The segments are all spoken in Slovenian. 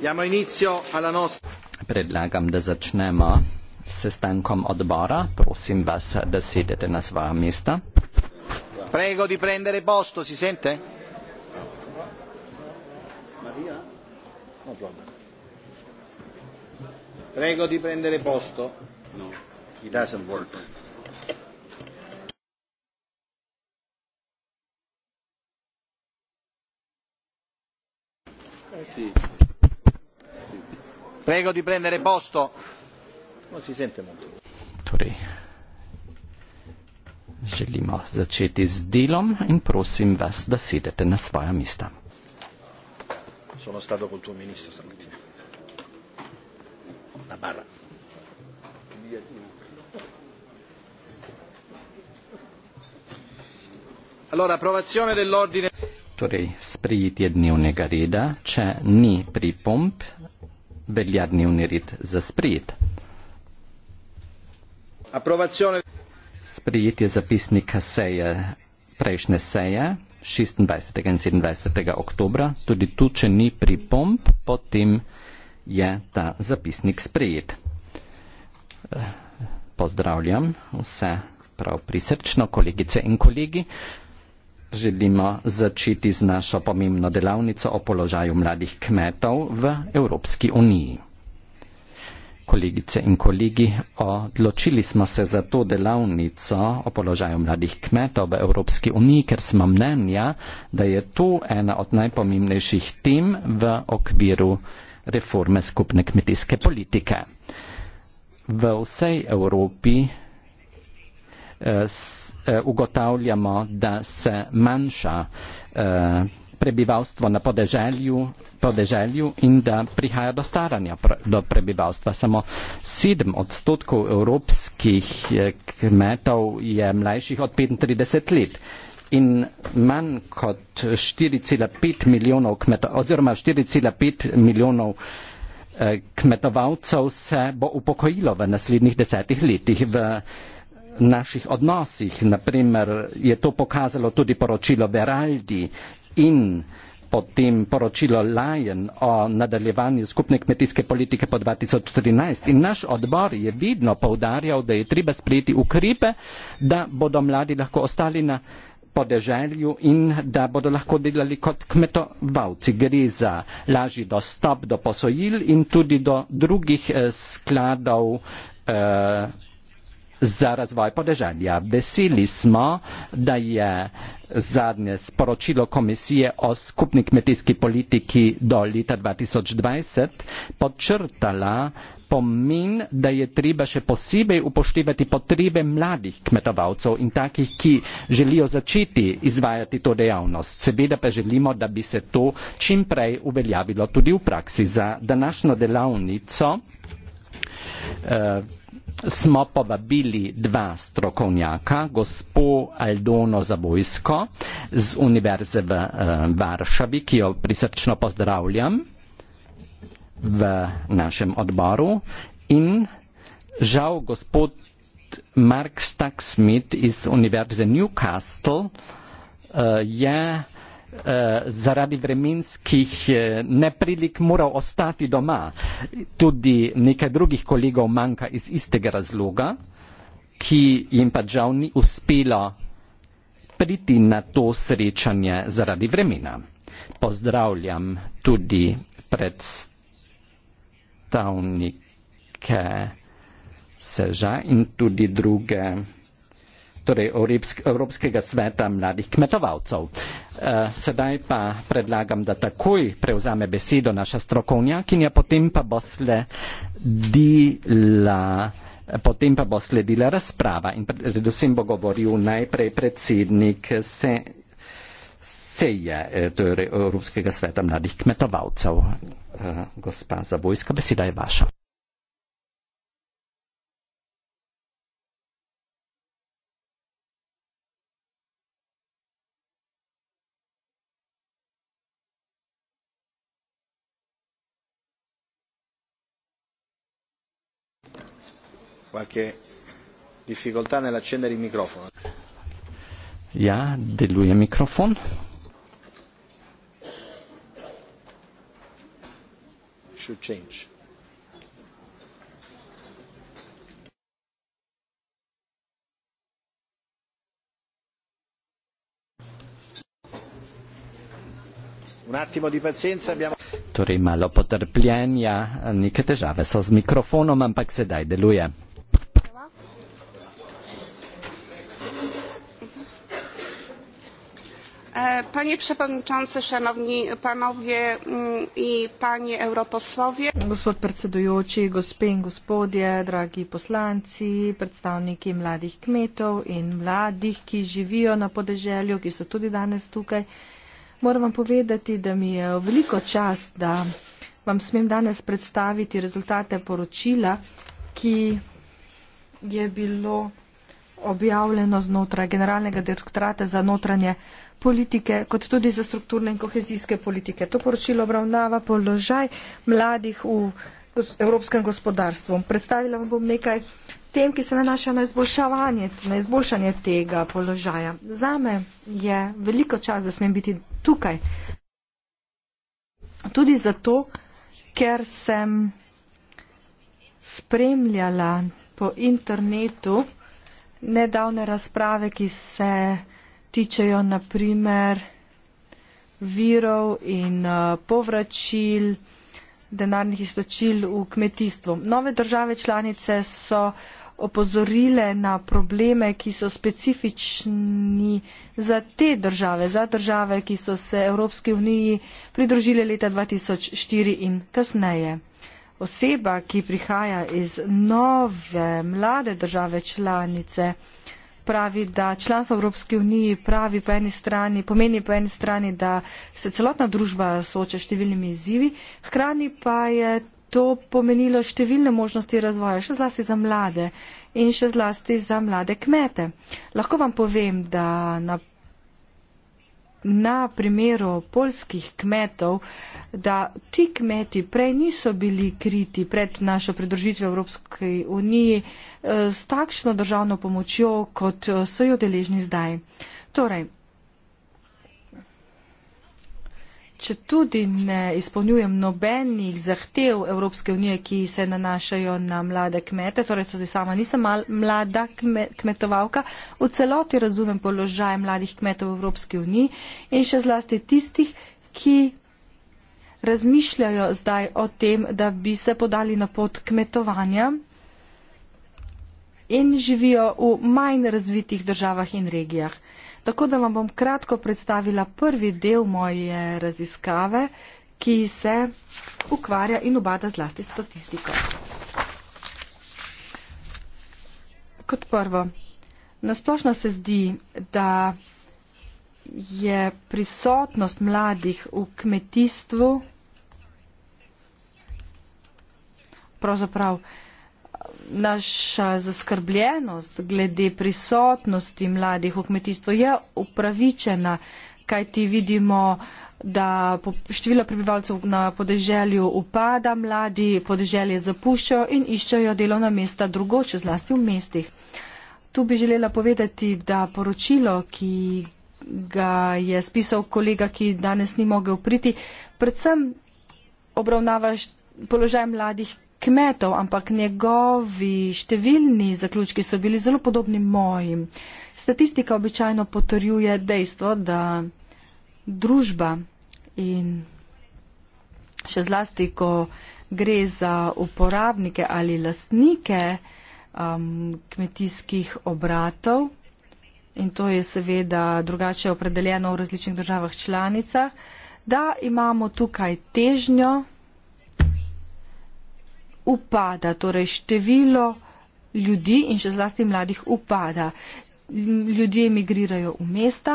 Jamo inizio alla nostra... Predlagam, da začnemo s sestankom odbora. Prosim vas, da sedete na svoja mesta. Prego di prendere posto, si sente? Maria? No, problem. Prego di prendere posto. No, it doesn't work. sì. prego di prendere posto ma si sente molto Tore. Želimo začeti z delom in prosim vas, da sedete na svoja mesta. Allora, approvazione dell'ordine torej sprejetje dnevnega reda, če ni pripomp, velja dnevni red za sprejet. Aprovacione. Sprejetje zapisnika seje prejšnje seje 26. in 27. oktobra, tudi tu, če ni pripomp, potem je ta zapisnik sprejet. Eh, pozdravljam vse prav prisrčno, kolegice in kolegi želimo začeti z našo pomembno delavnico o položaju mladih kmetov v Evropski uniji. Kolegice in kolegi, odločili smo se za to delavnico o položaju mladih kmetov v Evropski uniji, ker smo mnenja, da je to ena od najpomembnejših tem v okviru reforme skupne kmetijske politike. V vsej Evropi eh, Eh, ugotavljamo, da se manjša eh, prebivalstvo na podeželju, podeželju in da prihaja do staranja do prebivalstva. Samo sedem odstotkov evropskih eh, kmetov je mlajših od 35 let in manj kot 4,5 milijonov kmetov oziroma 4,5 milijonov kmetovalcev se bo upokojilo v naslednjih desetih letih. V naših odnosih. Naprimer je to pokazalo tudi poročilo Veraldi in potem poročilo Lajen o nadaljevanju skupne kmetijske politike po 2013. In naš odbor je vidno poudarjal, da je treba sprejeti ukrepe, da bodo mladi lahko ostali na podeželju in da bodo lahko delali kot kmetovalci. Gre za lažji dostop do posojil in tudi do drugih eh, skladov. Eh, za razvoj podeželja. Veseli smo, da je zadnje sporočilo komisije o skupni kmetijski politiki do leta 2020 podčrtala pomen, da je treba še posebej upoštevati potrebe mladih kmetovalcev in takih, ki želijo začeti izvajati to dejavnost. Seveda pa želimo, da bi se to čim prej uveljavilo tudi v praksi. Za današnjo delavnico uh, smo povabili dva strokovnjaka, gospo Aldono Zabojsko z Univerze v uh, Varšavi, ki jo prisrčno pozdravljam v našem odboru, in žal gospod Mark Stuxmith iz Univerze Newcastle uh, je Eh, zaradi vremenskih eh, neprilik moral ostati doma. Tudi nekaj drugih kolegov manjka iz istega razloga, ki jim pa žal ni uspelo priti na to srečanje zaradi vremena. Pozdravljam tudi predstavnike seža in tudi druge, torej Evropskega sveta mladih kmetovalcev. Uh, sedaj pa predlagam, da takoj prevzame besedo naša strokovnjakinja, potem pa bo sledila potem pa bo sledila razprava in predvsem bo govoril najprej predsednik se, seje, eh, torej Evropskega sveta mladih kmetovalcev. Eh, gospa Zavojska, beseda je vaša. qualche difficoltà nell'accendere il microfono. Ja, deluje mikrofon. Should change. Un attimo di pazienza, abbiamo Torej malo potrpljenja, nekaj težave so z mikrofonom, ampak sedaj deluje. E, panie przewodniczący, szanowni panowie mm, i panie europosłowie. Gospod predsedujoči, gospe in gospodje, dragi poslanci, predstavniki mladih kmetov in mladih, ki živijo na podeželju, ki so tudi danes tukaj. Moram vam povedati, da mi je veliko čast, da vam smem danes predstaviti rezultate poročila, ki je bilo objavljeno znotraj Generalnega direktorata za notranje politike kot tudi za strukturne in kohezijske politike. To poročilo obravnava položaj mladih v evropskem gospodarstvu. Predstavila vam bom nekaj tem, ki se nanaša na izboljšavanje, na izboljšanje tega položaja. Zame je veliko čas, da smem biti tukaj. Tudi zato, ker sem spremljala po internetu nedavne razprave, ki se tičejo naprimer virov in eh, povračil, denarnih izplačil v kmetijstvu. Nove države članice so opozorile na probleme, ki so specifični za te države, za države, ki so se Evropski uniji pridružile leta 2004 in kasneje. Oseba, ki prihaja iz nove, mlade države članice, pravi, da članstvo Evropske unije pravi po eni strani, pomeni po eni strani, da se celotna družba sooča s številnimi izzivi, hkrati pa je to pomenilo številne možnosti razvoja, še zlasti za mlade in še zlasti za mlade kmete. Lahko vam povem, da na na primeru polskih kmetov, da ti kmeti prej niso bili kriti pred našo pridružitvijo Evropske unije eh, s takšno državno pomočjo, kot eh, so jo deležni zdaj. Torej, če tudi ne izpolnjujem nobenih zahtev Evropske unije, ki se nanašajo na mlade kmete, torej tudi sama nisem mal, mlada kme, kmetovalka, v celoti razumem položaj mladih kmetov v Evropski uniji in še zlasti tistih, ki razmišljajo zdaj o tem, da bi se podali na pot kmetovanja in živijo v manj razvitih državah in regijah. Tako da vam bom kratko predstavila prvi del moje raziskave, ki se ukvarja in obada zlasti statistiko. Kot prvo, nasplošno se zdi, da je prisotnost mladih v kmetijstvu pravzaprav naša zaskrbljenost glede prisotnosti mladih v kmetijstvu je upravičena, kaj ti vidimo, da število prebivalcev na podeželju upada, mladi podeželje zapuščajo in iščejo delovna mesta drugoče, zlasti v mestih. Tu bi želela povedati, da poročilo, ki ga je spisal kolega, ki danes ni mogel priti, predvsem obravnava položaj mladih, kmetov, ampak njegovi številni zaključki so bili zelo podobni mojim. Statistika običajno potrjuje dejstvo, da družba in še zlasti, ko gre za uporabnike ali lastnike um, kmetijskih obratov, in to je seveda drugače opredeljeno v različnih državah članicah, da imamo tukaj težnjo, upada, torej število ljudi in še zlasti mladih upada. Ljudje emigrirajo v mesta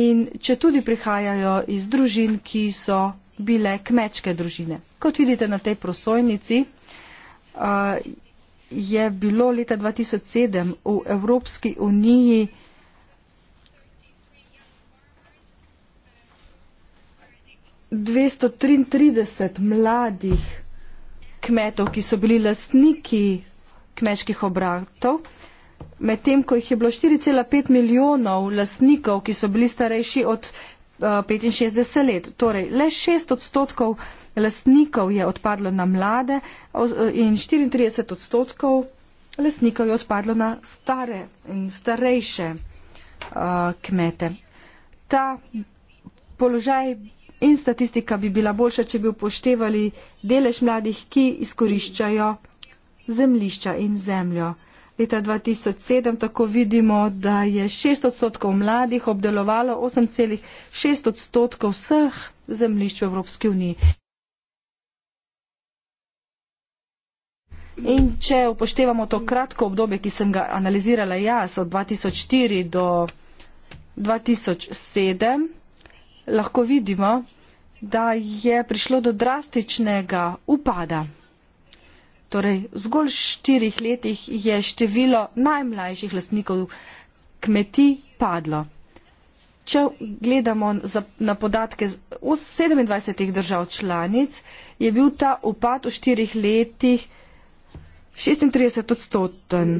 in če tudi prihajajo iz družin, ki so bile kmečke družine. Kot vidite na tej prosojnici, je bilo leta 2007 v Evropski uniji dvesto trideset mladih kmetov, ki so bili lastniki kmečkih obratov, medtem ko jih je bilo 4,5 milijonov lastnikov, ki so bili starejši od uh, eh, 65 let. Torej, le 6 odstotkov lastnikov je odpadlo na mlade eh, in 34 odstotkov lastnikov je odpadlo na stare in starejše uh, kmete. Ta položaj in statistika bi bila boljša, če bi upoštevali delež mladih, ki izkoriščajo zemlišča in zemljo. Leta 2007 tako vidimo, da je 6 odstotkov mladih obdelovalo 8,6 odstotkov vseh zemlišč v Evropski uniji. In če upoštevamo to kratko obdobje, ki sem ga analizirala jaz od 2004 do 2007, lahko vidimo, da je prišlo do drastičnega upada. Torej, v zgolj štirih letih je število najmlajših lasnikov kmetij padlo. Če gledamo na podatke v 27 držav članic, je bil ta upad v štirih letih 36 odstoten.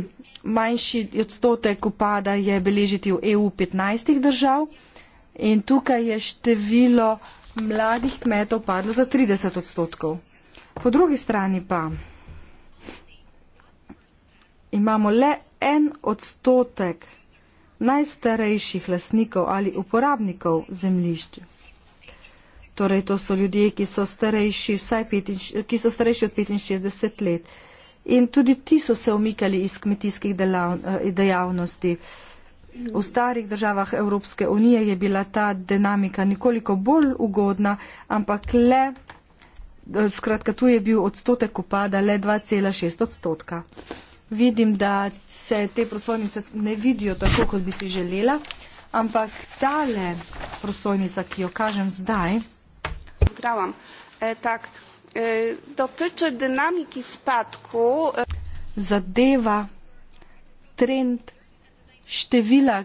Manjši odstotek upada je beležiti v EU 15 držav in tukaj je število mladih kmetov padlo za 30 odstotkov. Po drugi strani pa imamo le en odstotek najstarejših lasnikov ali uporabnikov zemljišč. Torej, to so ljudje, ki so starejši, vsaj petin, ki so starejši od 65 let. In tudi ti so se omikali iz kmetijskih eh, dejavnosti. V starih državah Evropske unije je bila ta dinamika nekoliko bolj ugodna, ampak le, skratka, tu je bil odstotek upada le 2,6 odstotka. Vidim, da se te prosojnice ne vidijo tako, kot bi si želela, ampak tale prosojnica, ki jo kažem zdaj. Pozdravljam. E, tak, e, dotiče dinamiki spadku. E... Zadeva trend števila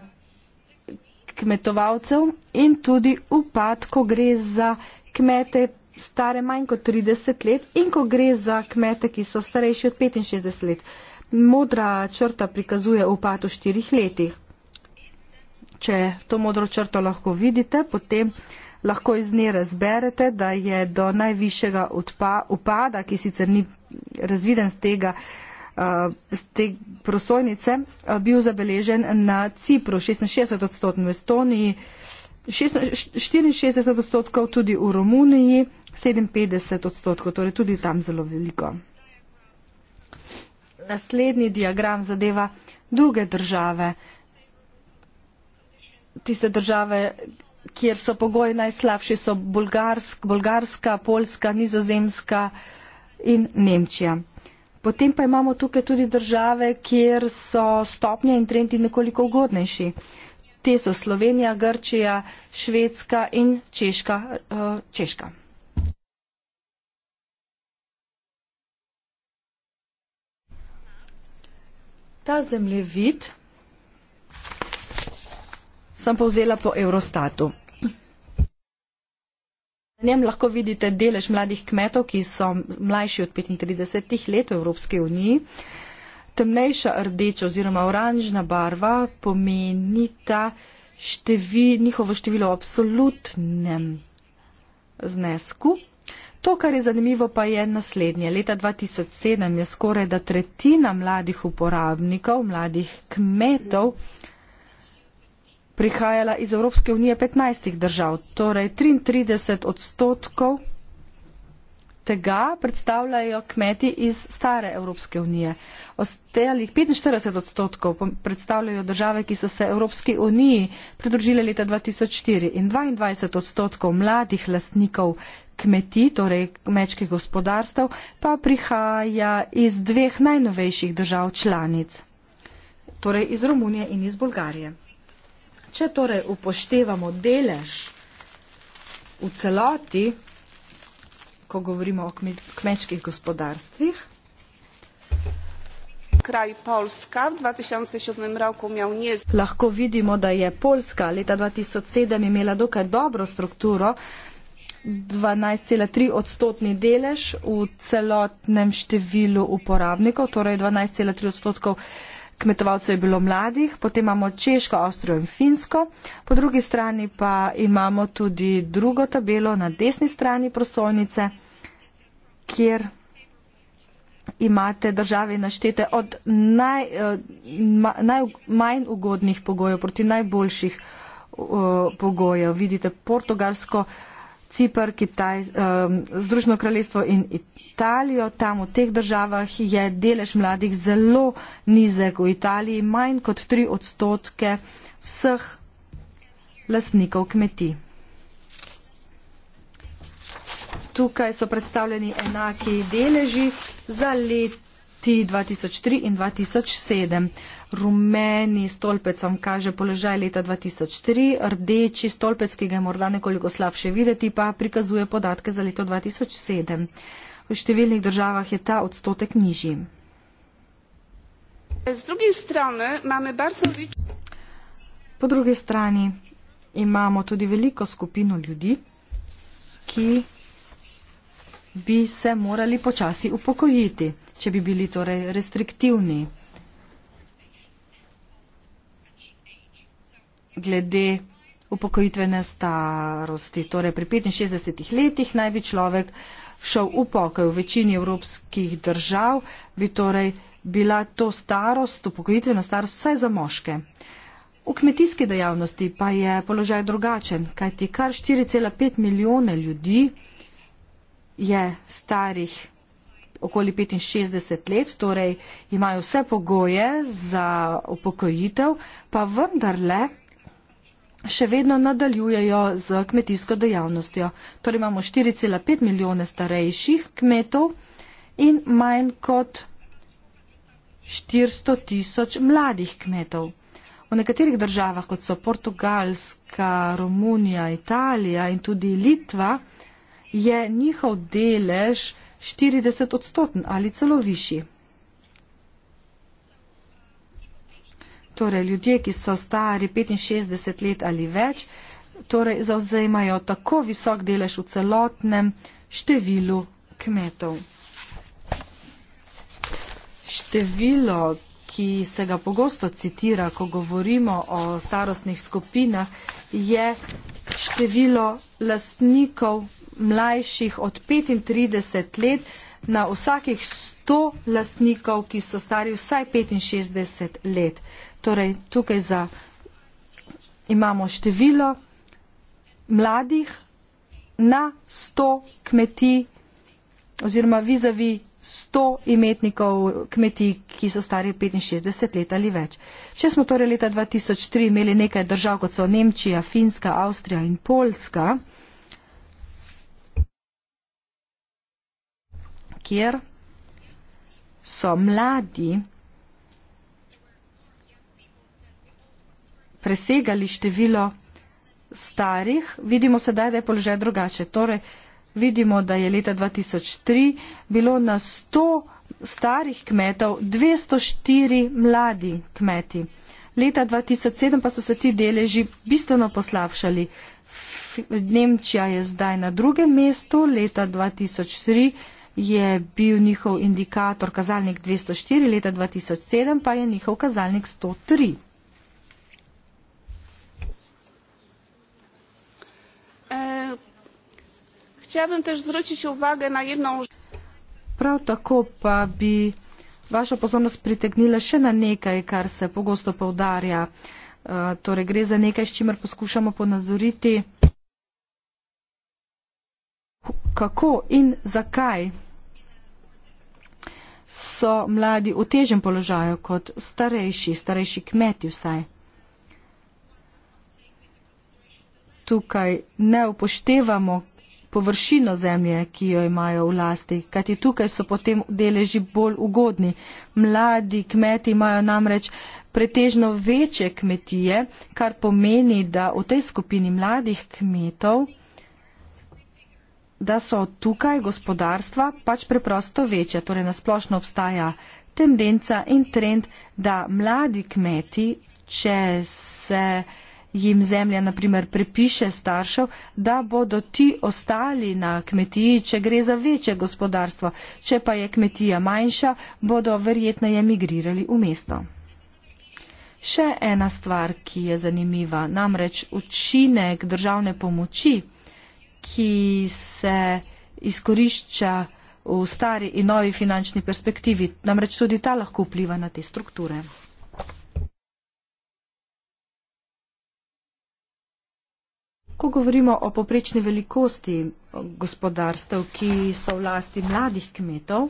kmetovalcev in tudi upad, ko gre za kmete stare manj kot 30 let in ko gre za kmete, ki so starejši od 65 let. Modra črta prikazuje upad v štirih letih. Če to modro črto lahko vidite, potem lahko iz nje razberete, da je do najvišjega upada, ki sicer ni razviden z tega, z eh, te prosojnice eh, bil zabeležen na Cipru 66 odstotkov, v Estoniji 64 odstotkov, tudi v Romuniji 57 odstotkov, torej tudi tam zelo veliko. Naslednji diagram zadeva druge države, tiste države, kjer so pogoji najslabši, so Bulgarska, Poljska, Nizozemska in Nemčija. Potem pa imamo tukaj tudi države, kjer so stopnje in trendi nekoliko ugodnejši. Te so Slovenija, Grčija, Švedska in Češka. Eh, Češka. Ta zemljevid sem povzela po Eurostatu njem lahko vidite delež mladih kmetov, ki so mlajši od 35 let v Evropski uniji. Temnejša rdeča oziroma oranžna barva pomeni ta števi, njihovo število v absolutnem znesku. To, kar je zanimivo, pa je naslednje. Leta 2007 je skoraj da tretjina mladih uporabnikov, mladih kmetov, prihajala iz Evropske unije 15 držav, torej 33 odstotkov tega predstavljajo kmeti iz stare Evropske unije. Ostalih 45 odstotkov predstavljajo države, ki so se Evropski uniji pridružile leta 2004 in 22 odstotkov mladih lastnikov kmetij, torej kmečkih gospodarstv, pa prihaja iz dveh najnovejših držav članic, torej iz Romunije in iz Bolgarije. Če torej upoštevamo delež v celoti, ko govorimo o kmečkih gospodarstvih, Kraj Polska v 2007 roku imel njez. Lahko vidimo, da je Polska leta 2007 imela dokaj dobro strukturo, 12,3 odstotni delež v celotnem številu uporabnikov, torej 12,3 odstotkov kmetovalcev je bilo mladih, potem imamo Češko, Avstrijo in Finsko, po drugi strani pa imamo tudi drugo tabelo na desni strani prosojnice, kjer imate države naštete od naj, eh, ma, najmanj ugodnih pogojev proti najboljših uh, pogojev. Vidite, portugalsko uh, Cipr, Kitaj, ehm, Združeno kraljestvo in Italijo. Tam v teh državah je delež mladih zelo nizek. V Italiji manj kot 3 odstotke vseh lastnikov kmetij. Tukaj so predstavljeni enaki deleži za leto ti 2003 in 2007. Rumeni stolpec vam kaže položaj leta 2003, rdeči stolpec, ki ga je morda nekoliko slabše videti, pa prikazuje podatke za leto 2007. V številnih državah je ta odstotek nižji. Po drugi strani imamo tudi veliko skupino ljudi, ki bi se morali počasi upokojiti, če bi bili torej restriktivni. Glede upokojitvene starosti, torej pri 65 letih naj bi človek šel v pokoj. V večini evropskih držav bi torej bila to starost, upokojitvena starost vsaj za moške. V kmetijski dejavnosti pa je položaj drugačen, kajti kar 4,5 milijone ljudi je starih okoli 65 let, torej imajo vse pogoje za upokojitev, pa vendarle še vedno nadaljujejo z kmetijsko dejavnostjo. Torej imamo 4,5 milijone starejših kmetov in manj kot 400 tisoč mladih kmetov. V nekaterih državah, kot so Portugalska, Romunija, Italija in tudi Litva, je njihov delež 40 odstoten ali celo višji. Torej, ljudje, ki so stari 65 let ali več, torej zauzemajo tako visok delež v celotnem številu kmetov. Število, ki se ga pogosto citira, ko govorimo o starostnih skupinah, je število lastnikov mlajših od 35 let na vsakih 100 lastnikov, ki so stari vsaj 65 let. Torej, tukaj za, imamo število mladih na 100 kmetij oziroma vizavi 100 imetnikov kmetij, ki so stari 65 let ali več. Če smo torej leta 2003 imeli nekaj držav, kot so Nemčija, Finska, Avstrija in Poljska, kjer so mladi presegali število starih, vidimo sedaj, da je položaj drugače. Torej, vidimo, da je leta 2003 bilo na 100 starih kmetov 204 mladi kmeti. Leta 2007 pa so se ti deleži bistveno poslabšali. Nemčija je zdaj na drugem mestu, leta 2003 je bil njihov indikator kazalnik 204, leta 2007 pa je njihov kazalnik 103. Chciałabym też zwrócić uwagę na jedną rzecz. Prav tako pa bi vaša pozornost pritegnila še na nekaj, kar se pogosto povdarja. Uh, e, torej gre za nekaj, s čimer poskušamo ponazoriti uh, kako in zakaj so mladi v težjem položaju kot starejši, starejši kmeti vsaj. Tukaj ne upoštevamo površino zemlje, ki jo imajo v lasti, kajti tukaj so potem deleži bolj ugodni. Mladi kmeti imajo namreč pretežno večje kmetije, kar pomeni, da v tej skupini mladih kmetov da so tukaj gospodarstva pač preprosto večja. Torej, nasplošno obstaja tendenca in trend, da mladi kmeti, če se jim zemlja, naprimer, prepiše staršev, da bodo ti ostali na kmetiji, če gre za večje gospodarstvo. Če pa je kmetija manjša, bodo verjetno je migrirali v mesto. Še ena stvar, ki je zanimiva, namreč učinek državne pomoči ki se izkorišča v stari in novi finančni perspektivi. Namreč tudi ta lahko vpliva na te strukture. Ko govorimo o poprečni velikosti gospodarstev, ki so v lasti mladih kmetov,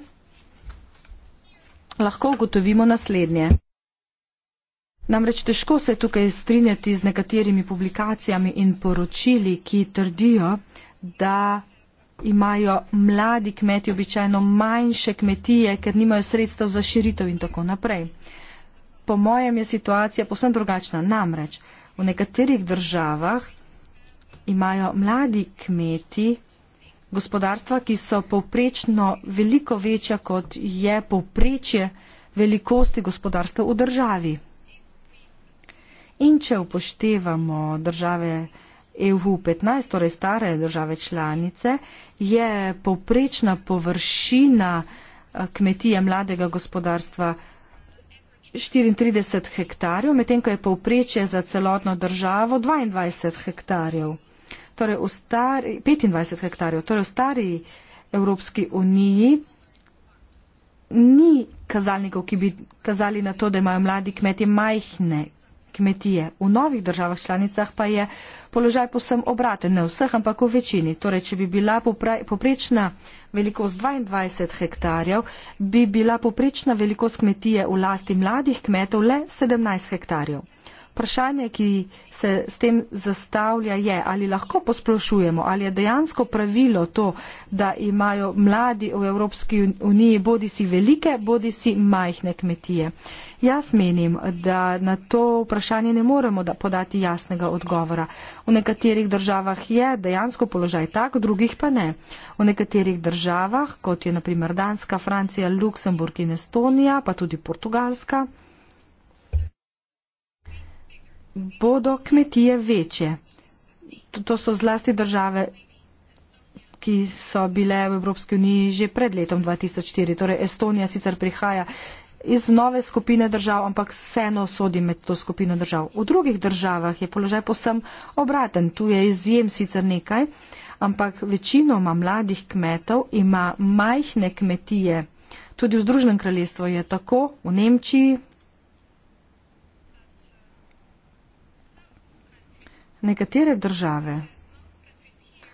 lahko ugotovimo naslednje. Namreč težko se tukaj strinjati z nekaterimi publikacijami in poročili, ki trdijo, da imajo mladi kmeti običajno manjše kmetije, ker nimajo sredstev za širitev in tako naprej. Po mojem je situacija posebno drugačna. Namreč v nekaterih državah imajo mladi kmeti gospodarstva, ki so povprečno veliko večja, kot je povprečje velikosti gospodarstva v državi. In če upoštevamo države EU15, torej stare države članice, je povprečna površina eh, kmetije mladega gospodarstva 34 hektarjev, medtem ko je povprečje za celotno državo 22 hektarjev. Torej v stari, 25 hektarjev, torej v stari Evropski uniji ni kazalnikov, ki bi kazali na to, da imajo mladi kmetje majhne kmetije. V novih državah članicah pa je položaj posem obraten, ne vseh, ampak v večini. Torej, če bi bila poprečna velikost 22 hektarjev, bi bila poprečna velikost kmetije v lasti mladih kmetov le 17 hektarjev vprašanje, ki se s tem zastavlja, je, ali lahko posplošujemo, ali je dejansko pravilo to, da imajo mladi v Evropski uniji bodi si velike, bodi si majhne kmetije. Jaz menim, da na to vprašanje ne moremo podati jasnega odgovora. V nekaterih državah je dejansko položaj tak, v drugih pa ne. V nekaterih državah, kot je naprimer Danska, Francija, Luksemburg in Estonija, pa tudi Portugalska, bodo kmetije večje. To so zlasti države, ki so bile v Evropski uniji že pred letom 2004. Torej Estonija sicer prihaja iz nove skupine držav, ampak vseeno sodi med to skupino držav. V drugih državah je položaj posem obraten. Tu je izjem sicer nekaj, ampak večinoma mladih kmetov ima majhne kmetije. Tudi v Združenem kraljestvu je tako, v Nemčiji, nekatere države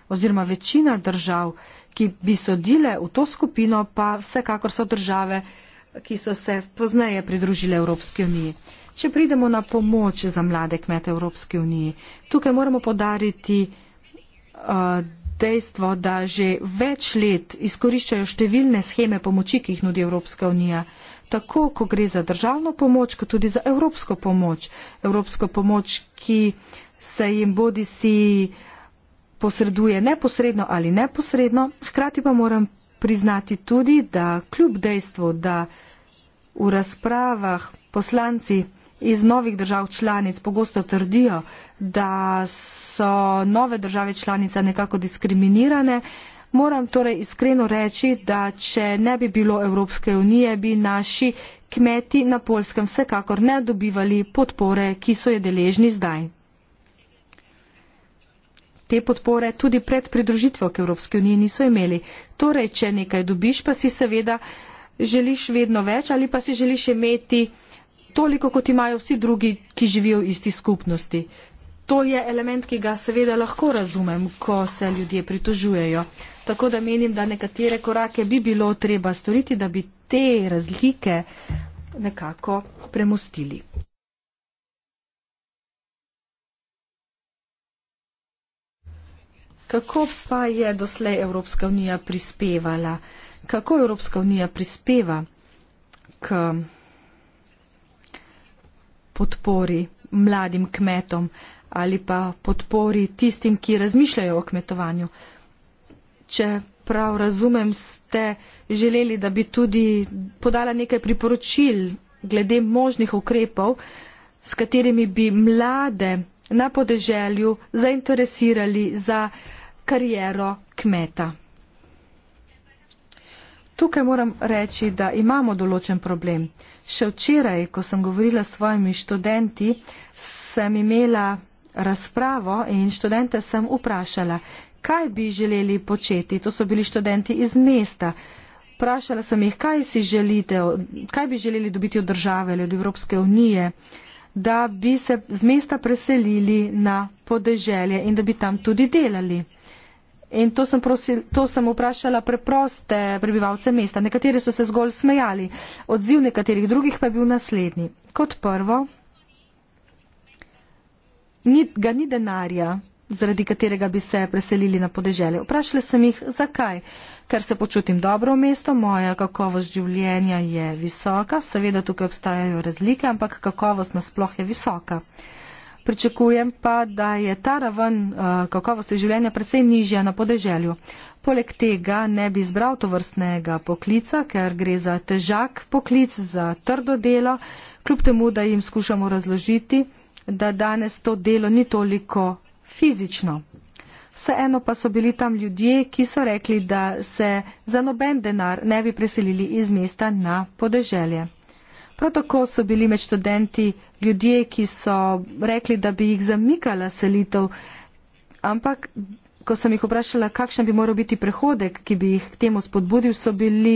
oziroma večina držav, ki bi sodile v to skupino, pa vsekakor so države, ki so se pozneje pridružile Evropski uniji. Če pridemo na pomoč za mlade kmete Evropske unije, tukaj moramo podariti uh, dejstvo, da že več let izkoriščajo številne scheme pomoči, ki jih nudi Evropska unija. Tako, ko gre za državno pomoč, kot tudi za evropsko pomoč. Evropsko pomoč, ki uh, se jim bodi si posreduje neposredno ali neposredno. Hkrati pa moram priznati tudi, da kljub dejstvu, da v razpravah poslanci iz novih držav članic pogosto trdijo, da so nove države članica nekako diskriminirane, moram torej iskreno reči, da če ne bi bilo Evropske unije, bi naši kmeti na polskem vsekakor ne dobivali podpore, ki so je deležni zdaj. Te podpore tudi pred pridružitvijo k Evropski uniji niso imeli. Torej, če nekaj dobiš, pa si seveda želiš vedno več ali pa si želiš imeti toliko, kot imajo vsi drugi, ki živijo v isti skupnosti. To je element, ki ga seveda lahko razumem, ko se ljudje pritožujejo. Tako da menim, da nekatere korake bi bilo treba storiti, da bi te razlike nekako premustili. Kako pa je doslej Evropska unija prispevala? Kako Evropska unija prispeva k podpori mladim kmetom ali pa podpori tistim, ki razmišljajo o kmetovanju? Če prav razumem, ste želeli, da bi tudi podala nekaj priporočil glede možnih ukrepov, s katerimi bi mlade na podeželju zainteresirali za kariero kmeta. Tukaj moram reči, da imamo določen problem. Še včeraj, ko sem govorila s svojimi študenti, sem imela razpravo in študente sem vprašala, kaj bi želeli početi. To so bili študenti iz mesta. Vprašala sem jih, kaj, želite, kaj bi želeli dobiti od države ali od Evropske unije, da bi se z mesta preselili na podeželje in da bi tam tudi delali. In to sem, prosil, to sem vprašala preproste prebivalce mesta. Nekateri so se zgolj smejali. Odziv nekaterih drugih pa je bil naslednji. Kot prvo, ni, ga ni denarja, zaradi katerega bi se preselili na podeželje. Vprašala sem jih, zakaj. Ker se počutim dobro v mesto, moja kakovost življenja je visoka, seveda tukaj obstajajo razlike, ampak kakovost nasploh je visoka pričakujem pa, da je ta raven eh, kakovosti življenja predvsej nižja na podeželju. Poleg tega ne bi izbral to vrstnega poklica, ker gre za težak poklic, za trdo delo, kljub temu, da jim skušamo razložiti, da danes to delo ni toliko fizično. Vseeno pa so bili tam ljudje, ki so rekli, da se za noben denar ne bi preselili iz mesta na podeželje. Prav tako so bili med študenti ljudje, ki so rekli, da bi jih zamikala selitev, ampak ko sem jih vprašala, kakšen bi moral biti prehodek, ki bi jih k temu spodbudil, so bili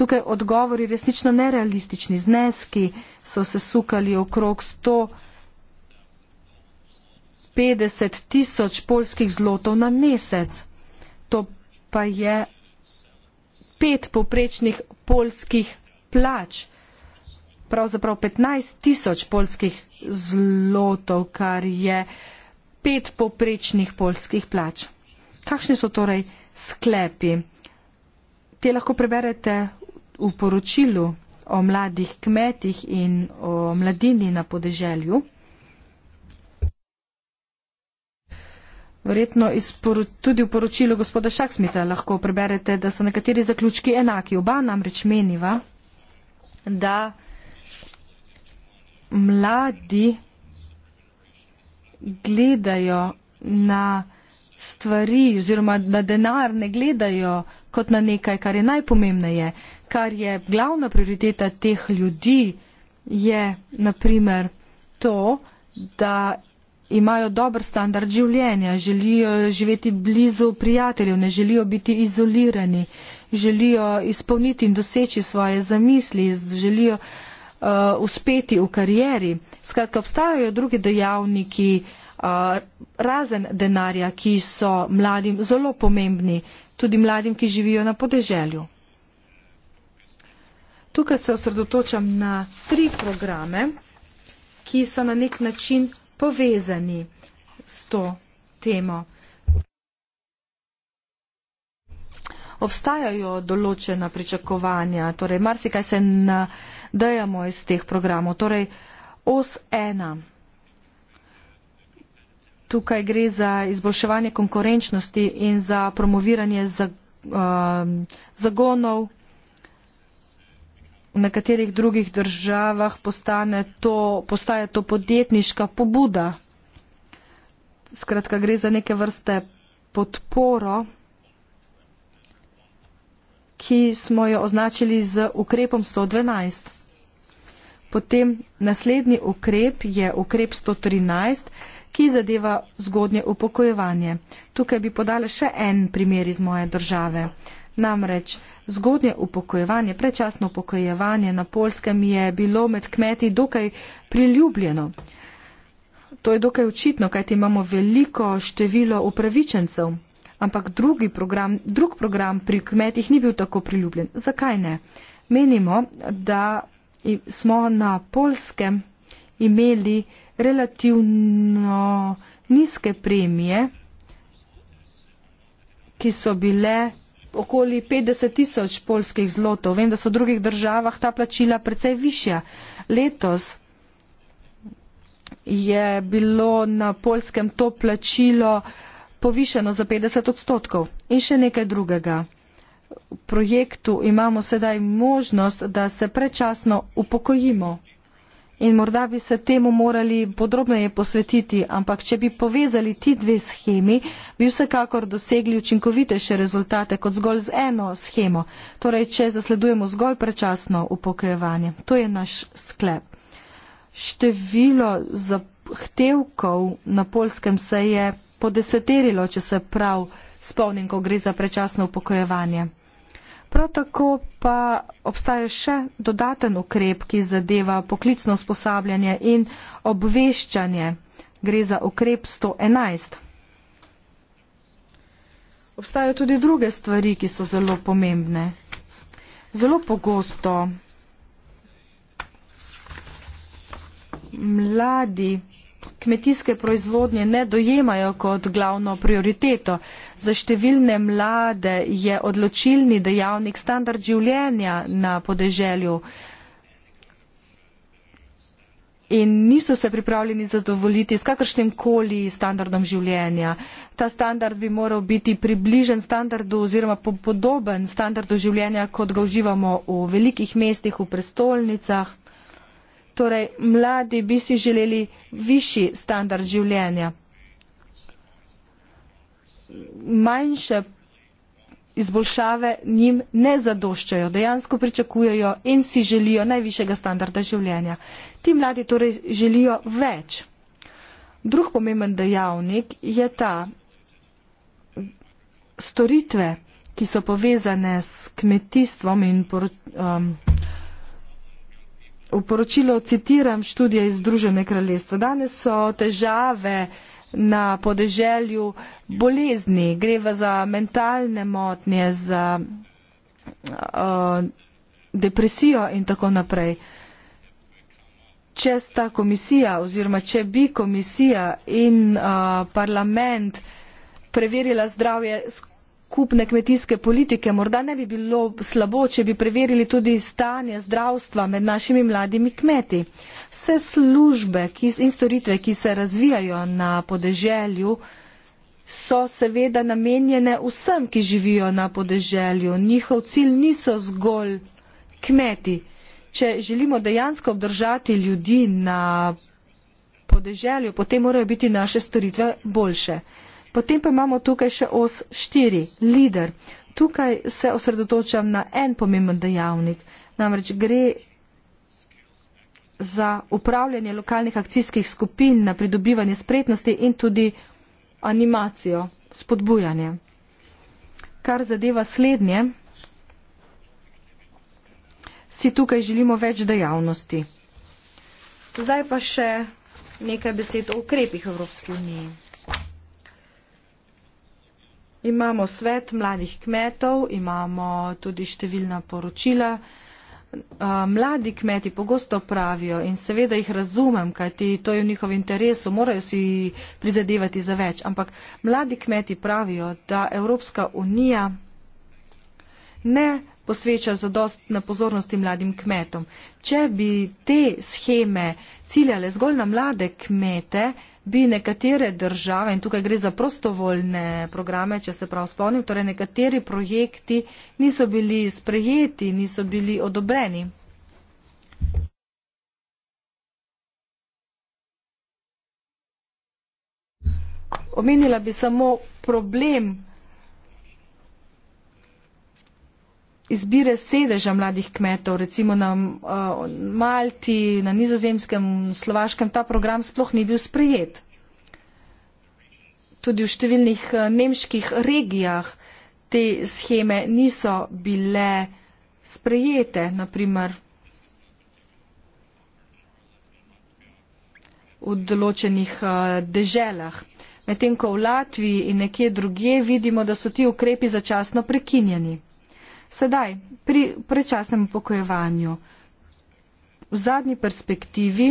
tukaj odgovori resnično nerealistični. Zneski so se sukali okrog 150 tisoč polskih zlotov na mesec. To pa je pet poprečnih polskih plač pravzaprav 15 tisoč polskih zlotov, kar je pet poprečnih polskih plač. Kakšni so torej sklepi? Te lahko preberete v poročilu o mladih kmetih in o mladini na podeželju. Verjetno tudi v poročilu gospoda Šaksmita lahko preberete, da so nekateri zaključki enaki. Oba namreč meniva, da mladi gledajo na stvari oziroma na denar, ne gledajo kot na nekaj, kar je najpomembneje, kar je glavna prioriteta teh ljudi, je naprimer to, da imajo dober standard življenja, želijo živeti blizu prijateljev, ne želijo biti izolirani, želijo izpolniti in doseči svoje zamisli, želijo uh, uspeti v karieri. Skratka, obstajajo drugi dejavniki, uh, razen denarja, ki so mladim zelo pomembni, tudi mladim, ki živijo na podeželju. Tukaj se osredotočam na tri programe, ki so na nek način povezani s to temo. obstajajo določena pričakovanja, torej marsikaj se nadejamo iz teh programov. Torej, os ena. Tukaj gre za izboljševanje konkurenčnosti in za promoviranje um, zagonov. V nekaterih drugih državah postane to, postaje to podjetniška pobuda. Skratka, gre za neke vrste podporo ki smo jo označili z ukrepom 112. Potem naslednji ukrep je ukrep 113, ki zadeva zgodnje upokojevanje. Tukaj bi podala še en primer iz moje države. Namreč zgodnje upokojevanje, prečasno upokojevanje na polskem je bilo med kmeti dokaj priljubljeno. To je dokaj očitno, kajti imamo veliko število upravičencev ampak drugi program, drug program pri kmetih ni bil tako priljubljen. Zakaj ne? Menimo, da smo na polskem imeli relativno nizke premije, ki so bile okoli 50 tisoč polskih zlotov. Vem, da so v drugih državah ta plačila precej višja. Letos je bilo na polskem to plačilo povišeno za 50 odstotkov. In še nekaj drugega. V projektu imamo sedaj možnost, da se prečasno upokojimo. In morda bi se temu morali podrobneje posvetiti, ampak če bi povezali ti dve schemi, bi vsekakor dosegli učinkovitejše rezultate kot zgolj z eno schemo. Torej, če zasledujemo zgolj prečasno upokojevanje. To je naš sklep. Število zahtevkov na polskem se je podeseterilo, če se prav spomnim, ko gre za prečasno upokojevanje. Prav tako pa obstaja še dodaten ukrep, ki zadeva poklicno usposabljanje in obveščanje. Gre za ukrep 111. Obstajajo tudi druge stvari, ki so zelo pomembne. Zelo pogosto mladi kmetijske proizvodnje ne dojemajo kot glavno prioriteto. Za številne mlade je odločilni dejavnik standard življenja na podeželju in niso se pripravljeni zadovoljiti s kakršnim koli standardom življenja. Ta standard bi moral biti približen standardu oziroma podoben standardu življenja, kot ga uživamo v velikih mestih, v prestolnicah. Torej, mladi bi si želeli višji standard življenja, manjše izboljšave njim ne zadoščajo, dejansko pričakujejo in si želijo najvišjega standarda življenja. Ti mladi torej želijo več. Drug pomemben dejavnik je ta storitve, ki so povezane s kmetijstvom in. Por, um, v poročilo citiram študije iz Združene kraljestva. Danes so težave na podeželju bolezni, gre za mentalne motnje, za uh, depresijo in tako naprej. Če sta komisija oziroma če bi komisija in uh, parlament preverila zdravje skupne kmetijske politike. Morda ne bi bilo slabo, če bi preverili tudi stanje zdravstva med našimi mladimi kmeti. Vse službe in storitve, ki se razvijajo na podeželju, so seveda namenjene vsem, ki živijo na podeželju. Njihov cilj niso zgolj kmeti. Če želimo dejansko obdržati ljudi na podeželju, potem morajo biti naše storitve boljše. Potem pa imamo tukaj še os 4, lider. Tukaj se osredotočam na en pomemben dejavnik, namreč gre za upravljanje lokalnih akcijskih skupin, na pridobivanje spretnosti in tudi animacijo, spodbujanje. Kar zadeva slednje, si tukaj želimo več dejavnosti. Zdaj pa še nekaj besed o ukrepih Evropske unije. Imamo svet mladih kmetov, imamo tudi številna poročila. Mladi kmeti pogosto pravijo in seveda jih razumem, kajti to je v njihovem interesu, morajo si prizadevati za več, ampak mladi kmeti pravijo, da Evropska unija ne posveča zadostne pozornosti mladim kmetom. Če bi te scheme ciljale zgolj na mlade kmete, bi nekatere države, in tukaj gre za prostovoljne programe, če se prav spomnim, torej nekateri projekti niso bili sprejeti, niso bili odobreni. Omenila bi samo problem izbire sedeža mladih kmetov, recimo na uh, Malti, na nizozemskem, slovaškem, ta program sploh ni bil sprejet. Tudi v številnih eh, nemških regijah te scheme niso bile sprejete, naprimer v določenih eh, deželah. Medtem ko v Latviji in nekje drugje vidimo, da so ti ukrepi začasno prekinjeni. Sedaj, pri prečasnem upokojevanju, v zadnji perspektivi,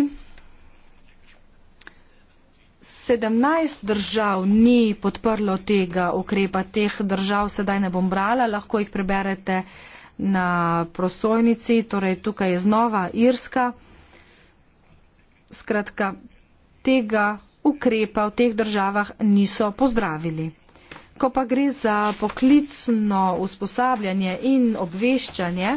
17 držav ni podprlo tega ukrepa, teh držav sedaj ne bom brala, lahko jih preberete na prosojnici, torej tukaj je znova Irska. Skratka, tega ukrepa v teh državah niso pozdravili. Ko pa gre za poklicno usposabljanje in obveščanje,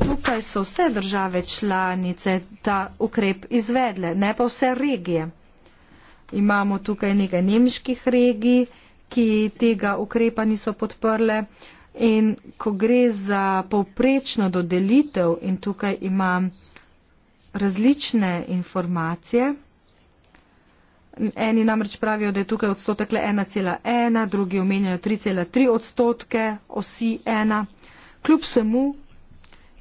tukaj so vse države članice ta ukrep izvedle, ne pa vse regije. Imamo tukaj nekaj nemških regij, ki tega ukrepa niso podprle. In ko gre za povprečno dodelitev, in tukaj imam različne informacije, Eni namreč pravijo, da je tukaj odstotek le 1,1, drugi omenjajo 3,3 odstotke osi 1. Kljub vsemu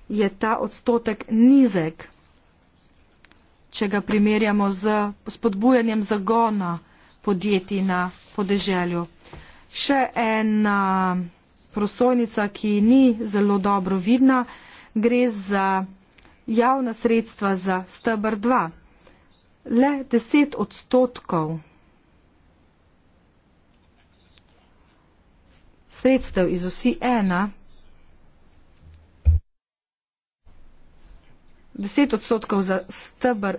je ta odstotek nizek, če ga primerjamo z spodbujanjem zagona podjetij na podeželju. Še ena prosojnica, ki ni zelo dobro vidna, gre za javna sredstva za stebr 2 le deset odstotkov sredstev iz osi ena, deset odstotkov za stebr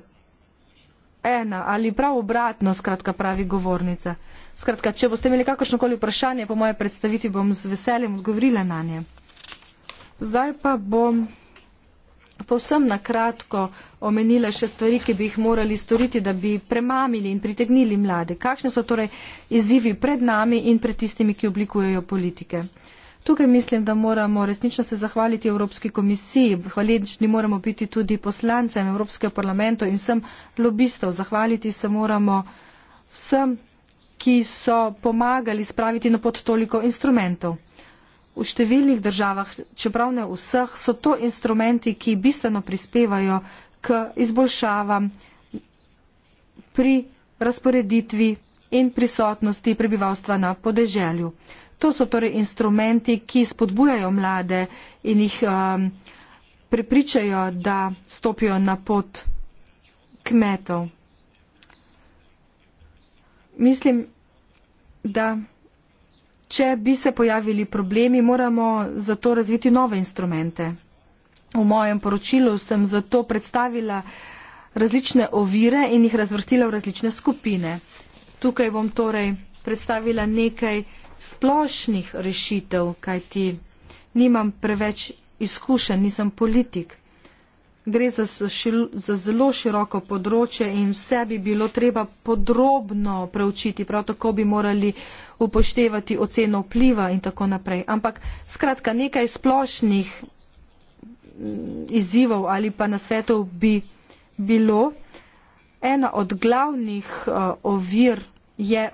ena ali prav obratno, skratka pravi govornica. Skratka, če boste imeli kakršnokoli vprašanje po moje predstavitvi, bom z veseljem odgovorila na nje. Zdaj pa bom povsem na kratko omenila še stvari, ki bi jih morali storiti, da bi premamili in pritegnili mlade. Kakšne so torej izzivi pred nami in pred tistimi, ki oblikujejo politike? Tukaj mislim, da moramo resnično se zahvaliti Evropski komisiji, hvaležni moramo biti tudi poslancem Evropskega parlamenta in vsem lobistov. Zahvaliti se moramo vsem, ki so pomagali spraviti na pot toliko instrumentov v številnih državah, čeprav ne vseh, so to instrumenti, ki bistveno prispevajo k izboljšavam pri razporeditvi in prisotnosti prebivalstva na podeželju. To so torej instrumenti, ki spodbujajo mlade in jih um, prepričajo, da stopijo na pot kmetov. Mislim, da če bi se pojavili problemi, moramo zato razviti nove instrumente. V mojem poročilu sem zato predstavila različne ovire in jih razvrstila v različne skupine. Tukaj bom torej predstavila nekaj splošnih rešitev, kajti nimam preveč izkušenj, nisem politik gre za, za zelo široko področje in vse bi bilo treba podrobno preučiti, prav tako bi morali upoštevati oceno vpliva in tako naprej. Ampak skratka, nekaj splošnih mm, izzivov ali pa nasvetov bi bilo. Ena od glavnih uh, ovir je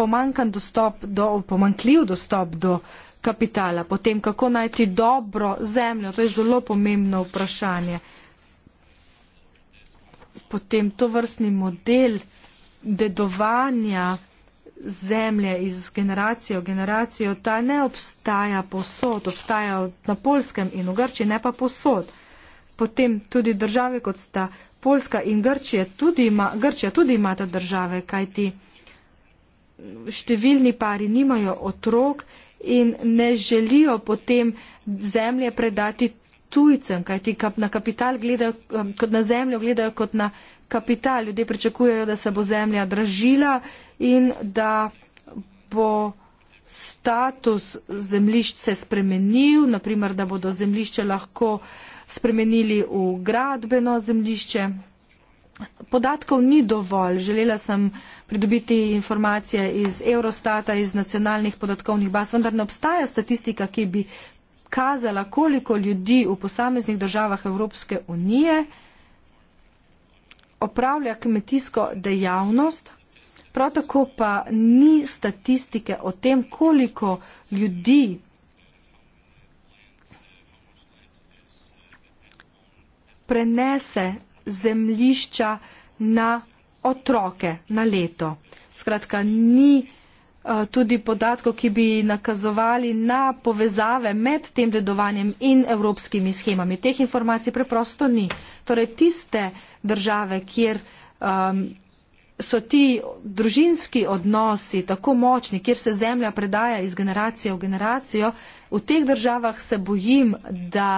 pomankan dostop do, pomankljiv dostop do kapitala, potem kako najti dobro zemljo, to je zelo pomembno vprašanje potem to vrstni model dedovanja zemlje iz generacije v generacijo, ta ne obstaja posod, obstaja na Polskem in v Grči, ne pa posod. Potem tudi države, kot sta Polska in Grčija, tudi, ima, Grčija tudi imata države, kajti številni pari nimajo otrok in ne želijo potem zemlje predati tujcem, kajti na kapital gledajo, um, kot na zemljo gledajo kot na kapital. Ljudje pričakujejo, da se bo zemlja dražila in da bo status zemljišč se spremenil, naprimer, da bodo zemljišče lahko spremenili v gradbeno zemljišče. Podatkov ni dovolj. Želela sem pridobiti informacije iz Eurostata, iz nacionalnih podatkovnih baz, vendar ne obstaja statistika, ki bi kazala, koliko ljudi v posameznih državah Evropske unije opravlja kmetijsko dejavnost, prav tako pa ni statistike o tem, koliko ljudi prenese zemlišča na otroke na leto. Skratka, ni statistike. Eh, tudi podatkov, ki bi nakazovali na povezave med tem dedovanjem in evropskimi schemami. Teh informacij preprosto ni. Torej, tiste države, kjer um, so ti družinski odnosi tako močni, kjer se zemlja predaja iz generacije v generacijo, v teh državah se bojim, da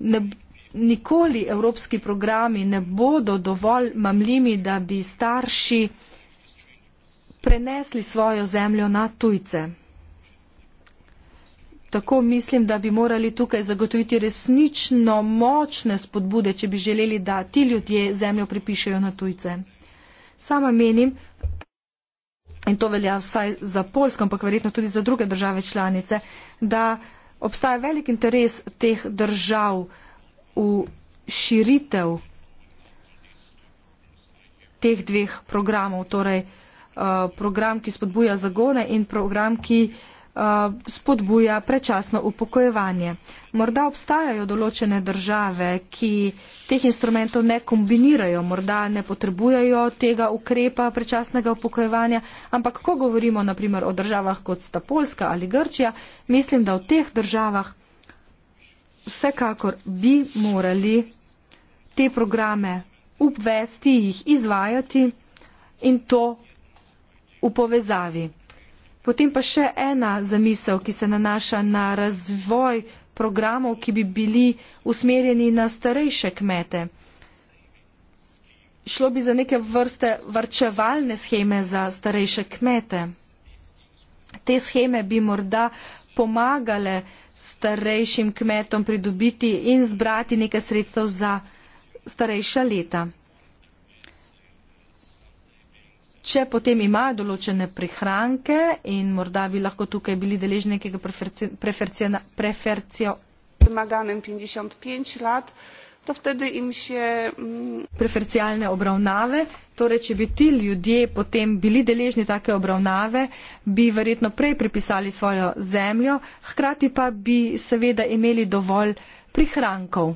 ne, nikoli evropski programi ne bodo dovolj mamljivi, da bi starši prenesli svojo zemljo na tujce. Tako mislim, da bi morali tukaj zagotoviti resnično močne spodbude, če bi želeli, da ti ljudje zemljo pripišajo na tujce. Sama menim, in to velja vsaj za Polsko, ampak verjetno tudi za druge države članice, da obstaja velik interes teh držav v širitev teh dveh programov, torej Eh, program, ki spodbuja zagone in program, ki eh, spodbuja prečasno upokojevanje. Morda obstajajo določene države, ki teh instrumentov ne kombinirajo, morda ne potrebujejo tega ukrepa prečasnega upokojevanja, ampak ko govorimo naprimer o državah kot sta Poljska ali Grčija, mislim, da v teh državah vsekakor bi morali te programe upvesti, jih izvajati in to v povezavi. Potem pa še ena zamisel, ki se nanaša na razvoj programov, ki bi bili usmerjeni na starejše kmete. Šlo bi za neke vrste varčevalne scheme za starejše kmete. Te scheme bi morda pomagale starejšim kmetom pridobiti in zbrati nekaj sredstev za starejša leta če potem imajo določene prihranke in morda bi lahko tukaj bili deležni nekega preferencijo. Premaganem 55 let, to vtedy jim še. Mm, preferencijalne obravnave, torej če bi ti ljudje potem bili deležni take obravnave, bi verjetno prej pripisali svojo zemljo, hkrati pa bi seveda imeli dovolj prihrankov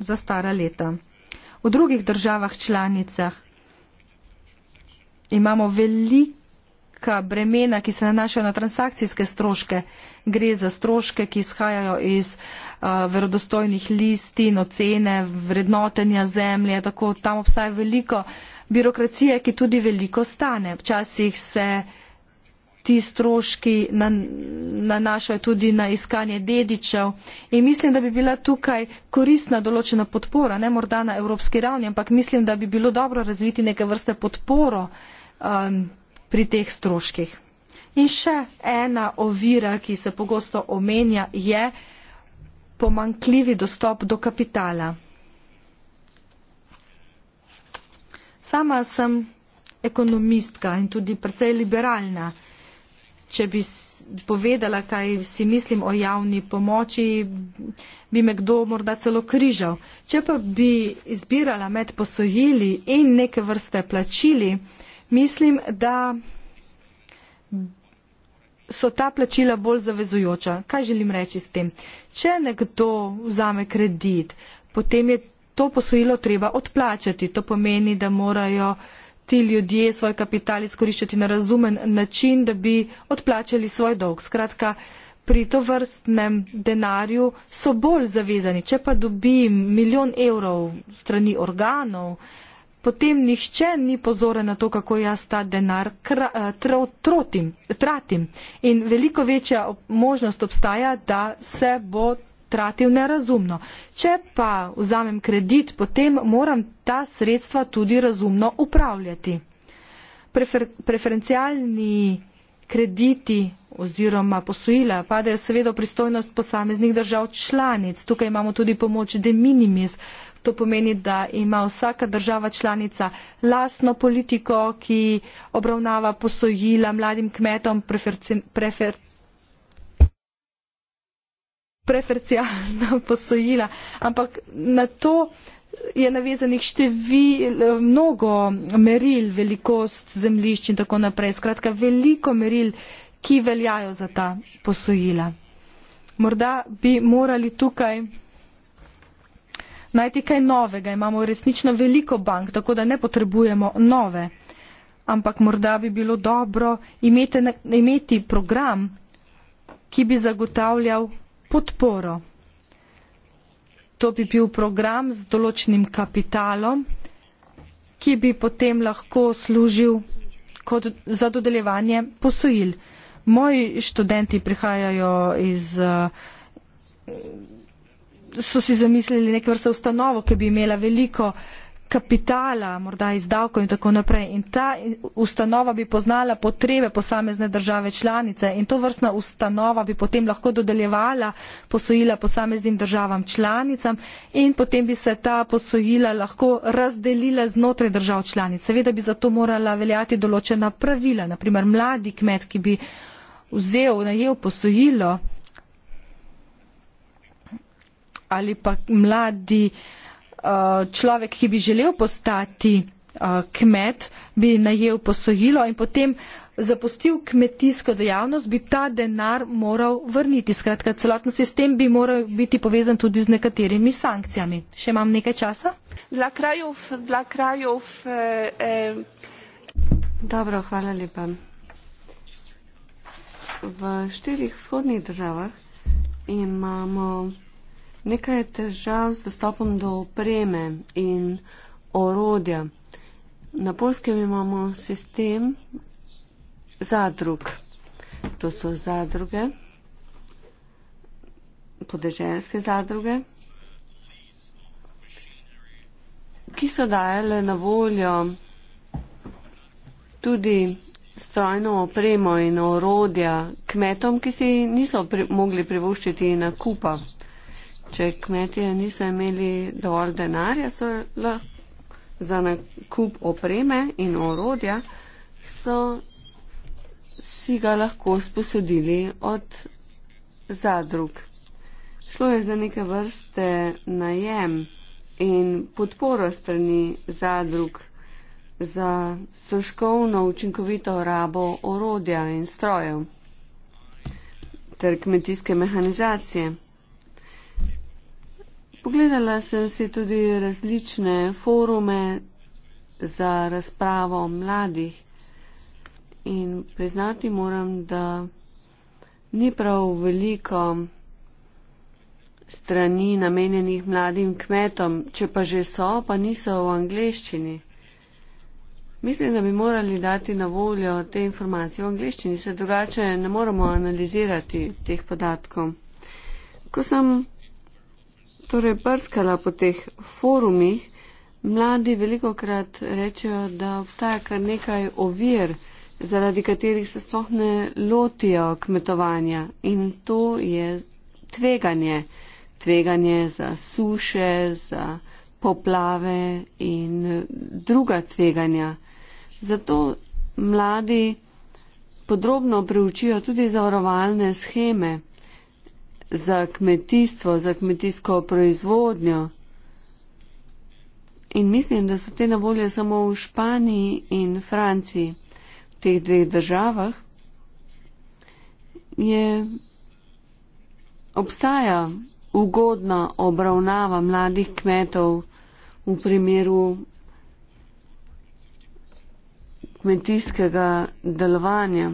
za stara leta v drugih državah članicah. Imamo velika bremena, ki se nanašajo na transakcijske stroške. Gre za stroške, ki izhajajo iz uh, verodostojnih listin, ocene, vrednotenja zemlje. Tako tam obstaja veliko birokracije, ki tudi veliko stane. Včasih se uh, ti stroški nanašajo tudi na iskanje dedičev. In mislim, da bi bila tukaj koristna določena podpora, ne morda na evropski ravni, ampak mislim, da bi bilo dobro razviti neke vrste podporo um, pri teh stroških. In še ena ovira, ki se pogosto omenja, je pomankljivi dostop do kapitala. Sama sem ekonomistka in tudi precej liberalna če bi povedala, kaj si mislim o javni pomoči, bi me kdo morda celo križal. Če pa bi izbirala med posojili in neke vrste plačili, mislim, da so ta plačila bolj zavezujoča. Kaj želim reči s tem? Če nekdo vzame kredit, potem je to posojilo treba odplačati. To pomeni, da morajo ti ljudje svoj kapital izkoriščati na razumen način, da bi odplačali svoj dolg. Skratka, pri to vrstnem denarju so bolj zavezani. Če pa dobim milijon evrov strani organov, potem nihče ni pozoren na to, kako jaz ta denar eh, trotim, tratim. In veliko večja možnost obstaja, da se bo tratil nerazumno. Če pa vzamem kredit, potem moram ta sredstva tudi razumno upravljati. Prefer, preferencialni krediti oziroma posojila padajo seveda v pristojnost posameznih držav članic. Tukaj imamo tudi pomoč de minimis. To pomeni, da ima vsaka država članica lasno politiko, ki obravnava posojila mladim kmetom, prefer, prefer, preferencialna posojila, ampak na to je navezanih števil, eh, mnogo meril, velikost zemljišč in tako naprej. Skratka, veliko meril, ki veljajo za ta posojila. Morda bi morali tukaj najti kaj novega. Imamo resnično veliko bank, tako da ne potrebujemo nove. Ampak morda bi bilo dobro imeti, imeti program, ki bi zagotavljal podporo. To bi bil program z določenim kapitalom, ki bi potem lahko služil kot za dodeljevanje posojil. Moji študenti prihajajo iz. Eh, so si zamislili neke vrste ustanovo, ki bi imela veliko kapitala, morda iz davkov in tako naprej. In ta ustanova bi poznala potrebe posamezne države članice in to vrstna ustanova bi potem lahko dodeljevala posojila posameznim državam članicam in potem bi se ta posojila lahko razdelila znotraj držav članic. Seveda bi zato morala veljati določena pravila, naprimer mladi kmet, ki bi vzel, najel posojilo ali pa mladi uh, Eh, človek, ki bi želel postati eh, kmet, bi najel posojilo in potem zapustil kmetijsko dejavnost, bi ta denar moral vrniti. Skratka, celoten sistem bi moral biti povezan tudi z nekaterimi sankcijami. Še imam nekaj časa? Dla krajov, dla krajov. Eh, eh. Dobro, hvala lepa. V štirih vzhodnih državah imamo Nekaj je težav z dostopom do opreme in orodja. Na polskem imamo sistem zadrug. To so zadruge, podeželske zadruge, ki so dajale na voljo tudi strojno opremo in orodja kmetom, ki si niso pri mogli privoščiti nakupa. Če kmetije niso imeli dovolj denarja za nakup opreme in orodja, so si ga lahko sposodili od zadrug. Šlo je za neke vrste najem in podporo strani zadrug za stroškovno učinkovito rabo orodja in strojev ter kmetijske mehanizacije. Pogledala sem si tudi različne forume za razpravo mladih in priznati moram, da ni prav veliko strani namenjenih mladim kmetom, če pa že so, pa niso v angleščini. Mislim, da bi morali dati na voljo te informacije v angleščini, se drugače ne moremo analizirati teh podatkov. Ko sem torej brskala po teh forumih, mladi veliko krat rečejo, da obstaja kar nekaj ovir, zaradi katerih se sploh ne lotijo kmetovanja in to je tveganje. Tveganje za suše, za poplave in druga tveganja. Zato mladi podrobno preučijo tudi zavarovalne scheme za kmetijstvo, za kmetijsko proizvodnjo. In mislim, da so te na voljo samo v Španiji in Franciji, v teh dveh državah. Je obstaja ugodna obravnava mladih kmetov v primeru kmetijskega delovanja.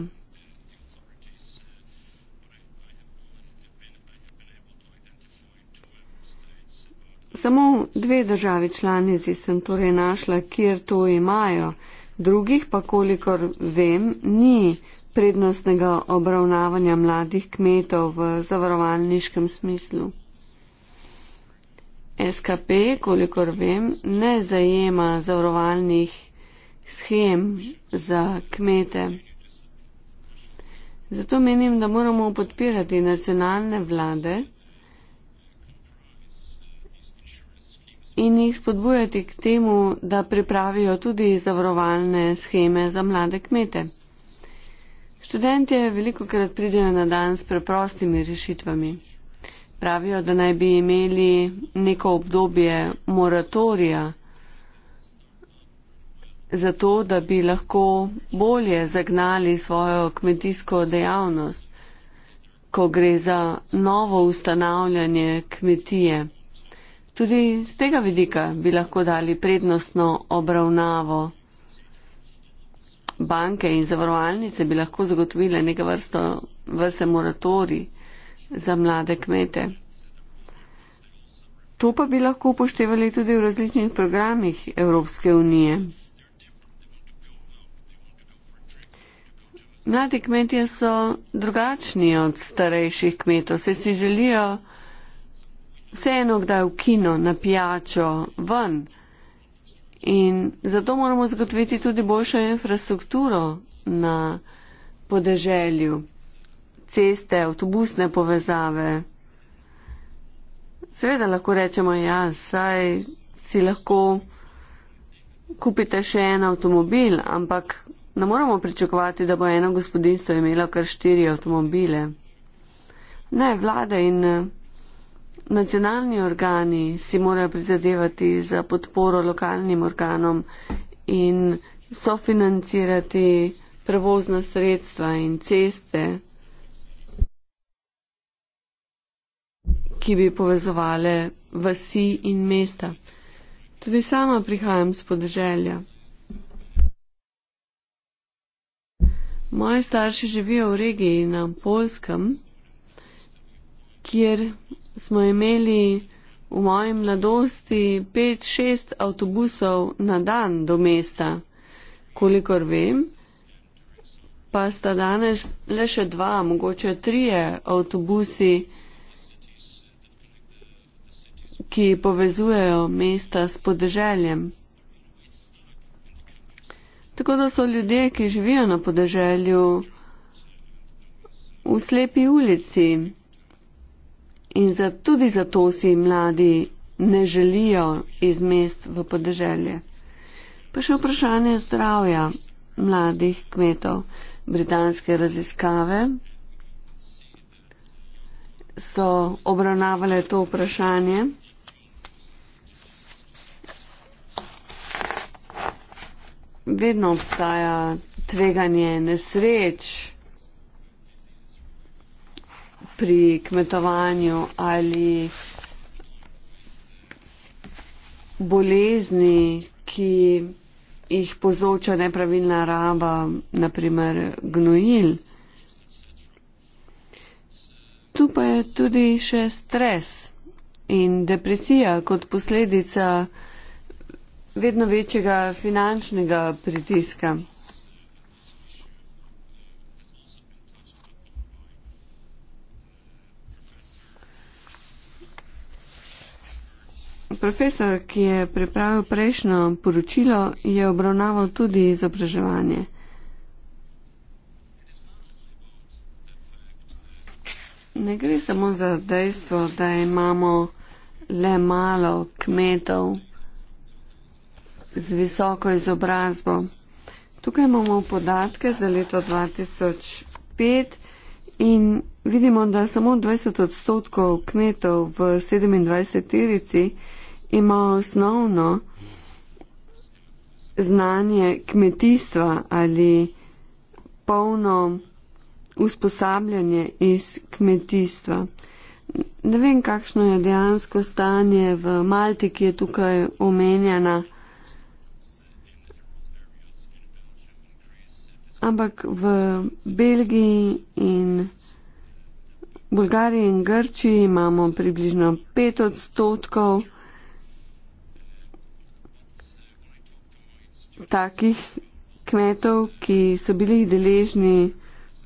Samo dve državi članici sem torej našla, kjer to imajo, drugih pa, kolikor vem, ni prednostnega obravnavanja mladih kmetov v zavarovalniškem smislu. SKP, kolikor vem, ne zajema zavarovalnih schem za kmete. Zato menim, da moramo podpirati nacionalne vlade, in jih spodbujati k temu, da pripravijo tudi zavarovalne scheme za mlade kmete. Študentje veliko krat pridejo na dan s preprostimi rešitvami. Pravijo, da naj bi imeli neko obdobje moratorija, zato da bi lahko bolje zagnali svojo kmetijsko dejavnost, ko gre za novo ustanavljanje kmetije. Tudi z tega vidika bi lahko dali prednostno obravnavo. Banke in zavarovalnice bi lahko zagotovile neke vrste, vrste moratori za mlade kmete. To pa bi lahko upoštevali tudi v različnih programih Evropske unije. Mladi kmetje so drugačni od starejših kmetov, se si želijo vseeno kdaj v kino, na pijačo, ven. In zato moramo zagotoviti tudi boljšo infrastrukturo na podeželju. Ceste, avtobusne povezave. Seveda lahko rečemo, ja, saj si lahko kupite še en avtomobil, ampak ne moramo pričakovati, da bo eno gospodinstvo imelo kar štiri avtomobile. Ne, vlade in nacionalni organi si morajo prizadevati za podporo lokalnim organom in sofinancirati prevozna sredstva in ceste, ki bi povezovali vasi in mesta. Tudi sama prihajam z podeželja. Moji starši živijo v regiji na Polskem, kjer smo imeli v moji mladosti 5-6 avtobusov na dan do mesta, kolikor vem, pa sta danes le še dva, mogoče trije avtobusi, ki povezujejo mesta s podeželjem. Tako da so ljudje, ki živijo na podeželju, v slepi ulici in za, tudi zato si mladi ne želijo iz mest v podeželje. Pa še vprašanje zdravja mladih kmetov. Britanske raziskave so obravnavale to vprašanje. Vedno obstaja tveganje nesreč pri kmetovanju ali bolezni, ki jih povzroča nepravilna raba, naprimer gnojil. Tu pa je tudi še stres in depresija kot posledica vedno večjega finančnega pritiska. Profesor, ki je pripravil prejšnjo poročilo, je obravnaval tudi izobraževanje. Ne gre samo za dejstvo, da imamo le malo kmetov z visoko izobrazbo. Tukaj imamo podatke za leto 2005 in vidimo, da samo 20 odstotkov kmetov v 27 terici ima osnovno znanje kmetijstva ali polno usposabljanje iz kmetijstva. Ne vem, kakšno je dejansko stanje v Malti, ki je tukaj omenjena. Ampak v Belgiji in Bulgariji in Grčiji imamo približno 5 odstotkov takih kmetov, ki so bili deležni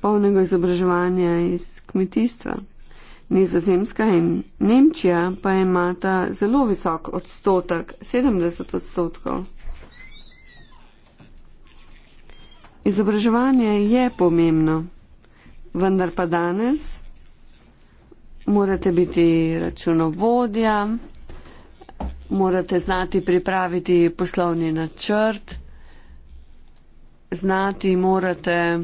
polnega izobraževanja iz kmetijstva. Nizozemska in Nemčija pa imata zelo visok odstotek, 70 odstotkov. Izobraževanje je pomembno, vendar pa danes morate biti računovodja, morate znati pripraviti poslovni načrt znati morate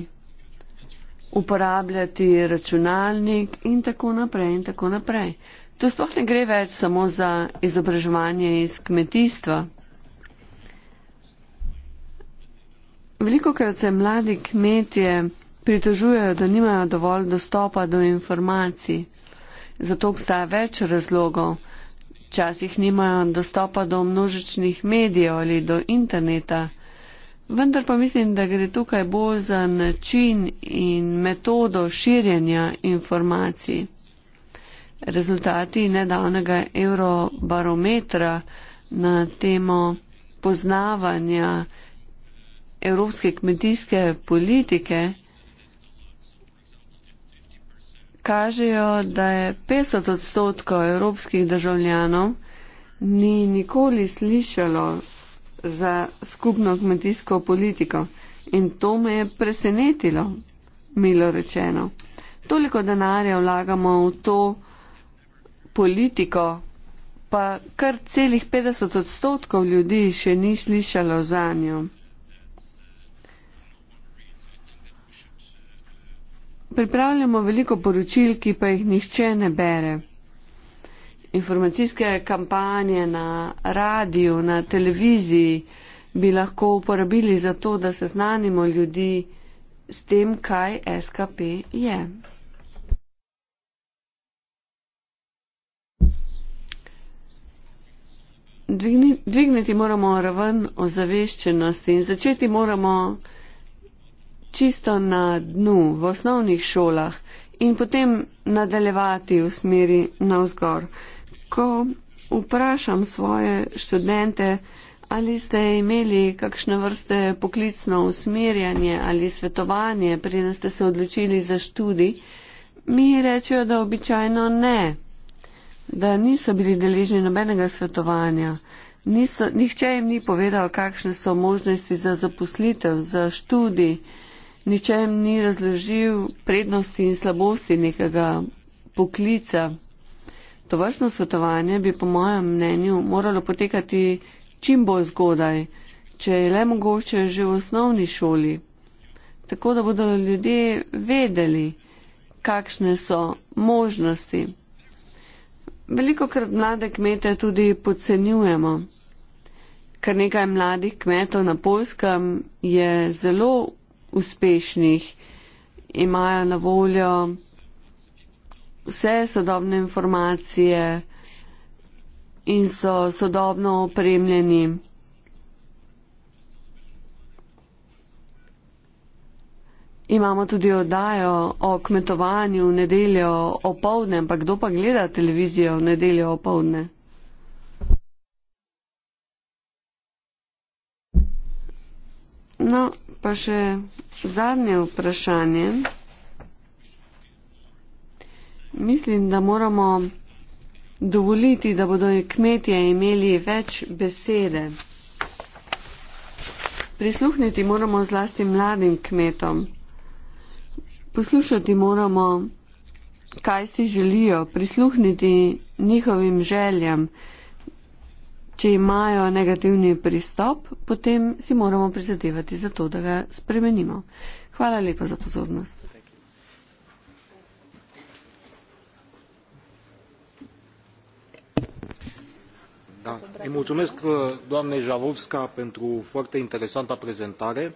uporabljati računalnik in tako naprej in tako naprej. To sploh ne gre več samo za izobraževanje iz kmetijstva. Veliko krat se mladi kmetje pritožujejo, da nimajo dovolj dostopa do informacij. Zato obstaja več razlogov. Včasih nimajo dostopa do množičnih medijev ali do interneta. Vendar pa mislim, da gre tukaj bolj za način in metodo širjenja informacij. Rezultati nedavnega eurobarometra na temo poznavanja evropske kmetijske politike kažejo, da je 50 odstotkov evropskih državljanov ni nikoli slišalo za skupno kmetijsko politiko. In to me je presenetilo, milo rečeno. Toliko denarja vlagamo v to politiko, pa kar celih 50 odstotkov ljudi še ni slišalo za njo. Pripravljamo veliko poročil, ki pa jih nihče ne bere informacijske kampanje na radiju, na televiziji bi lahko uporabili za to, da seznanimo ljudi s tem, kaj SKP je. Dvigni, dvigniti moramo raven ozaveščenosti in začeti moramo čisto na dnu, v osnovnih šolah in potem nadaljevati v smeri navzgor ko vprašam svoje študente, ali ste imeli kakšne vrste poklicno usmerjanje ali svetovanje, preden ste se odločili za študij, mi rečejo, da običajno ne, da niso bili deležni nobenega svetovanja. Niso, nihče jim ni povedal, kakšne so možnosti za zaposlitev, za študij, nihče jim ni razložil prednosti in slabosti nekega poklica. To vrstno svetovanje bi po mojem mnenju moralo potekati čim bolj zgodaj, če je le mogoče že v osnovni šoli, tako da bodo ljudje vedeli, kakšne so možnosti. Veliko krat mlade kmete tudi podcenjujemo. Kar nekaj mladih kmetov na Polskem je zelo uspešnih, imajo na voljo vse sodobne informacije in so sodobno opremljeni. Imamo tudi oddajo o kmetovanju v nedeljo opovdne, ampak kdo pa gleda televizijo v nedeljo opovdne? No, pa še zadnje vprašanje. Mislim, da moramo dovoliti, da bodo kmetje imeli več besede. Prisluhniti moramo zlasti mladim kmetom. Poslušati moramo, kaj si želijo, prisluhniti njihovim željam. Če imajo negativni pristop, potem si moramo prizadevati za to, da ga spremenimo. Hvala lepa za pozornost. îi mulțumesc uh, doamnei javlovska pentru foarte interesanta prezentare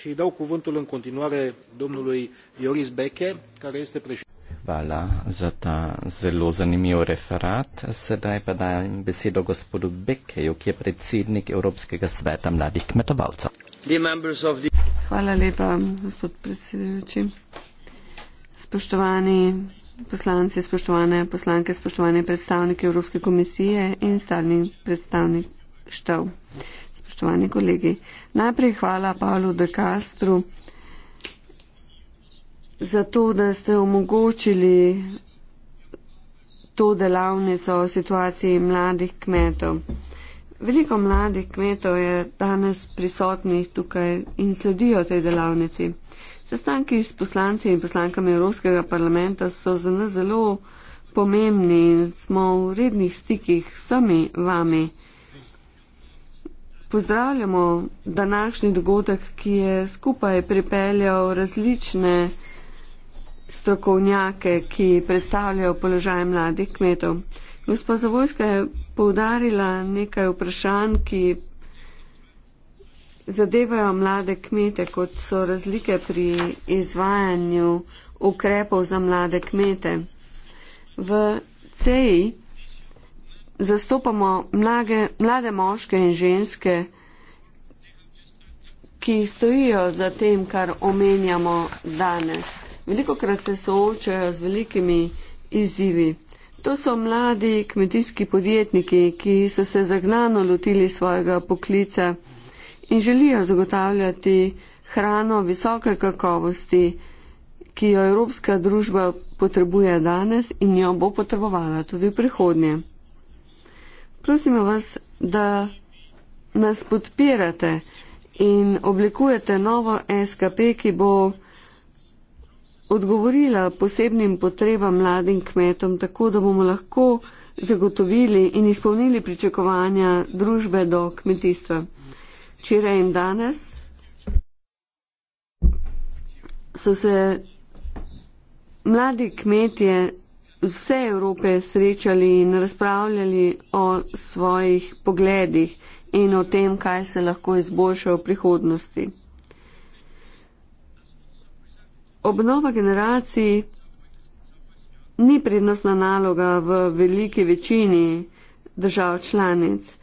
și dau cuvântul în continuare domnului Joris Beke, care este președinte. Vala, za ta zelo zanimiv referat. Sedaj pa dajem besedo gospodu Bekeju, ki je predsednik Evropskega sveta mladih kmetovalcev. Hvala lepa, gospod predsedujoči. Spoštovani poslanci, spoštovane poslanke, spoštovane predstavniki Evropske komisije in stalni predstavnik štev. Spoštovani kolegi, najprej hvala Pavlu de Castru za to, da ste omogočili to delavnico o situaciji mladih kmetov. Veliko mladih kmetov je danes prisotnih tukaj in sledijo tej delavnici. Sestanki s poslanci in poslankami Evropskega parlamenta so za nas zelo pomembni in smo v rednih stikih s vsemi vami. Pozdravljamo današnji dogodek, ki je skupaj pripeljal različne strokovnjake, ki predstavljajo položaj mladih kmetov. Gospa Zavojska je poudarila nekaj vprašanj, ki zadevajo mlade kmete, kot so razlike pri izvajanju ukrepov za mlade kmete. V CEI zastopamo mlade, mlade moške in ženske, ki stojijo za tem, kar omenjamo danes. Veliko krat se soočajo z velikimi izzivi. To so mladi kmetijski podjetniki, ki so se zagnano lotili svojega poklica in želijo zagotavljati hrano visoke kakovosti, ki jo evropska družba potrebuje danes in jo bo potrebovala tudi v prihodnje. Prosimo vas, da nas podpirate in oblikujete novo SKP, ki bo odgovorila posebnim potrebam mladim kmetom, tako da bomo lahko zagotovili in izpolnili pričakovanja družbe do kmetijstva včeraj in danes so se mladi kmetje z vse Evrope srečali in razpravljali o svojih pogledih in o tem, kaj se lahko izboljša v prihodnosti. Obnova generacij ni prednostna naloga v veliki večini držav članic.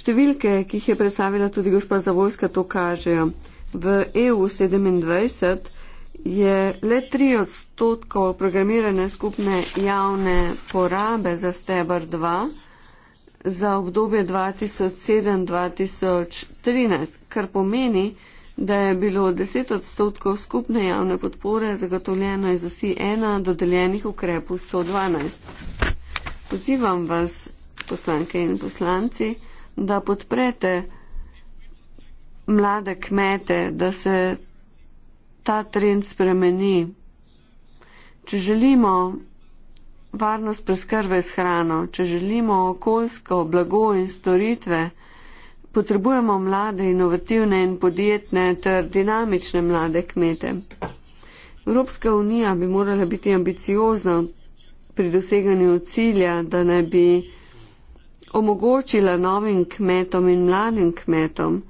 Številke, ki jih je predstavila tudi gospa Zavoljska, to kažejo. V EU 27 je le 3 odstotkov programirane skupne javne porabe za stebr 2 za obdobje 2007-2013, kar pomeni, da je bilo 10 odstotkov skupne javne podpore zagotovljeno iz vsi ena dodeljenih ukrepov 112. Pozivam vas, poslanke in poslanci, da podprete mlade kmete, da se ta trend spremeni. Če želimo varnost preskrbe s hrano, če želimo okoljsko blago in storitve, potrebujemo mlade, inovativne in podjetne ter dinamične mlade kmete. Evropska unija bi morala biti ambiciozna pri doseganju cilja, da ne bi omogočila novim kmetom in mladim kmetom,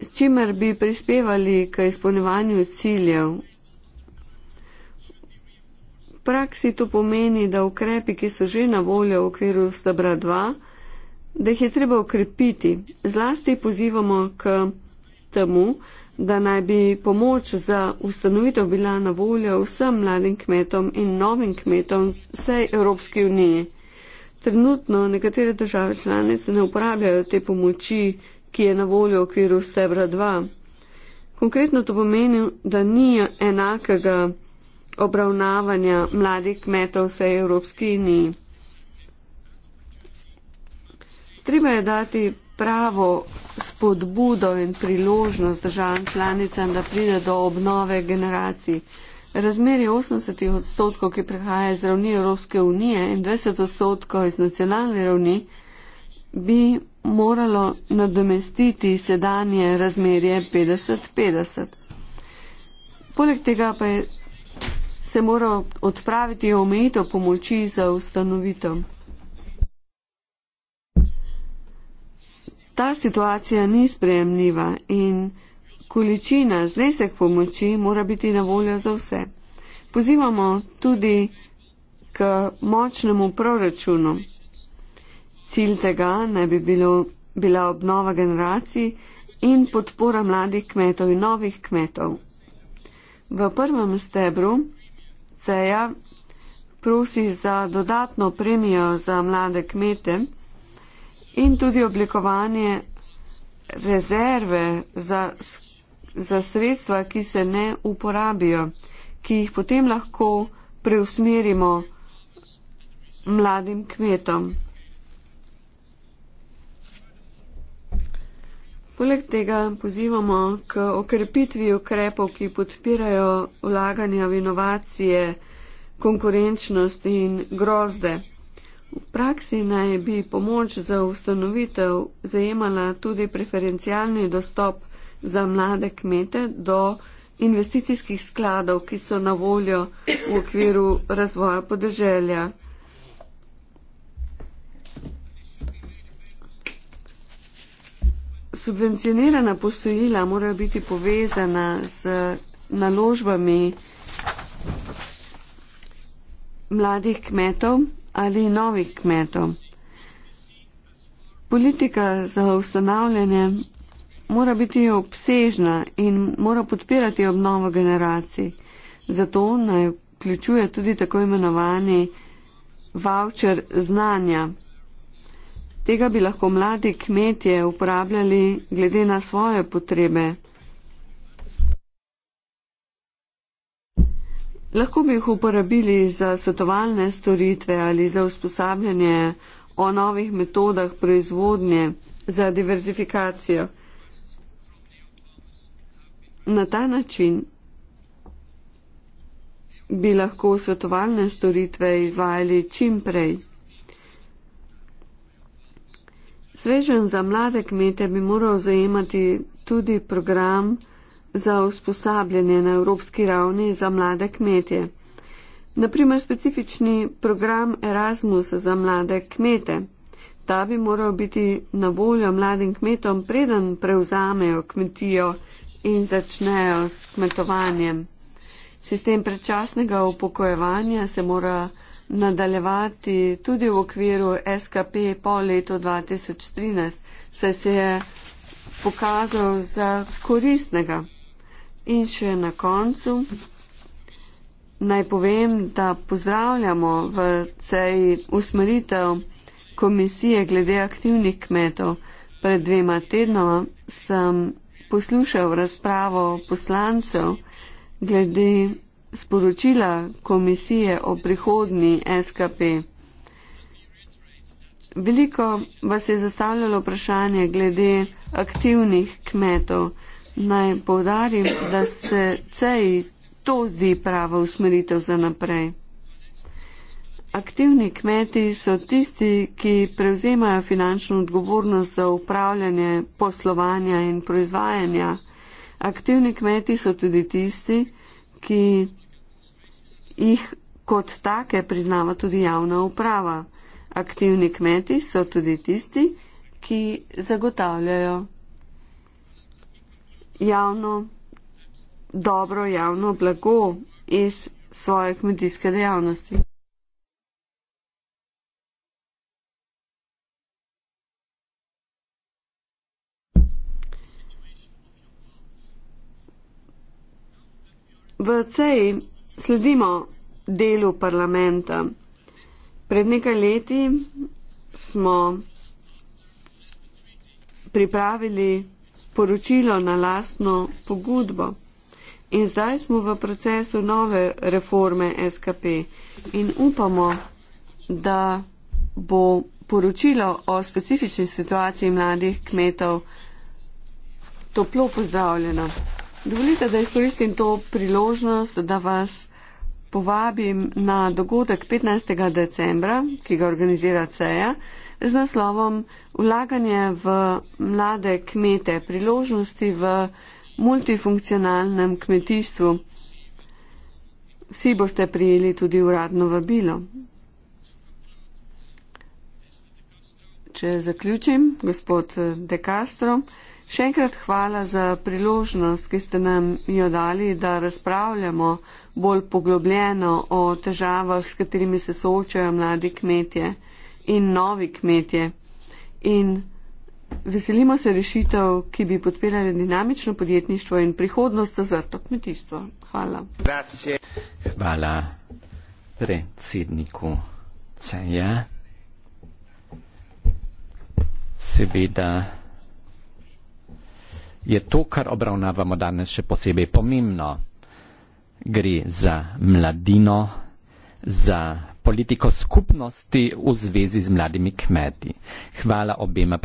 s čimer bi prispevali k izpolnjevanju ciljev. V praksi to pomeni, da ukrepi, ki so že na voljo v okviru stebra 2, da jih je treba ukrepiti. Zlasti pozivamo k temu, da naj bi pomoč za ustanovitev bila na voljo vsem mladim kmetom in novim kmetom vsej Evropske unije. Trenutno nekatere države članice ne uporabljajo te pomoči, ki je na voljo v okviru stebra 2. Konkretno to pomeni, da ni enakega obravnavanja mladih kmetov vsej Evropski uniji. Treba je dati pravo spodbudo in priložnost državam članicam, da pride do obnove generacij. Razmeri 80 odstotkov, ki prihaja iz ravni Evropske unije in 20 odstotkov iz nacionalne ravni, bi moralo nadomestiti sedanje razmerje 50-50. Poleg tega pa je, se mora odpraviti omejitev pomoči za ustanovitev. Ta situacija ni sprejemljiva in količina, znesek pomoči mora biti na voljo za vse. Pozivamo tudi k močnemu proračunu. Cilj tega naj bi bilo, bila obnova generacij in podpora mladih kmetov in novih kmetov. V prvem stebru CEJA prosi za dodatno premijo za mlade kmete in tudi oblikovanje rezerve za skupaj za sredstva, ki se ne uporabijo, ki jih potem lahko preusmerimo mladim kmetom. Poleg tega pozivamo k okrepitvi ukrepov, ki podpirajo vlaganja v inovacije, konkurenčnost in grozde. V praksi naj bi pomoč za ustanovitev zajemala tudi preferencialni dostop za mlade kmete do investicijskih skladov, ki so na voljo v okviru razvoja podeželja. Subvencionirana posojila morajo biti povezana z naložbami mladih kmetov ali novih kmetov. Politika za ustanavljanje mora biti obsežna in mora podpirati obnovo generacij. Zato naj vključuje tudi tako imenovani voucher znanja. Tega bi lahko mladi kmetje uporabljali glede na svoje potrebe. Lahko bi jih uporabili za svetovalne storitve ali za usposabljanje o novih metodah proizvodnje, za diverzifikacijo. Na ta način bi lahko svetovalne storitve izvajali čim prej. Svežen za mlade kmete bi moral zajemati tudi program za usposabljanje na evropski ravni za mlade kmete. Naprimer, specifični program Erasmus za mlade kmete. Ta bi moral biti na voljo mladim kmetom, preden prevzamejo kmetijo in začnejo s kmetovanjem. Sistem predčasnega upokojevanja se mora nadaljevati tudi v okviru SKP po letu 2013, saj se je pokazal za koristnega. In še na koncu naj povem, da pozdravljamo v CEJ usmeritev komisije glede aktivnih kmetov. Pred dvema tednoma sem poslušal razpravo poslancev glede sporočila komisije o prihodni SKP. Veliko vas je zastavljalo vprašanje glede aktivnih kmetov. Naj povdarim, da se CEI to zdi prava usmeritev za naprej. Aktivni kmeti so tisti, ki prevzemajo finančno odgovornost za upravljanje poslovanja in proizvajanja. Aktivni kmeti so tudi tisti, ki jih kot take priznava tudi javna uprava. Aktivni kmeti so tudi tisti, ki zagotavljajo javno, dobro javno blago iz svoje kmetijske dejavnosti. V CEJ sledimo delu parlamenta. Pred nekaj leti smo pripravili poročilo na lastno pogodbo in zdaj smo v procesu nove reforme SKP in upamo, da bo poročilo o specifični situaciji mladih kmetov toplo pozdravljeno. Dovolite, da izkoristim to priložnost, da vas povabim na dogodek 15. decembra, ki ga organizira CEJA, z naslovom Vlaganje v mlade kmete, priložnosti v multifunkcionalnem kmetijstvu. Vsi boste prijeli tudi uradno vabilo. Če zaključim, gospod De Castro. Še enkrat hvala za priložnost, ki ste nam jo dali, da razpravljamo bolj poglobljeno o težavah, s katerimi se soočajo mladi kmetje in novi kmetje. In veselimo se rešitev, ki bi podpirali dinamično podjetništvo in prihodnost za to kmetijstvo. Hvala. Hvala predsedniku CEJ. Seveda je to, kar obravnavamo danes, še posebej pomembno. Gre za mladino, za politiko skupnosti v zvezi z mladimi kmeti. Hvala obema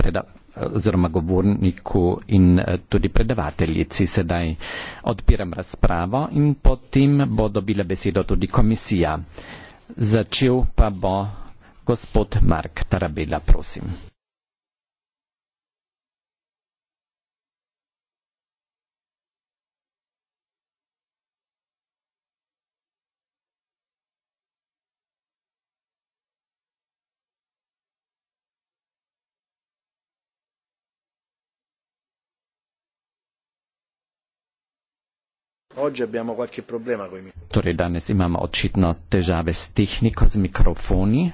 oziroma govorniku in eh, tudi predavateljici. Sedaj odpiram razpravo in potem bo dobila besedo tudi komisija. Začel pa bo gospod Mark Tarabela, prosim. Oggi abbiamo qualche problema con i microfoni. Torej, danes imamo očitno težave s tehniko, z mikrofoni.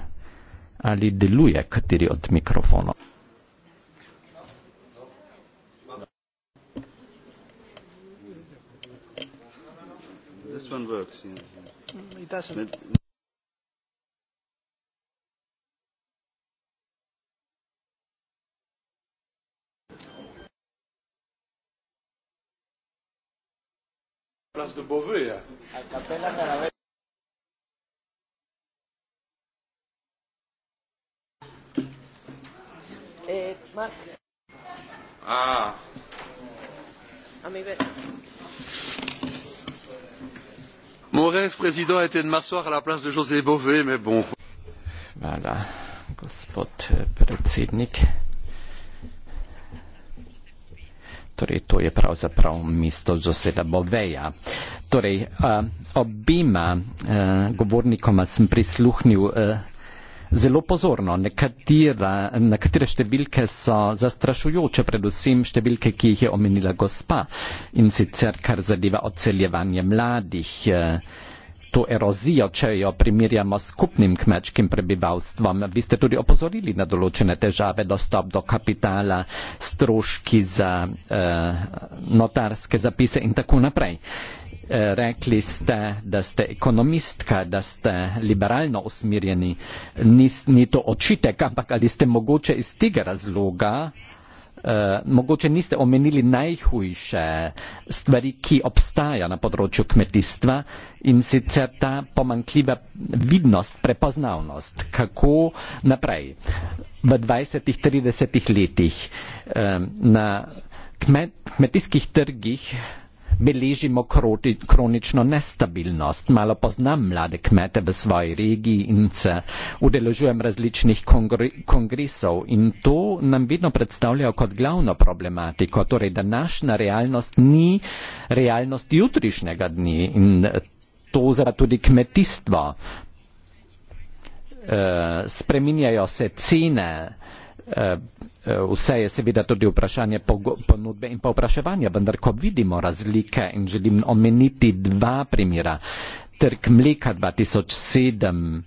Ali deluje kateri od mikrofonov? This one works, yeah. It doesn't. las dobovuje. Ah. Mon rêve président était de m'asseoir à la place de José Bové, mais bon. Voilà, gospod eh, predsednik. Torej, to je pravzaprav mesto Joseda Boveja. Torej, uh, obima uh, govornikoma sem prisluhnil uh, zelo pozorno. Nekatera, nekatere številke so zastrašujoče, predvsem številke, ki jih je omenila gospa in sicer kar zadeva odseljevanje mladih. Uh, to erozijo, če jo primerjamo s skupnim kmečkim prebivalstvom. Vi ste tudi opozorili na določene težave, dostop do kapitala, stroški za eh, notarske zapise in tako naprej. Eh, rekli ste, da ste ekonomistka, da ste liberalno usmirjeni. Ni, ni to očitek, ampak ali ste mogoče iz tega razloga eh, Eh, mogoče niste omenili najhujše stvari, ki obstaja na področju kmetijstva in sicer ta pomankljiva vidnost, prepoznavnost, kako naprej v 20-30 letih eh, na kmet, kmetijskih trgih beležimo kronično nestabilnost. Malo poznam mlade kmete v svoji regiji in se udeležujem različnih kongri kongresov in to nam vedno predstavljajo kot glavno problematiko, torej današnja realnost ni realnost jutrišnjega dni in to zara tudi kmetijstvo. E, spreminjajo se cene, Eh, eh, vse je seveda tudi vprašanje ponudbe in povpraševanja, vendar ko vidimo razlike in želim omeniti dva primera, trg mleka 2007,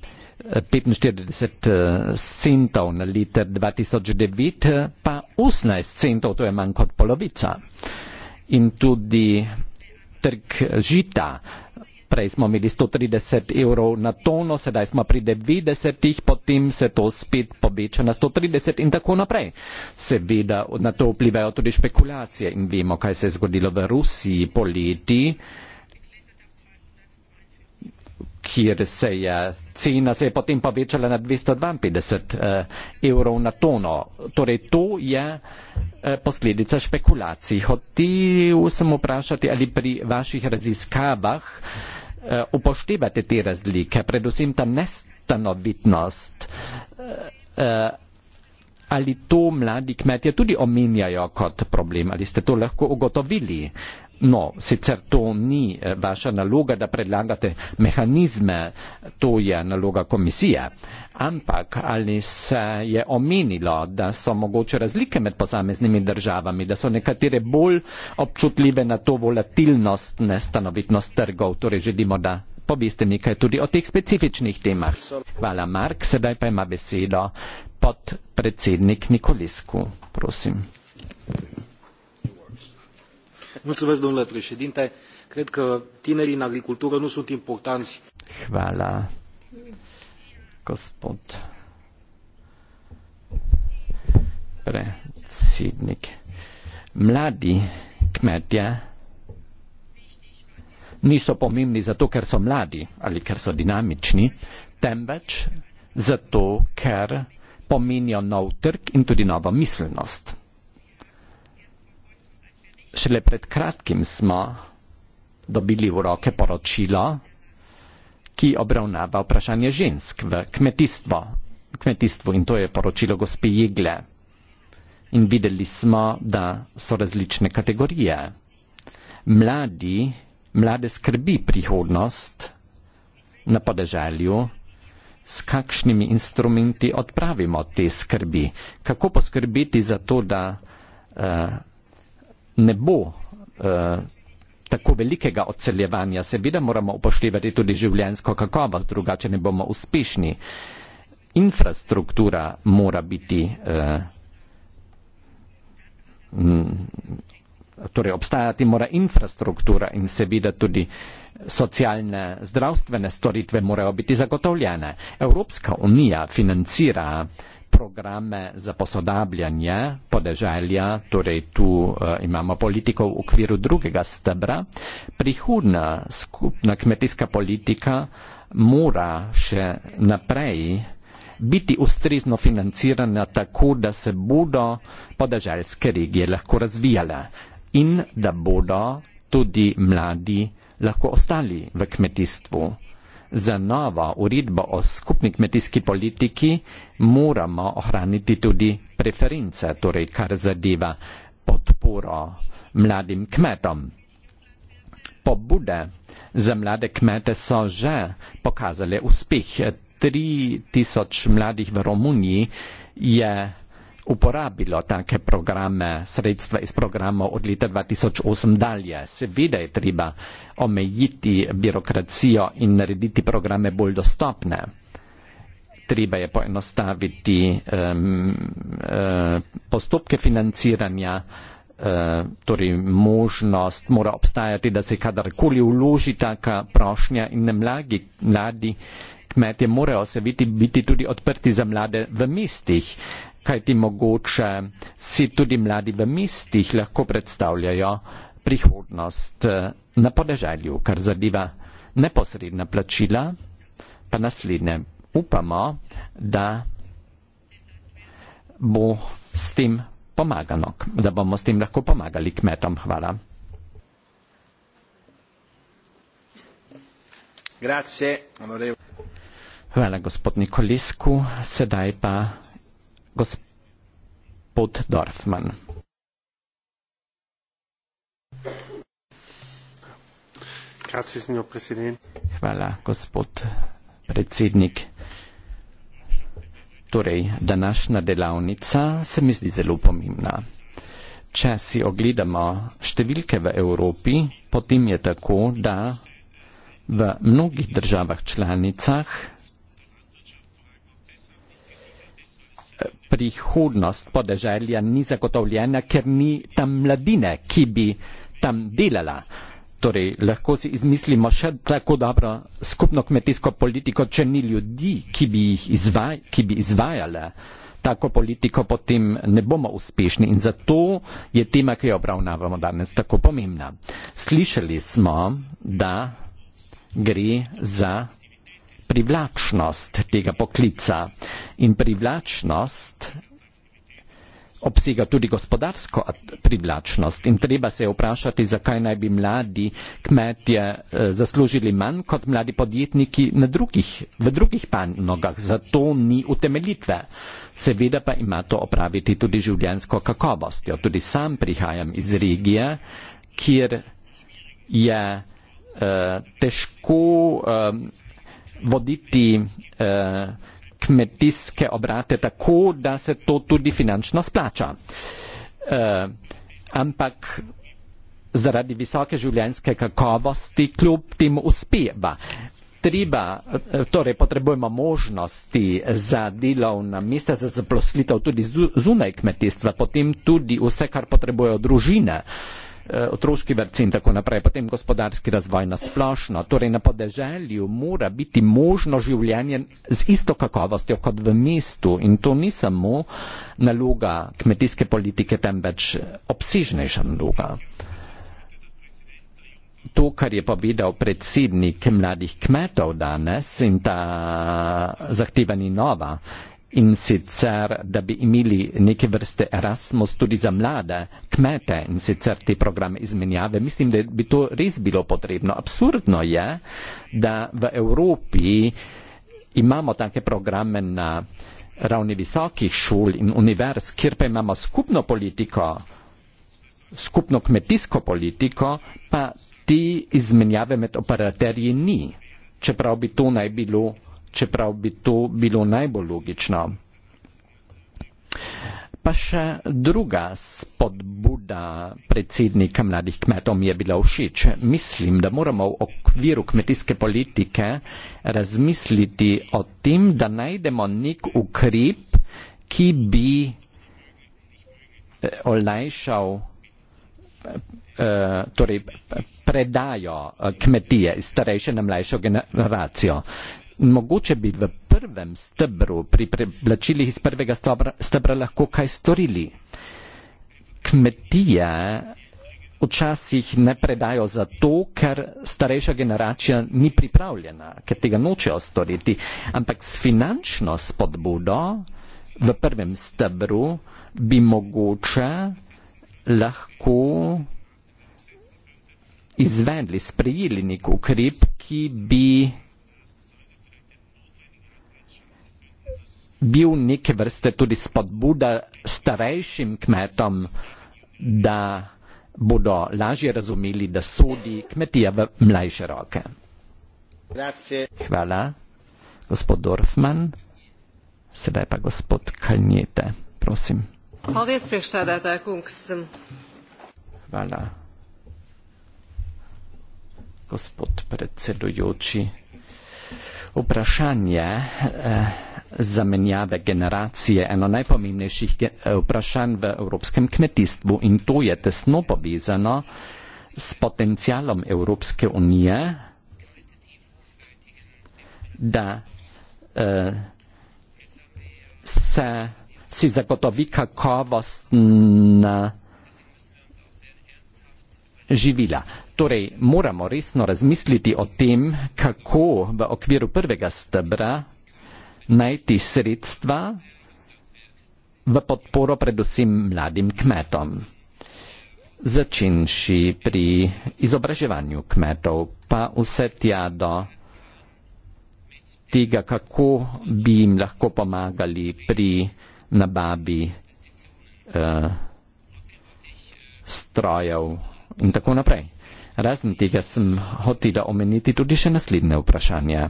45 eh, centov na liter 2009, pa 18 centov, to je manj kot polovica. In tudi trg žita Prej smo imeli 130 evrov na tono, sedaj smo pri 90, potem se to spet poveča na 130 in tako naprej. Seveda na to vplivajo tudi špekulacije in vemo, kaj se je zgodilo v Rusiji poleti, kjer se je cena se je potem povečala na 252 eh, evrov na tono. Torej to je eh, posledica špekulacij. Hotel sem vprašati, ali pri vaših raziskavah eh, Eh, upoštevati te razlike, predvsem ta nestanovitnost. Eh, eh, ali to mladi kmetje tudi omenjajo kot problem, ali ste to lahko ugotovili? No, sicer to ni eh, vaša naloga, da predlagate mehanizme, to je naloga komisije, ampak ali se je omenilo, da so mogoče razlike med posameznimi državami, da so nekatere bolj občutljive na to volatilnost, nestanovitnost trgov, torej želimo, da poveste nekaj tudi o teh specifičnih temah. Hvala, Mark, sedaj pa ima besedo podpredsednik Nikolesku. Prosim. Cred că tinerii în agricultură nu sunt importanți. Hvala, gospod predsednik. Mladi kmetje niso pomembni zato, ker so mladi ali ker so dinamični, temveč zato, ker pomenijo nov trg in tudi novo miselnost. Šele pred kratkim smo dobili v roke poročilo, ki obravnava vprašanje žensk v kmetijstvo. kmetijstvu in to je poročilo gospe Jigle. In videli smo, da so različne kategorije. Mladi, mlade skrbi prihodnost na podeželju, s kakšnimi instrumenti odpravimo te skrbi, kako poskrbeti za to, da uh, ne bo eh, tako velikega odseljevanja. Seveda moramo upoštevati tudi življensko kakovost, drugače ne bomo uspešni. Infrastruktura mora biti. Eh, m, Torej, obstajati mora infrastruktura in seveda tudi socialne, zdravstvene storitve morajo biti zagotovljene. Evropska unija financira eh, programe za posodabljanje podeželja, torej tu eh, imamo politiko v okviru drugega stebra. Prihodna skupna kmetijska politika mora še naprej biti ustrezno financirana tako, da se bodo podeželske regije lahko razvijale in da bodo tudi mladi lahko ostali v kmetijstvu za novo uredbo o skupni kmetijski politiki moramo ohraniti tudi preference, torej kar zadeva podporo mladim kmetom. Pobude za mlade kmete so že pokazale uspeh. 3000 mladih v Romuniji je uporabilo take programe, sredstva iz programov od leta 2008 dalje. Seveda je treba omejiti birokracijo in narediti programe bolj dostopne. Treba je poenostaviti um, um, postopke financiranja, um, torej možnost mora obstajati, da se kadarkoli uloži taka prošnja in ne mlagi, mladi kmetje morajo se biti, biti tudi odprti za mlade v mestih kajti mogoče si tudi mladi v mestih lahko predstavljajo prihodnost eh, na podeželju, kar zadeva neposredna plačila, pa naslednje. Upamo, da bo s tem pomagano, da bomo s tem lahko pomagali kmetom. Hvala. Grazie, Hvala gospod Nikolisku, sedaj pa gospod Dorfman. Hvala, gospod predsednik. Torej, današnja delavnica se mi zdi zelo pomembna. Če si ogledamo številke v Evropi, potem je tako, da v mnogih državah članicah prihodnost podeželja ni zagotovljena, ker ni tam mladine, ki bi tam delala. Torej, lahko si izmislimo še tako dobro skupno kmetijsko politiko, če ni ljudi, ki bi jih izvaj, izvajala. Tako politiko potem ne bomo uspešni in zato je tema, ki jo obravnavamo danes, tako pomembna. Slišali smo, da gre za privlačnost tega poklica in privlačnost obsega tudi gospodarsko privlačnost in treba se vprašati, zakaj naj bi mladi kmetje eh, zaslužili manj kot mladi podjetniki na drugih, v drugih panogah. Zato ni utemeljitve. Seveda pa ima to opraviti tudi življenjsko kakovostjo. Tudi sam prihajam iz regije, kjer je eh, težko eh, voditi eh, kmetijske obrate tako, da se to tudi finančno splača. Eh, ampak zaradi visoke življenjske kakovosti kljub tem uspeva. Treba, eh, torej potrebujemo možnosti za delovna mesta, za zaposlitev tudi zunaj kmetijstva, potem tudi vse, kar potrebujejo družine. Eh, Eh, otroški vrci in tako naprej, potem gospodarski razvoj na splošno. Torej na podeželju mora biti možno življenje z isto kakovostjo kot v mestu in to ni samo naloga kmetijske politike, temveč obsižnejša naloga. To, kar je povedal predsednik mladih kmetov danes in ta zahteva ni nova, in sicer, da bi imeli neke vrste Erasmus tudi za mlade kmete in sicer te programe izmenjave. Mislim, da bi to res bilo potrebno. Absurdno je, da v Evropi imamo take programe na ravni visokih šol in univerz, kjer pa imamo skupno politiko, skupno kmetijsko politiko, pa te izmenjave med operaterji ni. Čeprav bi to naj bilo čeprav bi to bilo najbolj logično. Pa še druga spodbuda predsednika mladih kmetov mi je bila všeč. Mislim, da moramo v okviru kmetijske politike razmisliti o tem, da najdemo nek ukrep, ki bi eh, olajšal eh, torej predajo eh, kmetije iz starejše na mlajšo generacijo mogoče bi v prvem stebru pri preplačilih iz prvega stebra lahko kaj storili. Kmetije včasih ne predajo zato, ker starejša generacija ni pripravljena, ker tega nočejo storiti, ampak s finančno spodbudo v prvem stebru bi mogoče lahko izvedli, sprijeli nek ukrep, ki bi bil neke vrste tudi spodbuda starejšim kmetom, da bodo lažje razumeli, da sodi kmetija v mlajše roke. Grazie. Hvala, gospod Dorfman. Sedaj pa gospod Kalnjete, prosim. Hvala. Gospod predsedujoči, vprašanje. Eh, zamenjave generacije eno najpomembnejših vprašanj v evropskem kmetijstvu in to je tesno povezano s potencialom Evropske unije, da eh, se si zagotovi kakovostna živila. Torej, moramo resno razmisliti o tem, kako v okviru prvega stebra najti sredstva v podporo predvsem mladim kmetom. Začenši pri izobraževanju kmetov, pa vse tja do tega, kako bi jim lahko pomagali pri nababi uh, eh, strojev in tako naprej. Razen tega sem hotela omeniti tudi še naslednje vprašanje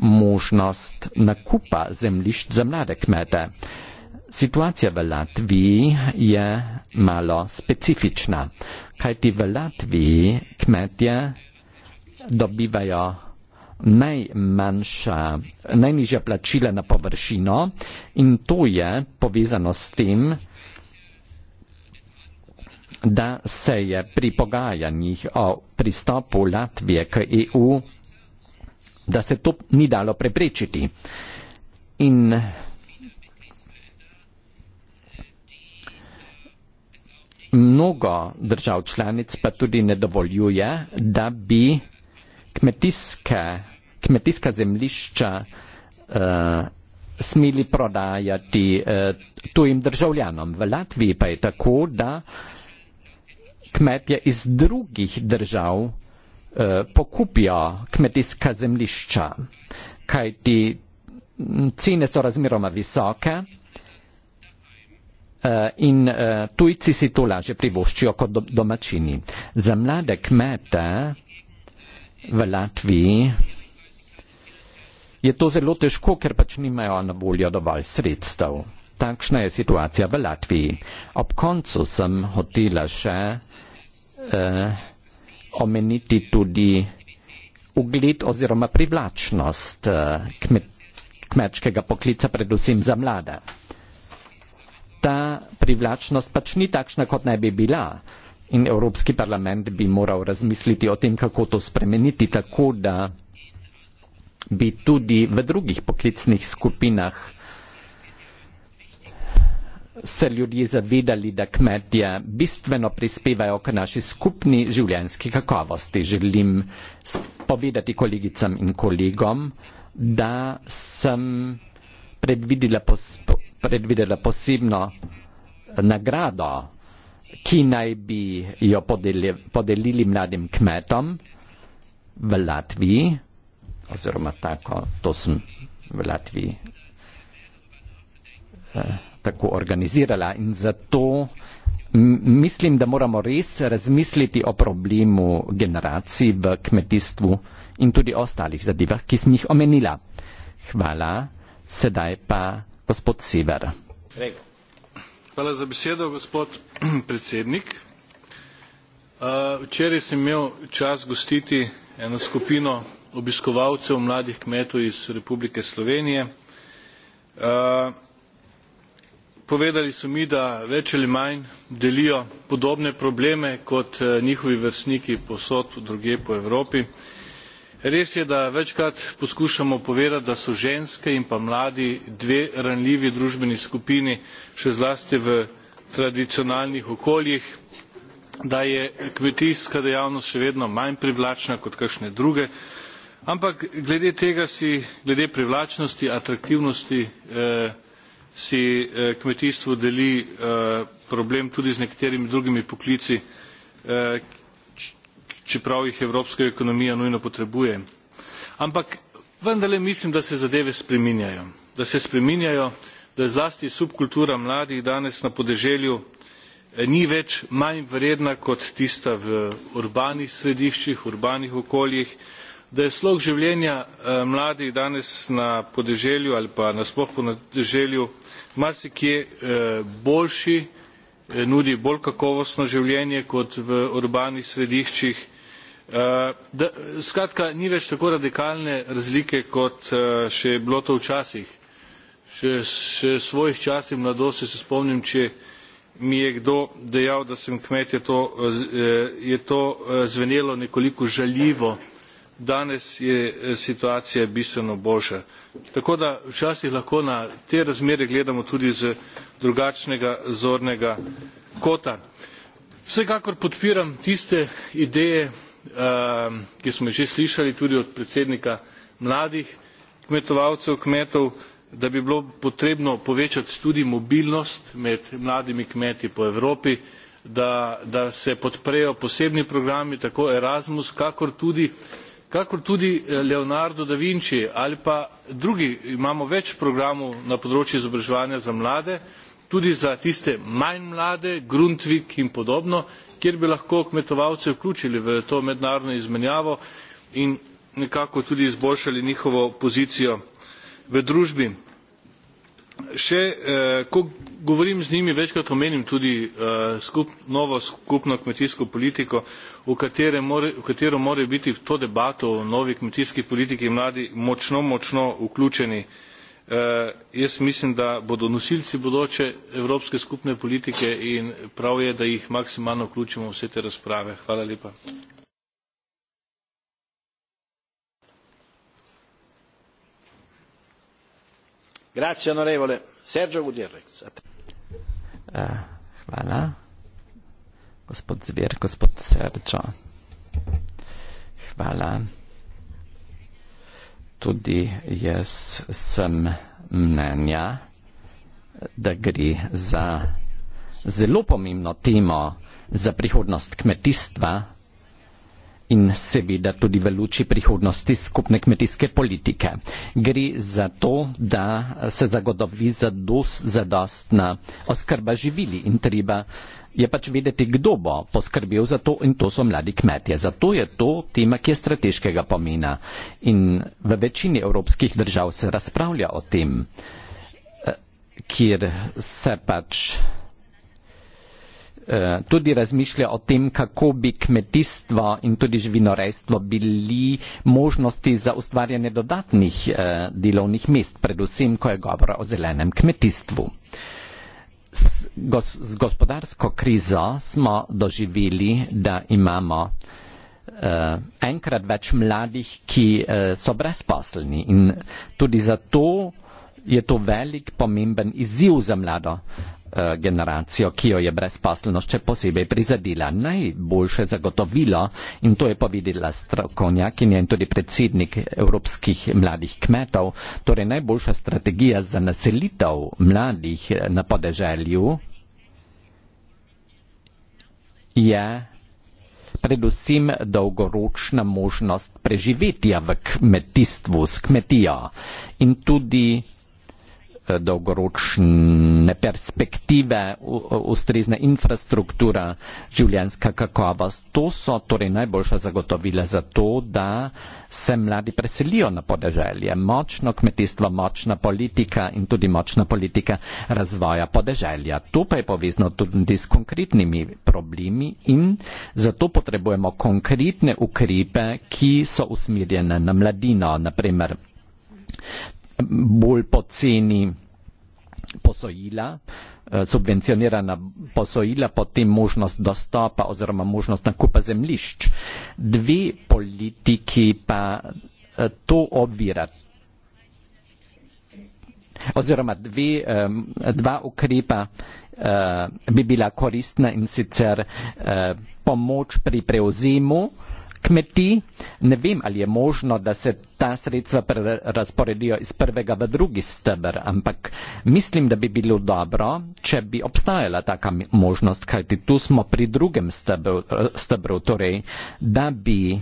možnost nakupa zemljišč za mlade kmete. Situacija v Latviji je malo specifična, kajti v Latviji kmetje dobivajo najmanjša, najnižja plačila na površino in to je povezano s tem, da se je pri pogajanjih o pristopu Latvije k EU da se to ni dalo preprečiti. In mnogo držav članic pa tudi ne dovoljuje, da bi kmetijske, kmetijska zemlišča uh, eh, smeli prodajati uh, tujim državljanom. V Latviji pa je tako, da kmetje iz drugih držav Eh, pokupijo kmetijska zemlišča, kaj ti cene so razmeroma visoke eh, in eh, tujci si to lažje privoščijo kot domačini. Za mlade kmete v Latviji je to zelo težko, ker pač nimajo na voljo dovolj sredstev. Takšna je situacija v Latviji. Ob koncu sem hotela še eh, omeniti tudi ugled oziroma privlačnost eh, kmečkega poklica, predvsem za mlade. Ta privlačnost pač ni takšna, kot naj bi bila in Evropski parlament bi moral razmisliti o tem, kako to spremeniti, tako da bi tudi v drugih poklicnih skupinah se ljudi zavedali, da kmetje bistveno prispevajo k naši skupni življenjski kakovosti. Želim povedati kolegicam in kolegom, da sem predvidela, pos, predvidela posebno nagrado, ki naj bi jo podelili, podelili mladim kmetom v Latviji, oziroma tako, to sem v Latviji. Uh tako organizirala. In zato mislim, da moramo res razmisliti o problemu generacij v kmetijstvu in tudi o ostalih zadevah, ki sem jih omenila. Hvala. Sedaj pa gospod Sever. Hvala za besedo, gospod predsednik. Včeraj sem imel čas gostiti eno skupino obiskovalcev mladih kmetov iz Republike Slovenije povedali so mi da več ali manj delijo podobne probleme kot eh, njihovi vrstniki povsod drugje po evropi. res je da večkrat poskušamo povedati da so ženske in pa mladi dve ranljivi družbeni skupini še zlasti v tradicionalnih okoljih da je kmetijska dejavnost še vedno manj privlačna kot kakšne druge ampak glede tega si glede privlačnosti atraktivnosti eh, si eh, kmetijstvo deli eh, problem tudi z nekaterimi drugimi poklici eh, čeprav jih evropska ekonomija nujno potrebuje ampak vendarle mislim da se zadeve spreminjajo da se spreminjajo da zlasti subkultura mladih danes na podeželju ni več manj vredna kot tista v urbanih središčih urbanih okoljih da je slog življenja mladih danes na podeželju ali pa nasploh po podeželju marsikje eh, boljši eh, nudi bolj kakovostno življenje kot v urbanih središčih eh, skratka ni več tako radikalne razlike kot še je bilo to včasih še s svojih časih mladosti se spomnim če mi je kdo dejal da sem kmet je to je to zvenelo nekoliko žaljivo danes je eh, situacija bistveno boljša tako da včasih lahko na te razmere gledamo tudi z drugačnega zornega kota. vsekakor podpiram tiste ideje eh, ki smo jih že slišali tudi od predsednika mladih kmetovalcev kmetov da bi bilo potrebno povečati tudi mobilnost med mladimi kmeti po evropi da da se podprejo posebni programi tako erasmus kakor tudi kakor tudi eh, leonardo da vinci ali pa drugi imamo več programov na področju izobraževanja za mlade tudi za tiste manj mlade grundtvig in podobno kjer bi lahko kmetovalce vključili v to mednarodno izmenjavo in nekako tudi izboljšali njihovo pozicijo v družbi še eh, ko govorim z njimi večkrat omenim tudi eh, skup, novo skupno kmetijsko politiko v, more, v katero morajo biti v to debato o novi kmetijski politiki mladi močno močno vključeni Uh, jaz mislim, da bodo nosilci bodoče evropske skupne politike in prav je, da jih maksimalno vključimo v vse te razprave. Hvala lepa. Eh, hvala. Gospod Zver, gospod Serčo. Hvala. Tudi jaz sem mnenja, da gre za zelo pomembno temo za prihodnost kmetijstva in seveda tudi v luči prihodnosti skupne kmetijske politike. Gre za to, da se zagotovi zadostna oskrba živili in treba je pač vedeti, kdo bo poskrbel za to in to so mladi kmetje. Zato je to tema, ki je strateškega pomena in v večini evropskih držav se razpravlja o tem, eh, kjer se pač Eh, tudi razmišlja o tem, kako bi kmetijstvo in tudi živinorejstvo bili možnosti za ustvarjanje dodatnih eh, delovnih mest, predvsem, ko je govora o zelenem kmetijstvu. Z gospodarsko krizo smo doživeli, da imamo eh, enkrat več mladih, ki so brezposelni in tudi zato je to velik pomemben izziv za mlado Eh, generacijo, ki jo je brezposelnost še posebej prizadila. Najboljše zagotovilo, in to je povedala strokovnjakinja in tudi predsednik evropskih mladih kmetov, torej najboljša strategija za naselitev mladih eh, na podeželju je predvsem dolgoročna možnost preživetja v kmetijstvu s kmetijo in tudi Eh, dolgoročne perspektive, ustrezna infrastruktura, življenska kakovost. To so torej najboljša zagotovila za to, da se mladi preselijo na podeželje. Močno kmetijstvo, močna politika in tudi močna politika razvoja podeželja. To pa je povezno tudi s konkretnimi problemi in zato potrebujemo konkretne ukrepe, ki so usmirjene na mladino. Naprimer, bolj poceni posojila, eh, subvencionirana posojila, potem možnost dostopa oziroma možnost nakupa zemlišč. Dve politiki pa eh, to obvirata oziroma dve, dva ukrepa eh, bi bila koristna in sicer pomoč pri preozemu kmetij. Ne vem, ali je možno, da se ta sredstva razporedijo iz prvega v drugi stebr, ampak mislim, da bi bilo dobro, če bi obstajala taka možnost, kajti tu smo pri drugem stebru, stebru torej, da bi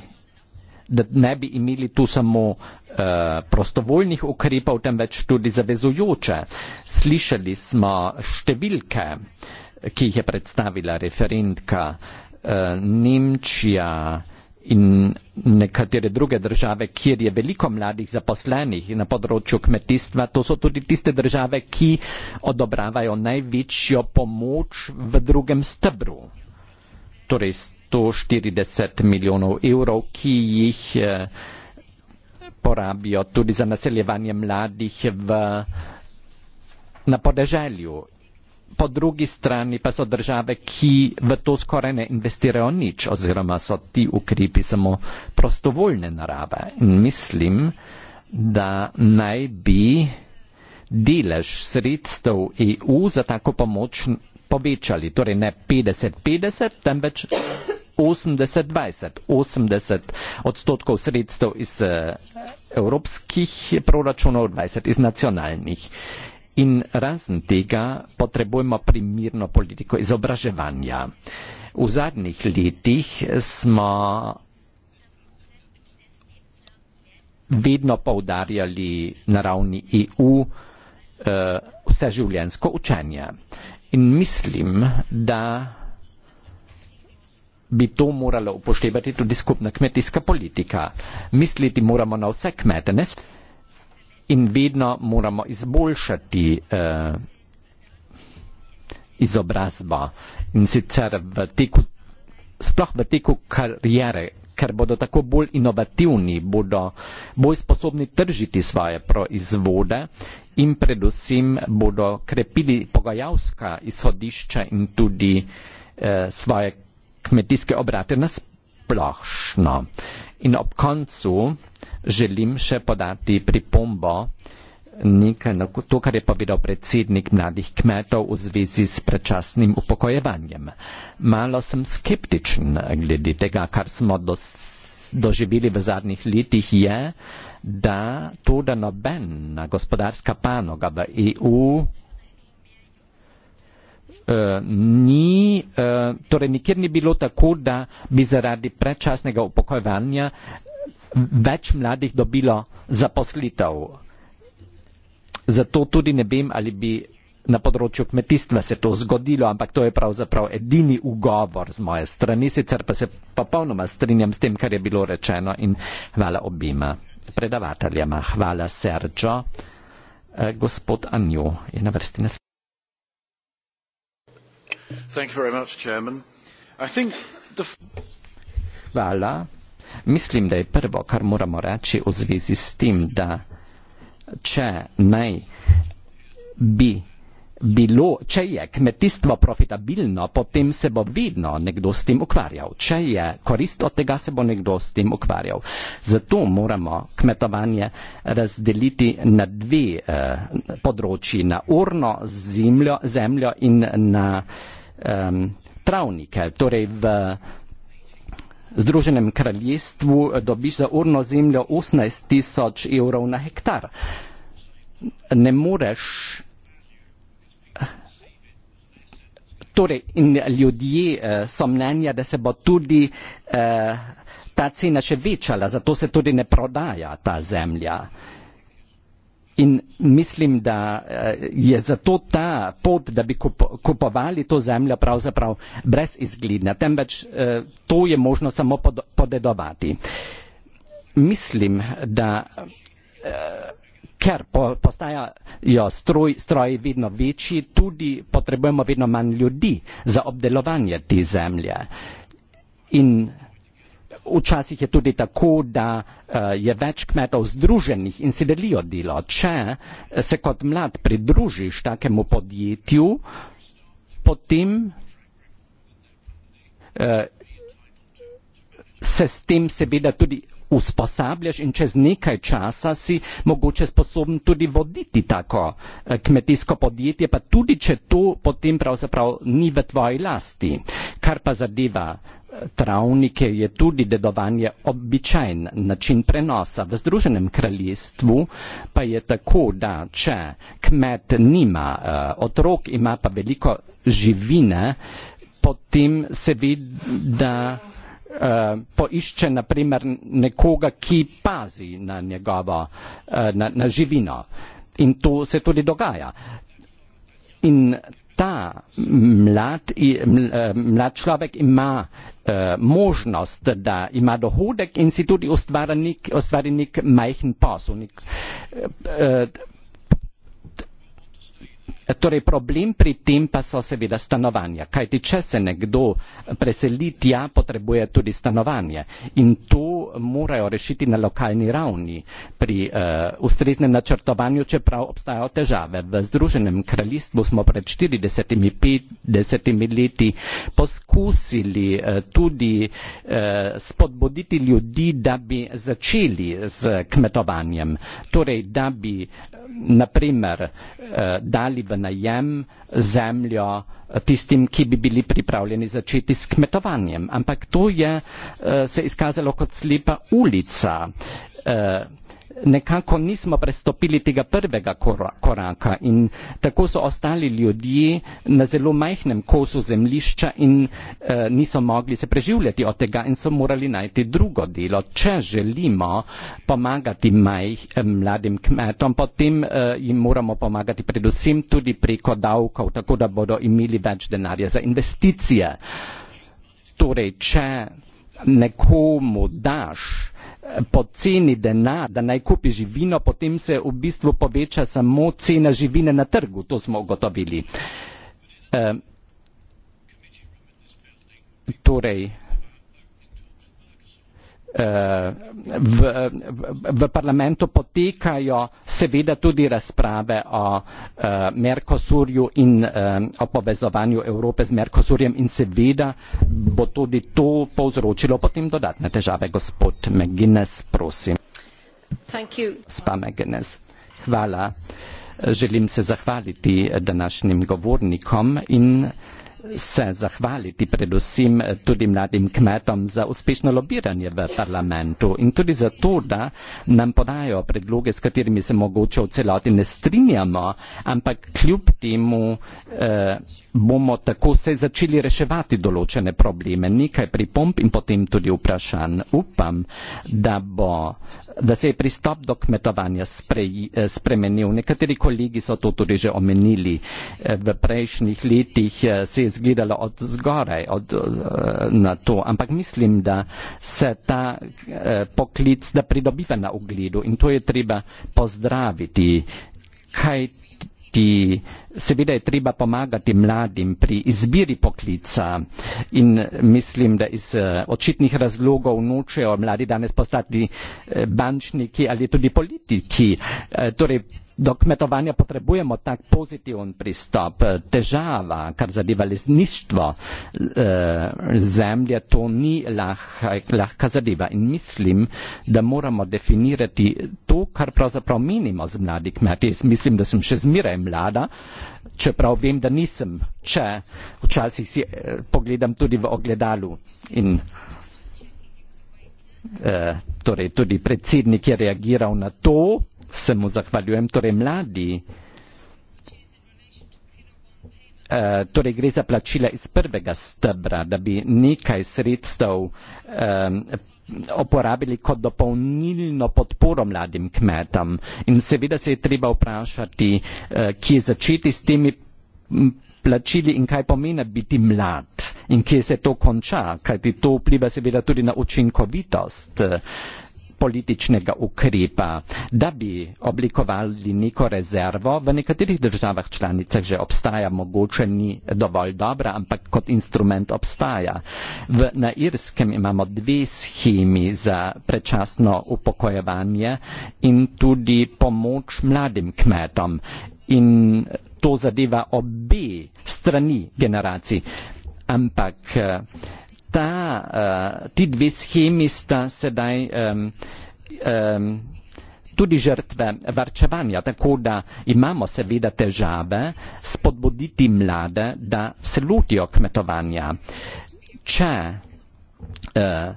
da ne bi imeli tu samo eh, prostovoljnih ukrepov, temveč tudi zavezujoče. Slišali smo številke, ki jih je predstavila referentka eh, Nemčija. Eh, in nekatere druge države, kjer je veliko mladih zaposlenih na področju kmetijstva, to so tudi tiste države, ki odobravajo največjo pomoč v drugem stebru. Torej 140 milijonov evrov, ki jih eh, porabijo tudi za naseljevanje mladih v, na podeželju po drugi strani pa so države, ki v to skoraj ne investirajo nič, oziroma so ti ukrepi samo prostovoljne narave. In mislim, da naj bi delež sredstev EU za tako pomoč povečali, torej ne 50-50, temveč 80-20, 80 odstotkov sredstev iz eh, evropskih proračunov, 20 iz nacionalnih. In razen tega potrebujemo primirno politiko izobraževanja. V zadnjih letih smo vedno poudarjali na ravni EU eh, vseživljenjsko učenje. In mislim, da bi to moralo upoštevati tudi skupna kmetijska politika. Misliti moramo na vse kmete, ne sve in vedno moramo izboljšati eh, izobrazbo in sicer v teku, sploh v teku karijere, ker bodo tako bolj inovativni, bodo bolj sposobni tržiti svoje proizvode in predvsem bodo krepili pogajalska izhodišča in tudi eh, svoje kmetijske obrate nasplošno. In ob koncu želim še podati pripombo nekaj na to, kar je povedal predsednik mladih kmetov v zvezi s predčasnim upokojevanjem. Malo sem skeptičen glede tega, kar smo dos doživeli v zadnjih letih, je, da to, da nobena gospodarska panoga v EU Eh, ni, eh, torej nikjer ni bilo tako, da bi zaradi predčasnega upokojevanja več mladih dobilo zaposlitev. Zato tudi ne vem, ali bi na področju kmetijstva se to zgodilo, ampak to je pravzaprav edini ugovor z moje strani, sicer pa se popolnoma strinjam s tem, kar je bilo rečeno in hvala obima predavateljama. Hvala Sergio, eh, gospod Anju je na vrsti naslednji. Hvala. Mislim, da je prvo, kar moramo reči v zvezi s tem, da če naj bi bilo, če je kmetijstvo profitabilno, potem se bo vedno nekdo s tem ukvarjal. Če je korist od tega, se bo nekdo s tem ukvarjal. Zato moramo kmetovanje razdeliti na dve eh, področji, na urno zemljo, zemljo in na eh, um, travnike, torej v Združenem kraljestvu dobiš za urno zemljo 18 tisoč evrov na hektar. Ne moreš. Torej, in ljudje eh, so mnenja, da se bo tudi eh, ta cena še večala, zato se tudi ne prodaja ta zemlja. Eh, In mislim, da eh, je zato ta pot, da bi kupovali to zemljo pravzaprav brez izgledna, temveč eh, to je možno samo podedovati. Mislim, da eh, ker postajajo stroji vedno večji, tudi potrebujemo vedno manj ljudi za obdelovanje te zemlje. In tudi, včasih je tudi tako, da uh, je več kmetov združenih in si delijo delo. Če eh, se kot mlad pridružiš takemu podjetju, potem uh, se s tem seveda tudi usposabljaš in čez nekaj časa si mogoče sposoben tudi voditi tako kmetijsko podjetje, pa tudi če to potem pravzaprav ni v tvoji lasti. Kar pa zadeva travnike je tudi dedovanje običajen način prenosa. V Združenem kraljestvu pa je tako, da če kmet nima uh, otrok, ima pa veliko živine, potem se vidi, da uh, poišče naprimer nekoga, ki pazi na njegovo uh, na, na živino. In to se tudi dogaja. In ta mlad, eh, mlad človek ima eh, možnost, da ima dohodek in si tudi ustvarjenik majhen posel. Eh, Torej, problem pri tem pa so seveda stanovanja, kajti če se nekdo eh, preseli tja, potrebuje tudi stanovanje in to morajo rešiti na lokalni ravni pri uh, ustreznem načrtovanju, čeprav obstajajo težave. V Združenem kraljestvu smo pred 40-50 leti poskusili uh, tudi uh, spodbuditi ljudi, da bi začeli z kmetovanjem, torej da bi naprimer uh, dali v najem zemljo tistim, ki bi bili pripravljeni začeti s kmetovanjem. Ampak to je eh, se izkazalo kot slepa ulica. Eh, nekako nismo prestopili tega prvega koraka in tako so ostali ljudje na zelo majhnem kosu zemlišča in eh, niso mogli se preživljati od tega in so morali najti drugo delo. Če želimo pomagati majh, eh, mladim kmetom, potem eh, jim moramo pomagati predvsem tudi preko davkov, tako da bodo imeli več denarja za investicije. Torej, če nekomu daš poceni denar, da naj kupi živino, potem se v bistvu poveča samo cena živine na trgu, to smo ugotovili. Ehm, torej, Eh, v, v, eh, v parlamentu potekajo seveda tudi razprave o uh, eh, Merkosurju in uh, o povezovanju Evrope z Merkosurjem in seveda bo tudi to povzročilo potem dodatne težave. Gospod McGuinness, prosim. Spa McGuinness, hvala. Želim se zahvaliti današnjim govornikom in se zahvaliti predvsem eh, tudi mladim kmetom za uspešno lobiranje v parlamentu in tudi za to, da nam podajo predloge, s katerimi se mogoče v celoti ne strinjamo, ampak kljub temu eh, bomo tako se začeli reševati določene probleme. Nekaj pripomp in potem tudi vprašanj. Upam, da, bo, da se je pristop do kmetovanja sprej, eh, spremenil. Nekateri kolegi so to tudi že omenili. Eh, v prejšnjih letih eh, se je izgledalo od zgoraj od, eh, na to, ampak mislim, da se ta eh, poklic, da pridobiva na ugledu in to je treba pozdraviti, kaj ti seveda je treba pomagati mladim pri izbiri poklica in mislim, da iz eh, očitnih razlogov nočejo mladi danes postati bančniki ali tudi politiki. Torej, do kmetovanja potrebujemo tak pozitiven pristop. Težava, kar zadeva lesništvo eh, zemlje, to ni lahka, lahka zadeva. In mislim, da moramo definirati to, kar pravzaprav menimo z mladi kmeti. Jaz mislim, da sem še zmeraj mlada, čeprav vem, da nisem, če včasih si eh, pogledam tudi v ogledalu. In, eh, torej, tudi predsednik je reagiral na to se mu zahvaljujem, torej mladi. Uh, torej gre za plačila iz prvega stebra, da bi nekaj sredstev um, uporabili kot dopolnilno podporo mladim kmetom. In seveda se je treba vprašati, uh, kje začeti s temi plačili in kaj pomeni biti mlad in kje se to konča, kajti to vpliva seveda tudi na učinkovitost. Uh, političnega ukrepa, da bi oblikovali neko rezervo, v nekaterih državah članicah že obstaja, mogoče ni dovolj dobra, ampak kot instrument obstaja. V, na Irskem imamo dve schemi za prečasno upokojevanje in tudi pomoč mladim kmetom. In to zadeva obe strani generacij. Ampak eh, ta, uh, ti dve schemi sta sedaj um, um, tudi žrtve varčevanja, tako da imamo seveda težave spodbuditi mlade, da se lotijo kmetovanja. Če uh,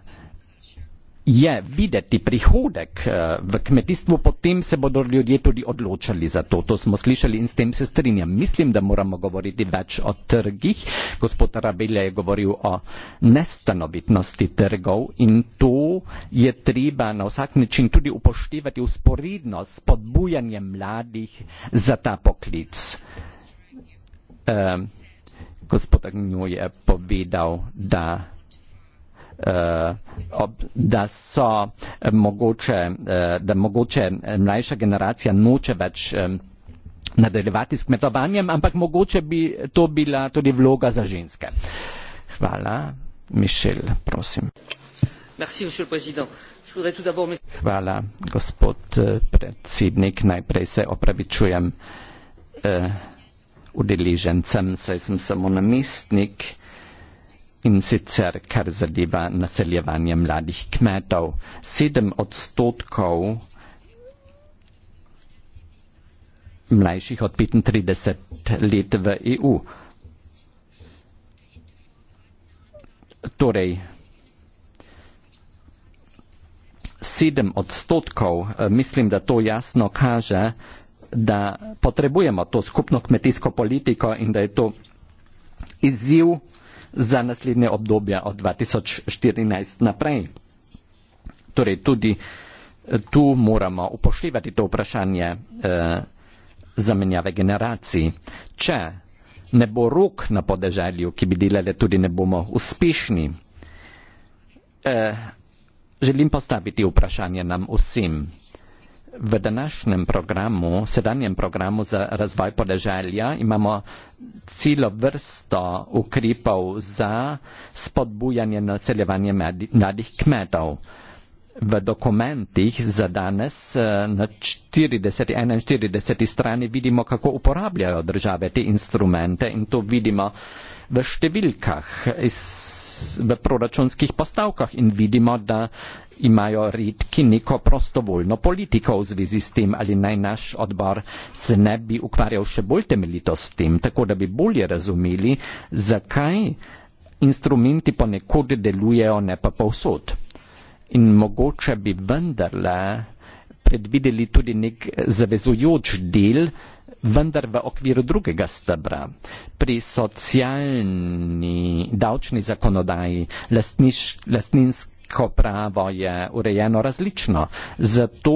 je videti prihodek eh, v kmetijstvu, potem se bodo ljudje tudi odločali za to. To smo slišali in s tem se strinjam. Mislim, da moramo govoriti več o trgih. Gospod Rabelja je govoril o nestanovitnosti trgov in to je treba na vsak način tudi upoštevati usporedno s podbujanjem mladih za ta poklic. Uh, gospod Agnjo je povedal, da Eh, da so eh, mogoče, eh, da mogoče mlajša generacija noče več nadaljevati s kmetovanjem, ampak mogoče bi to bila tudi vloga za ženske. Hvala. Mišel, prosim. Merci, Hvala, gospod predsednik. Najprej se opravičujem udeležencem, saj sem samo namestnik in sicer kar zadeva naseljevanje mladih kmetov. Sedem odstotkov mlajših od 35 let v EU. Torej, sedem odstotkov, eh, mislim, da to jasno kaže, da potrebujemo to skupno kmetijsko politiko in da je to izziv, za naslednje obdobje od 2014 naprej. Torej tudi eh, tu moramo upoštevati to vprašanje eh, zamenjave generacij. Če ne bo rok na podeželju, ki bi delali, tudi ne bomo uspešni. Eh, želim postaviti vprašanje nam vsem. V današnjem programu, sedanjem programu za razvoj podeželja, imamo celo vrsto ukrepov za spodbujanje naseljevanja mladih kmetov. V dokumentih za danes eh, na 40, 41 strani vidimo, kako uporabljajo države te instrumente in to vidimo v številkah iz v proračunskih postavkah in vidimo, da imajo redki neko prostovoljno politiko v zvezi s tem, ali naj naš odbor se ne bi ukvarjal še bolj temeljito s tem, tako da bi bolje razumeli, zakaj instrumenti ponekod delujejo, ne pa povsod. In mogoče bi vendarle predvideli tudi nek zavezujoč del, vendar v okviru drugega stebra. Pri socialni davčni zakonodaji lastniš, lastninsko pravo je urejeno različno. Zato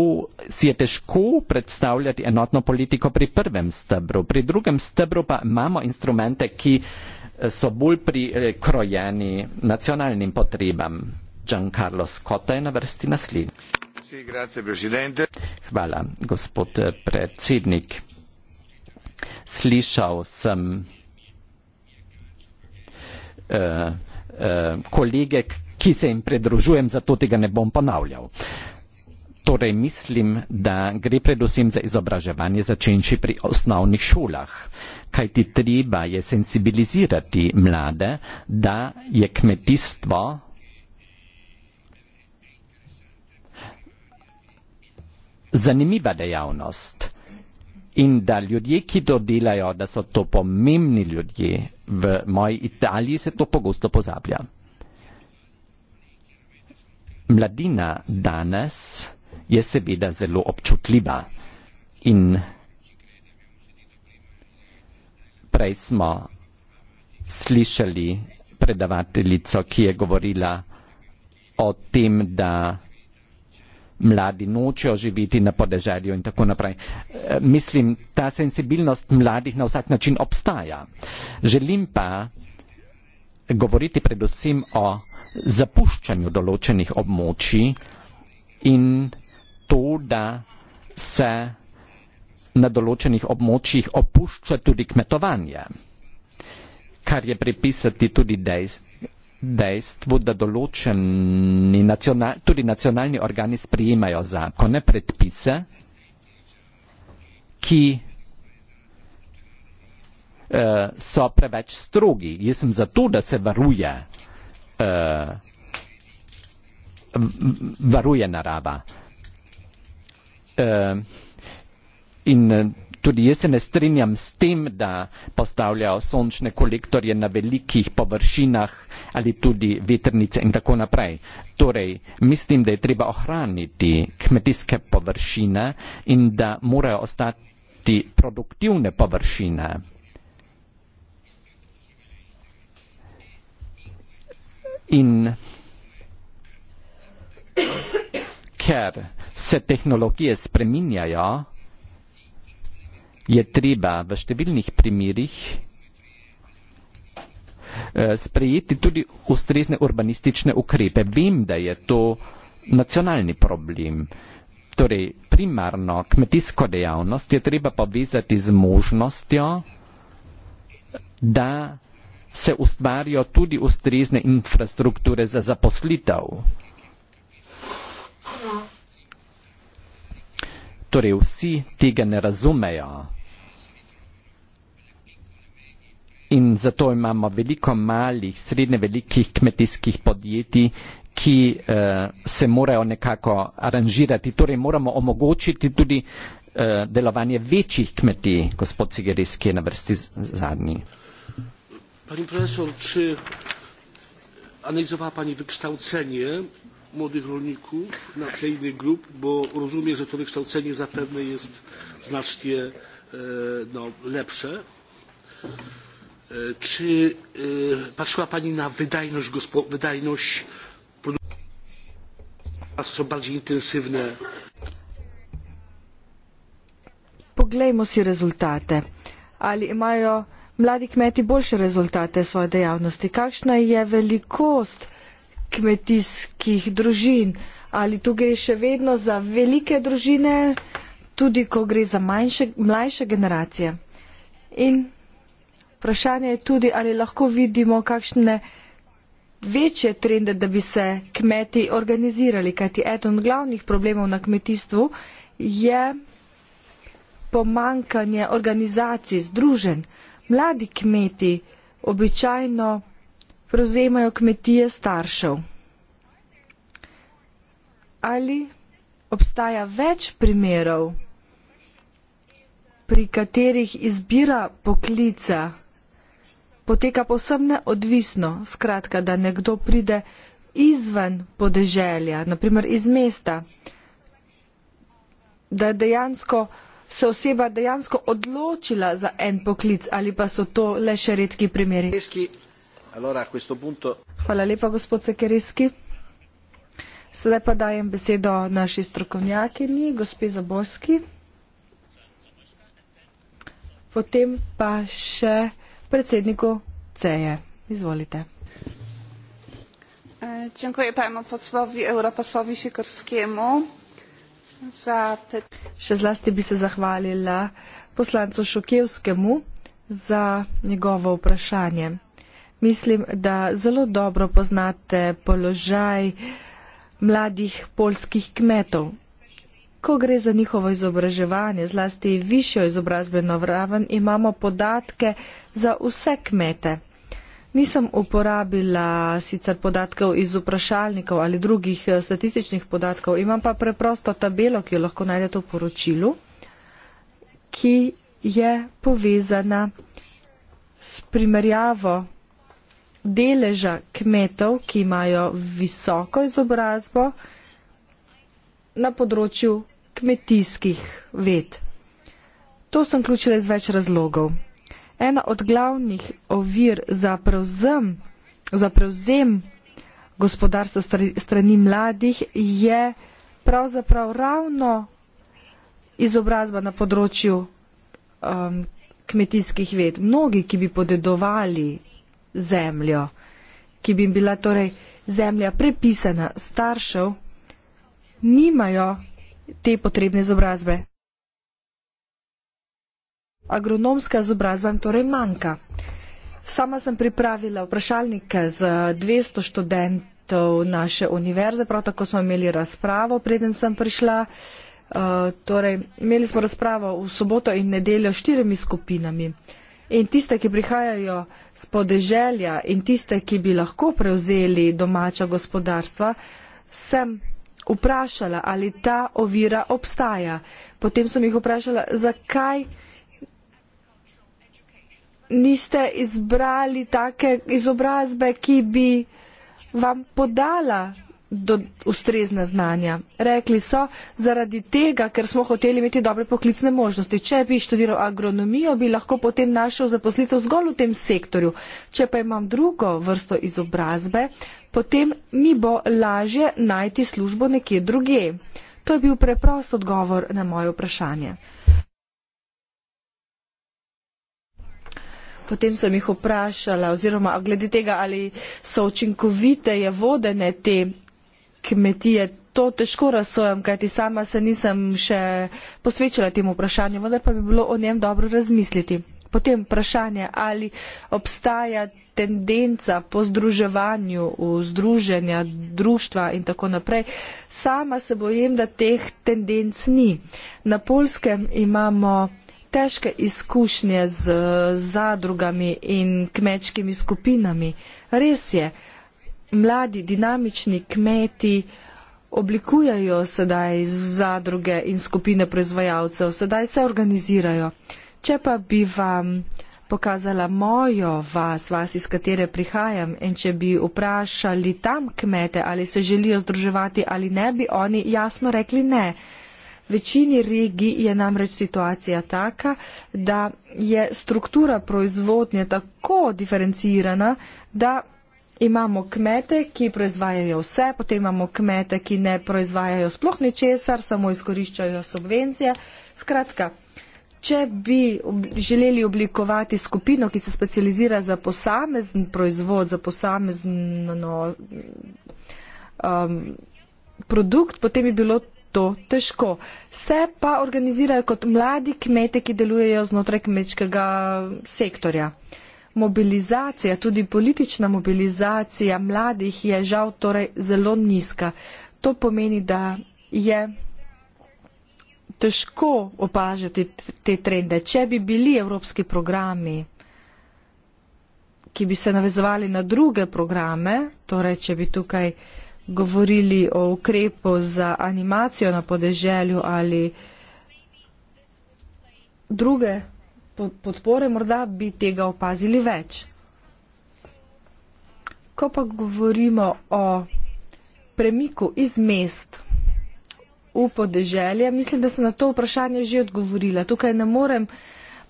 si je težko predstavljati enotno politiko pri prvem stebru. Pri drugem stebru pa imamo instrumente, ki eh, so bolj prikrojeni nacionalnim potrebam. Giancarlo Scotta je na vrsti naslednji. Hvala, gospod predsednik. Slišal sem uh, uh, kolege, ki se jim predružujem, zato tega ne bom ponavljal. Torej mislim, da gre predvsem za izobraževanje začenši pri osnovnih šolah, kajti treba je sensibilizirati mlade, da je kmetijstvo zanimiva dejavnost in da ljudje, ki to delajo, da so to pomembni ljudje, v moji Italiji se to pogosto pozablja. Mladina danes je seveda zelo občutljiva in prej smo slišali predavateljico, ki je govorila o tem, da mladi nočejo živeti na podeželju in tako naprej. Eh, mislim, ta sensibilnost mladih na vsak način obstaja. Želim pa govoriti predvsem o zapuščanju določenih območij in to, da se na določenih območjih opušča tudi kmetovanje, kar je pripisati tudi dejstvo, dejstvu, da določeni nacional, tudi nacionalni organi sprijemajo zakone, predpise, ki eh, so preveč strogi. Jaz sem zato, da se varuje, eh, varuje narava. Eh, in eh, tudi jaz se ne strinjam s tem, da postavljajo sončne kolektorje na velikih površinah ali tudi vetrnice in tako naprej. Torej, mislim, da je treba ohraniti kmetijske površine in da morajo ostati produktivne površine. In ker se tehnologije spreminjajo, je treba v številnih primerjih eh, sprejeti tudi ustrezne urbanistične ukrepe. Vem, da je to nacionalni problem. Torej, primarno kmetijsko dejavnost je treba povezati z možnostjo, da se ustvarijo tudi ustrezne infrastrukture za zaposlitev. torej vsi tega ne razumejo. In zato imamo veliko malih, srednje velikih kmetijskih podjetij, ki uh, se morajo nekako aranžirati. Torej moramo omogočiti tudi uh, delovanje večjih kmetij, gospod Cigereski je na vrsti zadnji. Pani profesor, če aneksovala pani vykštavcenje, młodych rolników na tle innych grup, bo rozumiem, że to wykształcenie zapewne jest znacznie e, no, lepsze. E, czy e, patrzyła Pani na wydajność, wydajność produkcji, a są bardziej intensywne? Poglejmo si rezultate. Ali imajo mladi kmeti boljše rezultate svoje dejavnosti? Kakšna je velikost kmetijskih družin. Ali tu gre še vedno za velike družine, tudi ko gre za manjše, mlajše generacije? In vprašanje je tudi, ali lahko vidimo kakšne večje trende, da bi se kmeti organizirali, kajti eden od glavnih problemov na kmetijstvu je pomankanje organizacij, združen. Mladi kmeti običajno prevzemajo kmetije staršev. Ali obstaja več primerov, pri katerih izbira poklica poteka povsem neodvisno, skratka, da nekdo pride izven podeželja, naprimer iz mesta, da dejansko se oseba dejansko odločila za en poklic ali pa so to le še redki primeri. Allora, a questo punto... Hvala lepa, gospod Sekereski. Sedaj pa dajem besedo naši strokovnjakinji, gospe Zaborski. Potem pa še predsedniku CEJE. Izvolite. E, dziękuję panu posłowi, europosłowi Sikorskiemu za pytanie. zlasti by się zachwalila posłancu Szukiewskiemu za jego wyprzeszanie. Mislim, da zelo dobro poznate položaj mladih polskih kmetov. Ko gre za njihovo izobraževanje, zlasti višjo izobrazbeno raven, imamo podatke za vse kmete. Nisem uporabila sicer podatkov iz vprašalnikov ali drugih eh, statističnih podatkov, imam pa preprosto tabelo, ki jo lahko najdete v poročilu, ki je povezana s primerjavo deleža kmetov, ki imajo visoko izobrazbo na področju kmetijskih ved. To sem vključila iz več razlogov. Ena od glavnih ovir za prevzem, za prevzem gospodarstva strani mladih je pravzaprav ravno izobrazba na področju um, kmetijskih ved. Mnogi, ki bi podedovali zemljo, ki bi bila torej zemlja prepisana staršev, nimajo te potrebne izobrazbe. Agronomska izobrazba jim torej manjka. Sama sem pripravila vprašalnik z 200 študentov naše univerze, prav tako smo imeli razpravo, preden sem prišla. Uh, torej, imeli smo razpravo v soboto in nedeljo s štirimi skupinami. Uh, in tiste, ki prihajajo z podeželja in tiste, ki bi lahko prevzeli domača gospodarstva, sem vprašala, ali ta ovira obstaja. Potem sem jih vprašala, zakaj niste izbrali take izobrazbe, ki bi vam podala do ustrezne znanja. Rekli so, zaradi tega, ker smo hoteli imeti dobre poklicne možnosti. Če bi študiral agronomijo, bi lahko potem našel zaposlitev zgolj v tem sektorju. Če pa imam drugo vrsto izobrazbe, potem mi bo lažje najti službo nekje druge. To je bil preprost odgovor na moje vprašanje. Potem sem jih vprašala, oziroma glede tega, ali so učinkovite vodene te kmetije. To težko razsojam, kajti sama se nisem še posvečala temu vprašanju, vendar pa bi bilo o njem dobro razmisliti. Potem vprašanje, ali obstaja tendenca po združevanju v združenja, društva in tako naprej. Sama se bojim, da teh tendenc ni. Na polskem imamo težke izkušnje z zadrugami in kmečkimi skupinami. Res je mladi, dinamični kmeti oblikujajo sedaj zadruge in skupine proizvajalcev, sedaj se organizirajo. Če pa bi vam pokazala mojo vas, vas, iz katere prihajam, in če bi vprašali tam kmete, ali se želijo združevati ali ne, bi oni jasno rekli ne. Večini regij je namreč situacija taka, da je struktura proizvodnje tako diferencirana, da imamo kmete, ki proizvajajo vse, potem imamo kmete, ki ne proizvajajo sploh ničesar, samo izkoriščajo subvencije. Skratka, če bi želeli oblikovati skupino, ki se specializira za posamezen proizvod, za posamezno um, produkt, potem bi bilo to težko. Se pa organizirajo kot mladi kmete, ki delujejo znotraj kmečkega sektorja mobilizacija, tudi politična mobilizacija mladih je žal torej zelo nizka. To pomeni, da je težko opažati te trende. Če bi bili evropski programi, ki bi se navezovali na druge programe, torej če bi tukaj govorili o ukrepu za animacijo na podeželju ali druge podpore, morda bi tega opazili več. Ko pa govorimo o premiku iz mest v podeželje, mislim, da sem na to vprašanje že odgovorila. Tukaj ne morem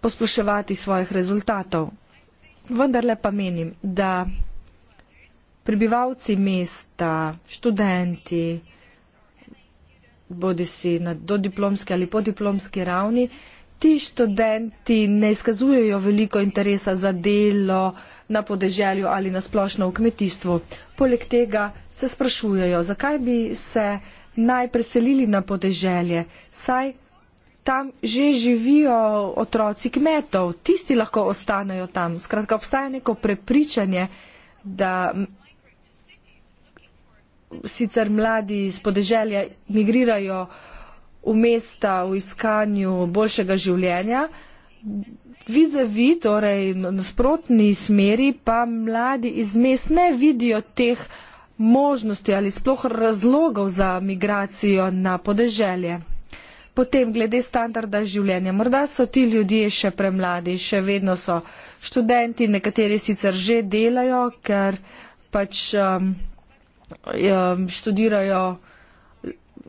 posploševati svojih rezultatov. Vendar le pa menim, da prebivalci mesta, študenti, bodi si na dodiplomski ali podiplomski ravni, ti študenti ne izkazujejo veliko interesa za delo na podeželju ali na splošno v kmetijstvu. Poleg tega se sprašujejo, zakaj bi se naj preselili na podeželje, saj tam že živijo otroci kmetov, tisti lahko ostanejo tam. Skratka, obstaja neko prepričanje, da sicer mladi iz podeželja migrirajo v mesta v iskanju boljšega življenja. Vizavi, torej nasprotni smeri, pa mladi iz mest ne vidijo teh možnosti ali sploh razlogov za migracijo na podeželje. Potem, glede standarda življenja, morda so ti ljudje še premladi, še vedno so študenti, nekateri sicer že delajo, ker pač um, um študirajo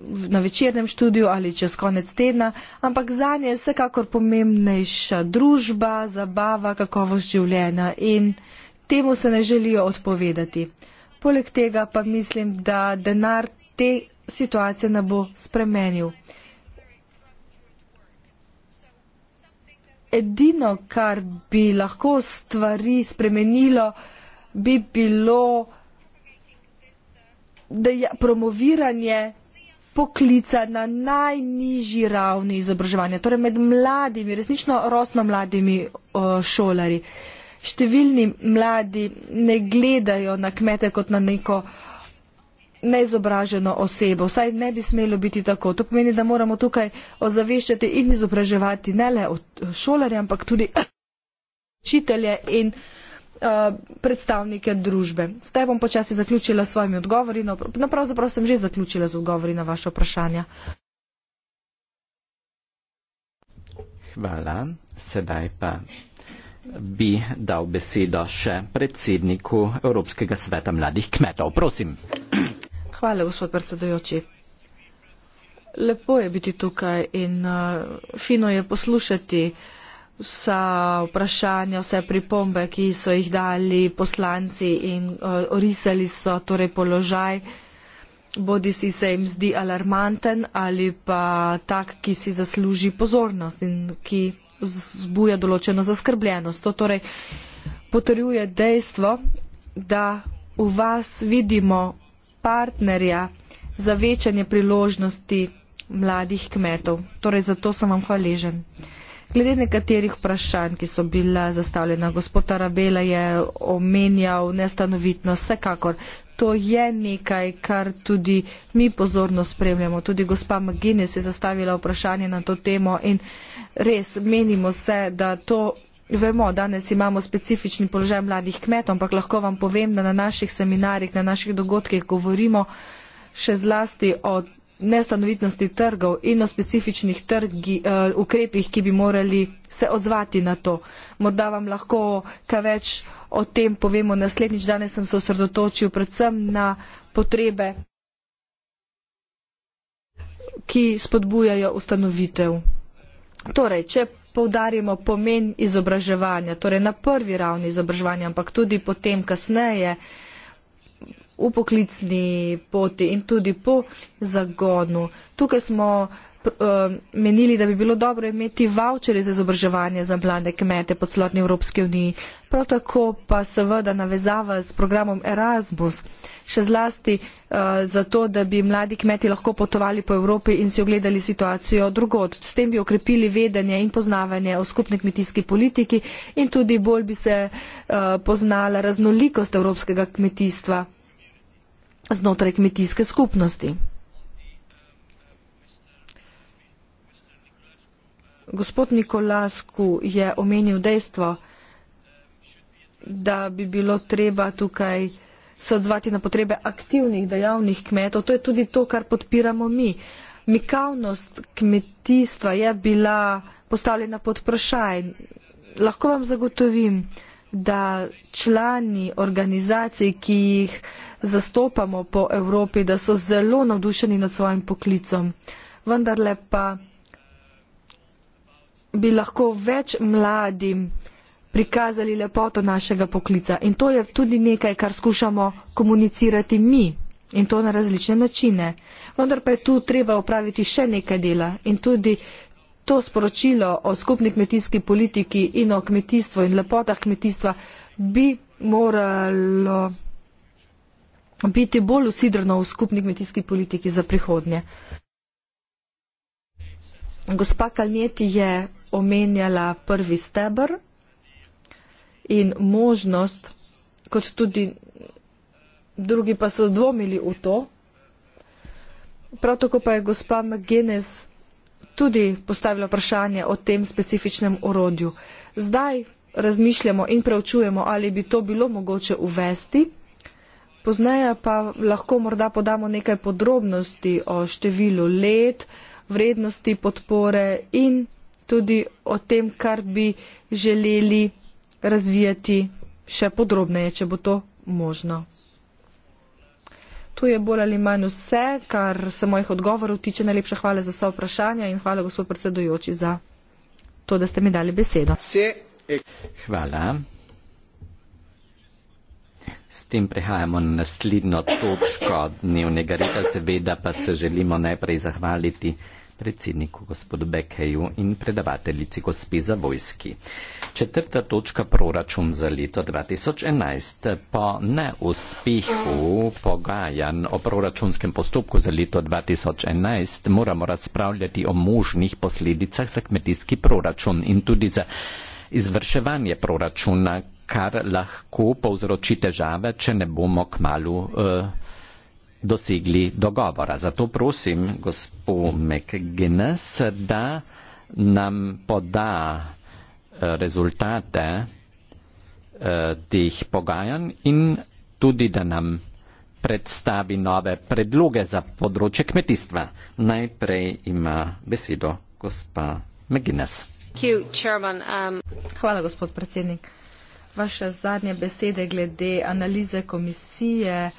na večernem študiju ali čez konec tedna, ampak za nje je vsekakor pomembnejša družba, zabava, kakovost življenja in temu se ne želijo odpovedati. Poleg tega pa mislim, da denar te situacije ne bo spremenil. Edino, kar bi lahko stvari spremenilo, bi bilo da je promoviranje poklicana najnižji ravni izobraževanja, torej med mladimi, resnično rosno mladimi o, šolari. Številni mladi ne gledajo na kmete kot na neko neizobraženo osebo. Vsaj ne bi smelo biti tako. To pomeni, da moramo tukaj ozaveščati in izobraževati ne le šolarje, ampak tudi učitelje in uh, Eh, predstavnike družbe. S te bom počasi zaključila s svojimi odgovori, no, no pravzaprav sem že zaključila z odgovori na vaše vprašanja. Hvala. Sedaj pa bi dal besedo še predsedniku Evropskega sveta mladih kmetov. Prosim. Hvala, gospod predsedujoči. Lepo je biti tukaj in uh, fino je poslušati uh, vsa vprašanja, vse pripombe, ki so jih dali poslanci in eh, orisali so torej položaj, bodi si se jim zdi alarmanten ali pa tak, ki si zasluži pozornost in ki zbuja določeno zaskrbljenost. To torej potrjuje dejstvo, da v vas vidimo partnerja za večanje priložnosti mladih kmetov. Torej, zato sem vam hvaležen. Glede nekaterih vprašanj, ki so bila zastavljena, gospod Arabela je omenjal nestanovitnost, vsekakor. To je nekaj, kar tudi mi pozorno spremljamo. Tudi gospa McGinnis je zastavila vprašanje na to temo in res menimo se, da to vemo. Danes imamo specifični položaj mladih kmetov, ampak lahko vam povem, da na naših seminarjih, na naših dogodkih govorimo še zlasti o nestanovitnosti trgov in o specifičnih trgi, uh, ukrepih, ki bi morali se odzvati na to. Morda vam lahko kaj več o tem povemo naslednjič. Danes sem se osredotočil predvsem na potrebe, ki spodbujajo ustanovitev. Torej, če povdarjamo pomen izobraževanja, torej na prvi ravni izobraževanja, ampak tudi potem kasneje, uh, v poklicni poti in tudi po zagonu. Tukaj smo eh, menili, da bi bilo dobro imeti vaučere za izobraževanje za mlade kmete pod slotni Evropske unije. Prav tako pa seveda navezava s programom Erasmus, še zlasti uh, zato, da bi mladi kmeti lahko potovali po Evropi in si ogledali situacijo drugod. S tem bi okrepili vedenje in poznavanje o skupni kmetijski politiki in tudi bolj bi se uh, poznala raznolikost evropskega kmetijstva znotraj kmetijske skupnosti. Gospod Nikolasku je omenil dejstvo, da bi bilo treba tukaj se odzvati na potrebe aktivnih dejavnih kmetov. To je tudi to, kar podpiramo mi. Mikavnost kmetijstva je bila postavljena pod vprašaj. Lahko vam zagotovim, da člani organizacij, ki jih uh, zastopamo po Evropi, da so zelo navdušeni nad svojim poklicom. Vendarle pa bi lahko več mladim prikazali lepoto našega poklica. In to je tudi nekaj, kar skušamo komunicirati mi. In to na različne načine. Vendar pa je tu treba upraviti še nekaj dela. In tudi to sporočilo o skupni kmetijski politiki in o kmetijstvu in lepotah kmetijstva bi moralo biti bolj usidrno v skupni kmetijski politiki za prihodnje. Gospa Kalnjeti je omenjala prvi stebr in možnost, kot tudi drugi pa so dvomili v to. Prav tako pa je gospa McGuinness tudi postavila vprašanje o tem specifičnem orodju. Zdaj razmišljamo in preučujemo, ali bi to bilo mogoče uvesti. Pozneje pa lahko morda podamo nekaj podrobnosti o številu let, vrednosti podpore in tudi o tem, kar bi želeli razvijati še podrobneje, če bo to možno. Tu je bolj ali manj vse, kar se mojih odgovorov tiče. Najlepša hvala za vse vprašanja in hvala, gospod predsedujoči, za to, da ste mi dali besedo. Hvala tem prehajamo na naslednjo točko dnevnega reda. Seveda pa se želimo najprej zahvaliti predsedniku gospodu Bekeju in predavateljici gospe za vojski. Četrta točka proračun za leto 2011. Po neuspehu pogajanj o proračunskem postopku za leto 2011 moramo razpravljati o možnih posledicah za kmetijski proračun in tudi za izvrševanje proračuna, kar lahko povzroči težave, če ne bomo k malu eh, dosegli dogovora. Zato prosim gospo McGuinness, da nam poda eh, rezultate eh, teh pogajanj in tudi, da nam predstavi nove predloge za področje kmetijstva. Najprej ima besedo gospa McGuinness. Um, Hvala, gospod predsednik vaše zadnje besede glede analize komisije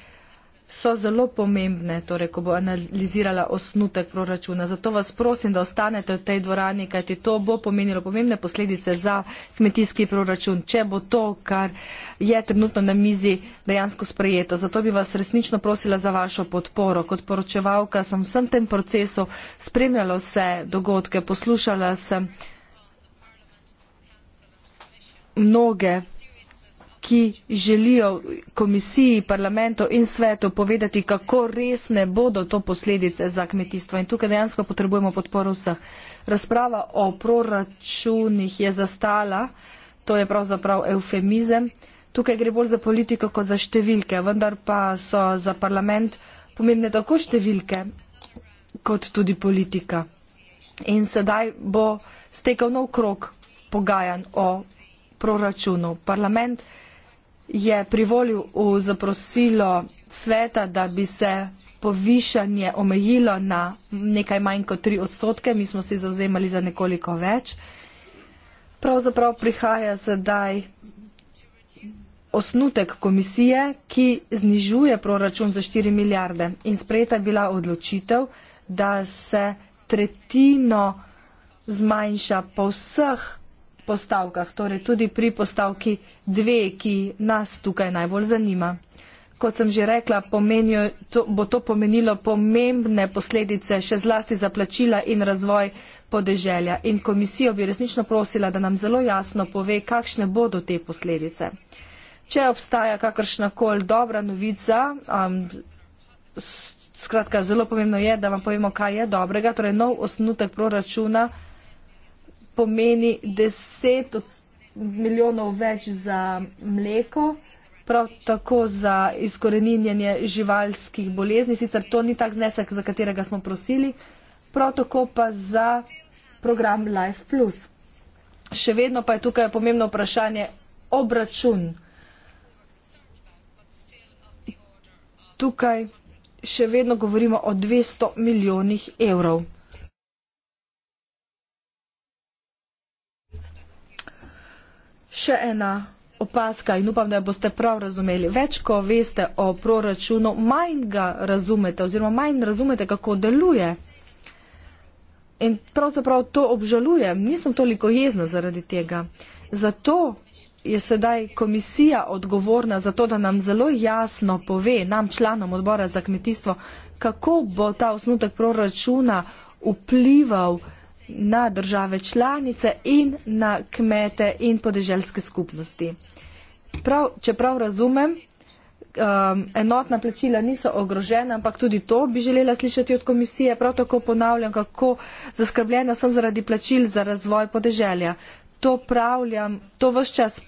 so zelo pomembne, torej, ko bo analizirala osnutek proračuna. Zato vas prosim, da ostanete v tej dvorani, kajti to bo pomenilo pomembne posledice za kmetijski proračun, če bo to, kar je trenutno na mizi, dejansko sprejeto. Zato bi vas resnično prosila za vašo podporo. Kot poročevalka sem vsem tem procesu spremljala vse dogodke, poslušala sem mnoge ki želijo komisiji, parlamentu in svetu povedati, kako resne bodo to posledice za kmetijstvo. In tukaj dejansko potrebujemo podporo vseh. Razprava o proračunih je zastala, to je pravzaprav eufemizem. Tukaj gre bolj za politiko kot za številke, vendar pa so za parlament pomembne tako številke kot tudi politika. In sedaj bo stekel nov krok pogajanj o proračunu. Parlament je privolil v zaprosilo sveta, da bi se povišanje omejilo na nekaj manj kot tri odstotke, mi smo se zauzemali za nekoliko več. Pravzaprav prihaja sedaj osnutek komisije, ki znižuje proračun za 4 milijarde in sprejeta je bila odločitev, da se tretjino zmanjša po vseh postavkah, torej tudi pri postavki dve, ki nas tukaj najbolj zanima. Kot sem že rekla, pomenijo, to, bo to pomenilo pomembne posledice še zlasti za plačila in razvoj podeželja. In komisijo bi resnično prosila, da nam zelo jasno pove, kakšne bodo te posledice. Če obstaja kakršnakoli dobra novica, um, skratka, zelo pomembno je, da vam povemo, kaj je dobrega, torej nov osnutek proračuna pomeni 10 milijonov več za mleko, prav tako za izkoreninjanje živalskih bolezni, sicer to ni tak znesek, za katerega smo prosili, prav tako pa za program Life Plus. Še vedno pa je tukaj pomembno vprašanje obračun. Tukaj še vedno govorimo o 200 milijonih evrov. Še ena opaska in upam, da jo boste prav razumeli. Več, ko veste o proračunu, manj ga razumete oziroma manj razumete, kako deluje. In pravzaprav to obžalujem, nisem toliko jezna zaradi tega. Zato je sedaj komisija odgovorna za to, da nam zelo jasno pove, nam članom odbora za kmetijstvo, kako bo ta osnutek proračuna vplival na države članice in na kmete in podeželske skupnosti. Prav, če prav razumem, um, enotna plačila niso ogrožena, ampak tudi to bi želela slišati od komisije. Prav tako ponavljam, kako zaskrbljena sem zaradi plačil za razvoj podeželja. To pravljam, to vse čas,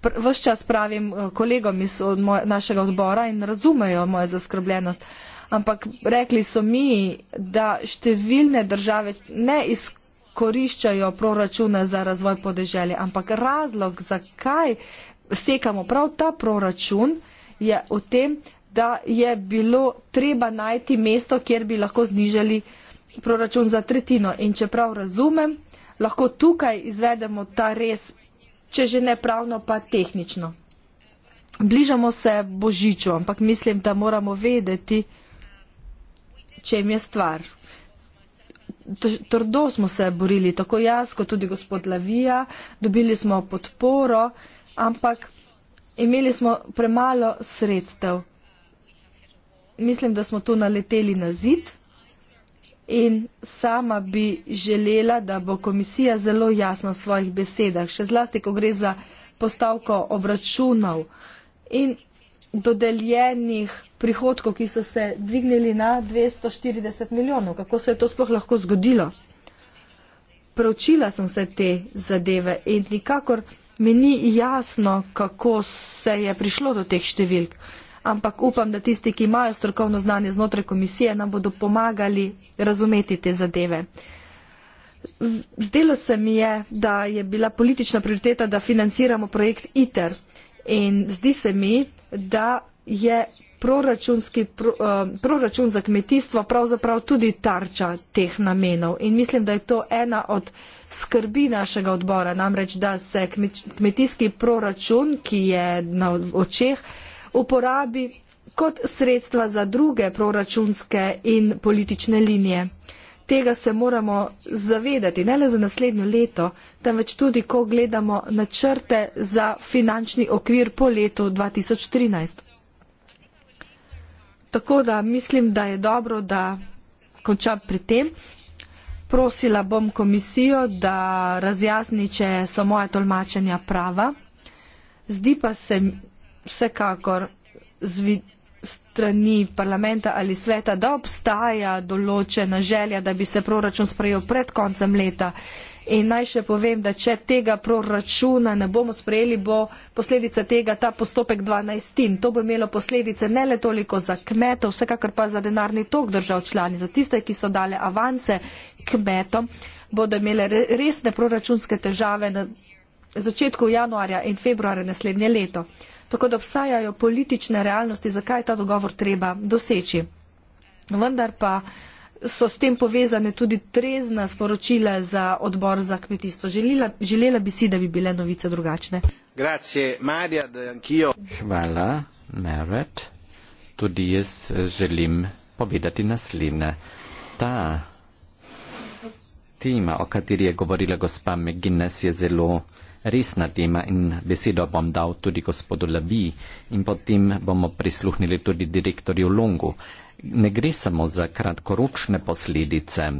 pr, vse čas pravim uh, kolegom iz od moj, našega odbora in razumejo mojo zaskrbljenost ampak rekli so mi, da številne države ne izkoriščajo proračuna za razvoj podeželja, ampak razlog, zakaj sekamo prav ta proračun, je v tem, da je bilo treba najti mesto, kjer bi lahko znižali proračun za tretjino. In čeprav razumem, lahko tukaj izvedemo ta res, če že ne pravno, pa tehnično. Bližamo se Božiču, ampak mislim, da moramo vedeti, čem je stvar. Trdo smo se borili, tako jaz kot tudi gospod Lavija, dobili smo podporo, ampak imeli smo premalo sredstev. Mislim, da smo tu naleteli na zid in sama bi želela, da bo komisija zelo jasna v svojih besedah, še zlasti, ko gre za postavko obračunov in dodeljenih prihodkov, ki so se dvignili na 240 milijonov. Kako se je to sploh lahko zgodilo? Pravčila sem se te zadeve in nikakor mi ni jasno, kako se je prišlo do teh številk. Ampak upam, da tisti, ki imajo strokovno znanje znotraj komisije, nam bodo pomagali razumeti te zadeve. Zdelo se mi je, da je bila politična prioriteta, da financiramo projekt ITER. In zdi se mi, da je proračunski, pro, uh, proračun za kmetijstvo pravzaprav tudi tarča teh namenov. In mislim, da je to ena od skrbi našega odbora, namreč, da se kmet, kmetijski proračun, ki je na očeh, uporabi kot sredstva za druge proračunske in politične linije. Tega se moramo zavedati ne le za naslednjo leto, temveč tudi, ko gledamo načrte za finančni okvir po letu 2013. Tako da mislim, da je dobro, da končam pri tem. Prosila bom komisijo, da razjasni, če so moje tolmačenja prava. Zdi pa se vsekakor z strani parlamenta ali sveta, da obstaja določena želja, da bi se proračun sprejel pred koncem leta. In naj še povem, da če tega proračuna ne bomo sprejeli, bo posledica tega ta postopek 12. In to bo imelo posledice ne le toliko za kmetov, vsekakor pa za denarni tok držav člani, za tiste, ki so dale avanse kmetom, bodo imele resne proračunske težave na začetku januarja in februarja naslednje leto. Tako da obstajajo politične realnosti, zakaj je ta dogovor treba doseči. Vendar pa so s tem povezane tudi trezna sporočila za odbor za kmetijstvo. Želila, želela bi si, da bi bile novice drugačne. Grazie, Maria, Hvala, Meret. Tudi jaz želim povedati naslednje. Ta tema, o kateri je govorila gospa McGuinness, je zelo resna tema in besedo bom dal tudi gospodu Labi in potem bomo prisluhnili tudi direktorju Longu ne gre samo za kratkoročne posledice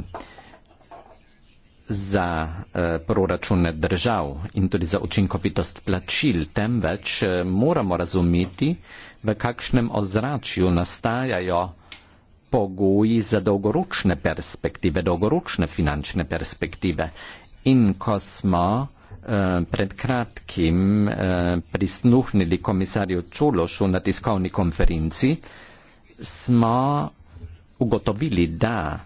za eh, proračune držav in tudi za učinkovitost plačil, temveč eh, moramo razumeti, v kakšnem ozračju nastajajo pogoji za dolgoročne perspektive, dolgoročne finančne perspektive. In ko smo eh, pred kratkim eh, prisluhnili komisarju Čulošu na tiskovni konferenci, eh, smo ugotovili, da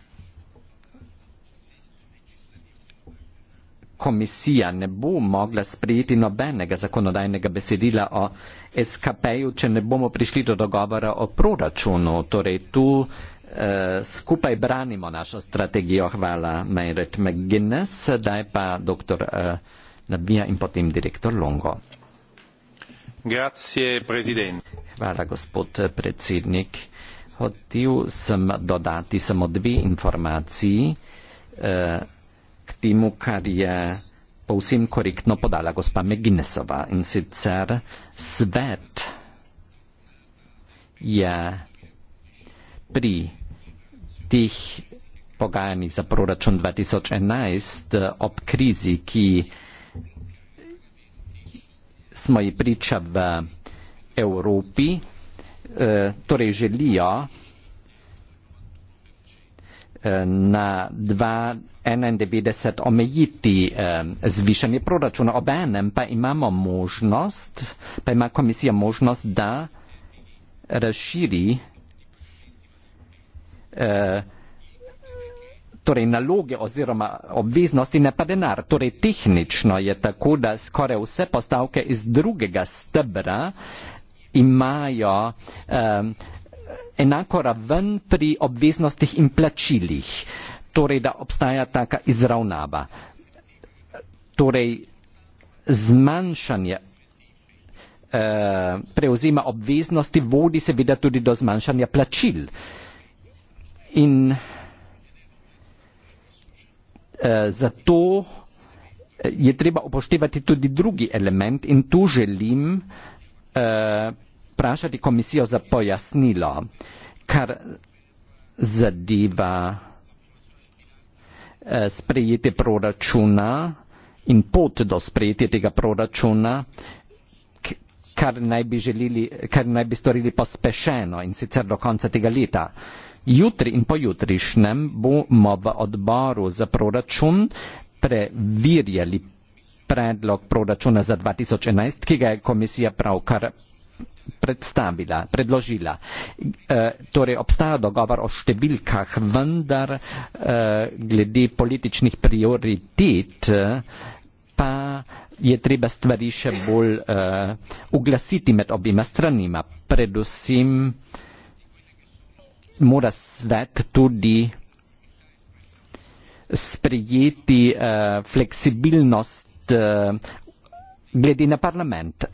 komisija ne bo mogla sprejeti nobenega zakonodajnega besedila o SKP-ju, če ne bomo prišli do dogovora o proračunu. Torej, tu eh, skupaj branimo našo strategijo. Hvala, Mayret McGuinness, zdaj pa dr. Eh, Nabija in potem direktor Longo. Hvala, gospod predsednik. Hotel sem dodati samo dve informaciji eh, k temu, kar je povsem korektno podala gospa Meginesova. In sicer svet je pri teh pogajanjih za proračun 2011 eh, ob krizi, ki smo ji priča v Evropi, eh, torej želijo eh, na 2,91 omejiti eh, zvišanje proračuna. Obenem pa imamo možnost, pa ima komisija možnost, da razširi proračun torej naloge oziroma obveznosti, ne pa denar. Torej tehnično je tako, da skoraj vse postavke iz drugega stebra imajo eh, enako raven pri obveznostih in plačilih, torej da obstaja taka izravnava. Torej zmanjšanje eh, prevzema obveznosti vodi seveda tudi do zmanjšanja plačil. In Eh, zato eh, je treba upoštevati tudi drugi element in tu želim eh, vprašati uh, komisijo za pojasnilo, kar zadeva uh, sprejete proračuna in pot do sprejetja tega proračuna, kar naj, bi želili, kar naj bi storili pospešeno in sicer do konca tega leta. Uh, jutri in pojutrišnjem bomo v odboru za proračun preverjali predlog proračuna za 2011, ki ga je komisija pravkar predstavila, predložila. E, torej obstaja dogovor o številkah, vendar e, glede političnih prioritet e, pa je treba stvari še bolj e, uglasiti med obima stranima, predvsem mora svet tudi sprejeti uh, fleksibilnost uh, glede na parlament.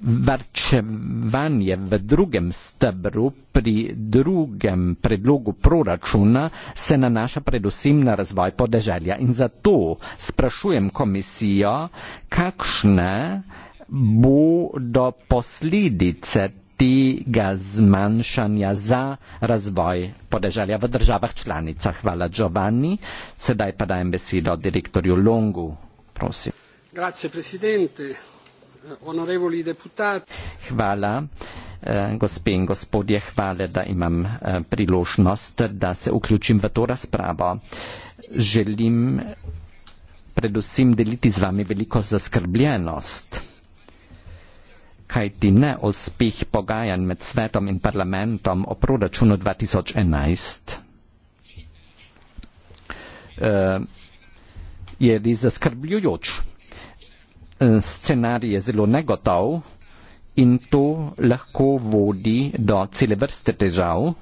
Varčevanje v drugem stebru pri drugem predlogu proračuna se nanaša predvsem na razvoj podeželja in zato sprašujem komisijo, kakšne bodo posledice tega zmanjšanja za razvoj podeželja v državah članicah. Hvala Giovanni. Sedaj pa dajem besedo direktorju Longu. Prosim. Hvala. Eh, gospe in gospodje, hvala, da imam eh, priložnost, da se vključim v to razpravo. Želim predvsem deliti z vami veliko zaskrbljenost kaj ti ne uspih pogajan med svetom in parlamentom o proračunu 2011. Uh, eh, je res zaskrbljujoč. Eh, scenarij je zelo negotov in to lahko vodi do cele vrste težav,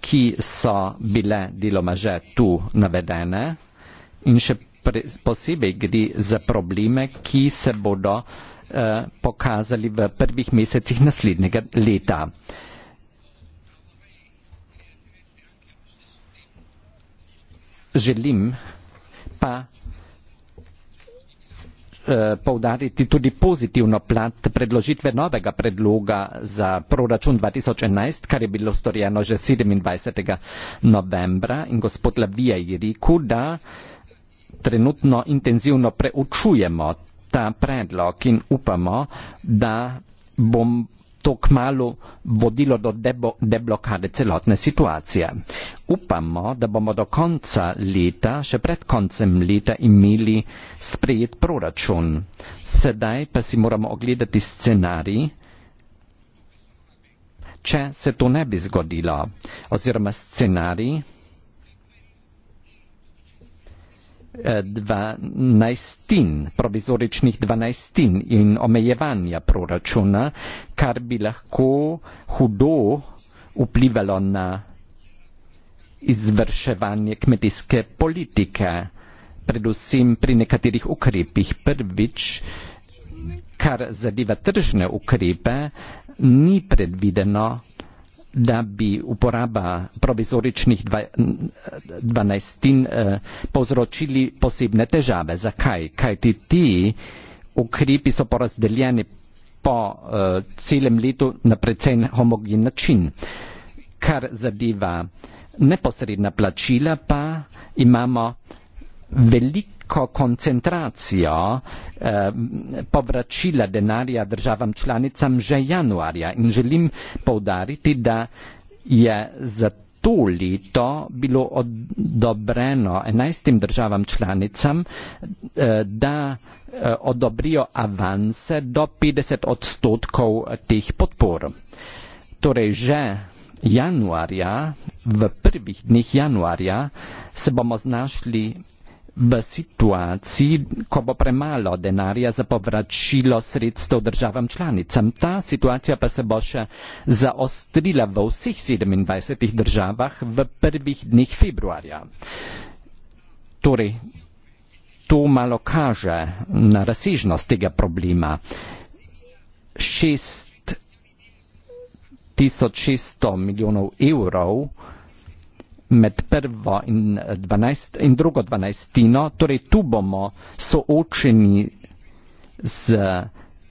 ki so bile deloma že tu navedene in še posebej gre za probleme, ki se bodo uh, Eh, pokazali v prvih mesecih naslednjega leta. Želim pa eh, povdariti tudi pozitivno plat predložitve novega predloga za proračun 2011, kar je bilo storjeno že 27. novembra in gospod Labija je rekel, da trenutno intenzivno preučujemo ta predlog in upamo, da bom to kmalo vodilo do debo, deblokade celotne situacije. Upamo, da bomo do konca leta, še pred koncem leta, imeli sprejet proračun. Sedaj pa si moramo ogledati scenarij, če se to ne bi zgodilo, oziroma scenarij, dvanajstin, provizoričnih dvanajstin in omejevanja proračuna, kar bi lahko hudo vplivalo na izvrševanje kmetijske politike, predvsem pri nekaterih ukrepih. Prvič, kar zadeva tržne ukrepe, ni predvideno da bi uporaba provizoričnih dvanajstin eh, povzročili posebne težave. Zakaj? Kaj ti ti ukrepi so porazdeljeni po eh, celem letu na precej homogen način. Kar zadeva neposredna plačila, pa imamo veliko ko koncentracija eh, povračila denarja državam članicam že januarja. In želim povdariti, da je za to leto bilo odobreno enajstim državam članicam, eh, da eh, odobrijo avanse do 50 odstotkov teh podpor. Torej že januarja, v prvih dneh januarja, se bomo znašli v situaciji, ko bo premalo denarja za povračilo sredstev državam članicam. Ta situacija pa se bo še zaostrila v vseh 27 državah v prvih dneh februarja. Torej, to malo kaže na razsežnost tega problema. 6600 milijonov evrov med prvo in, eh, dvanajst, in drugo dvanajstino, torej tu bomo soočeni z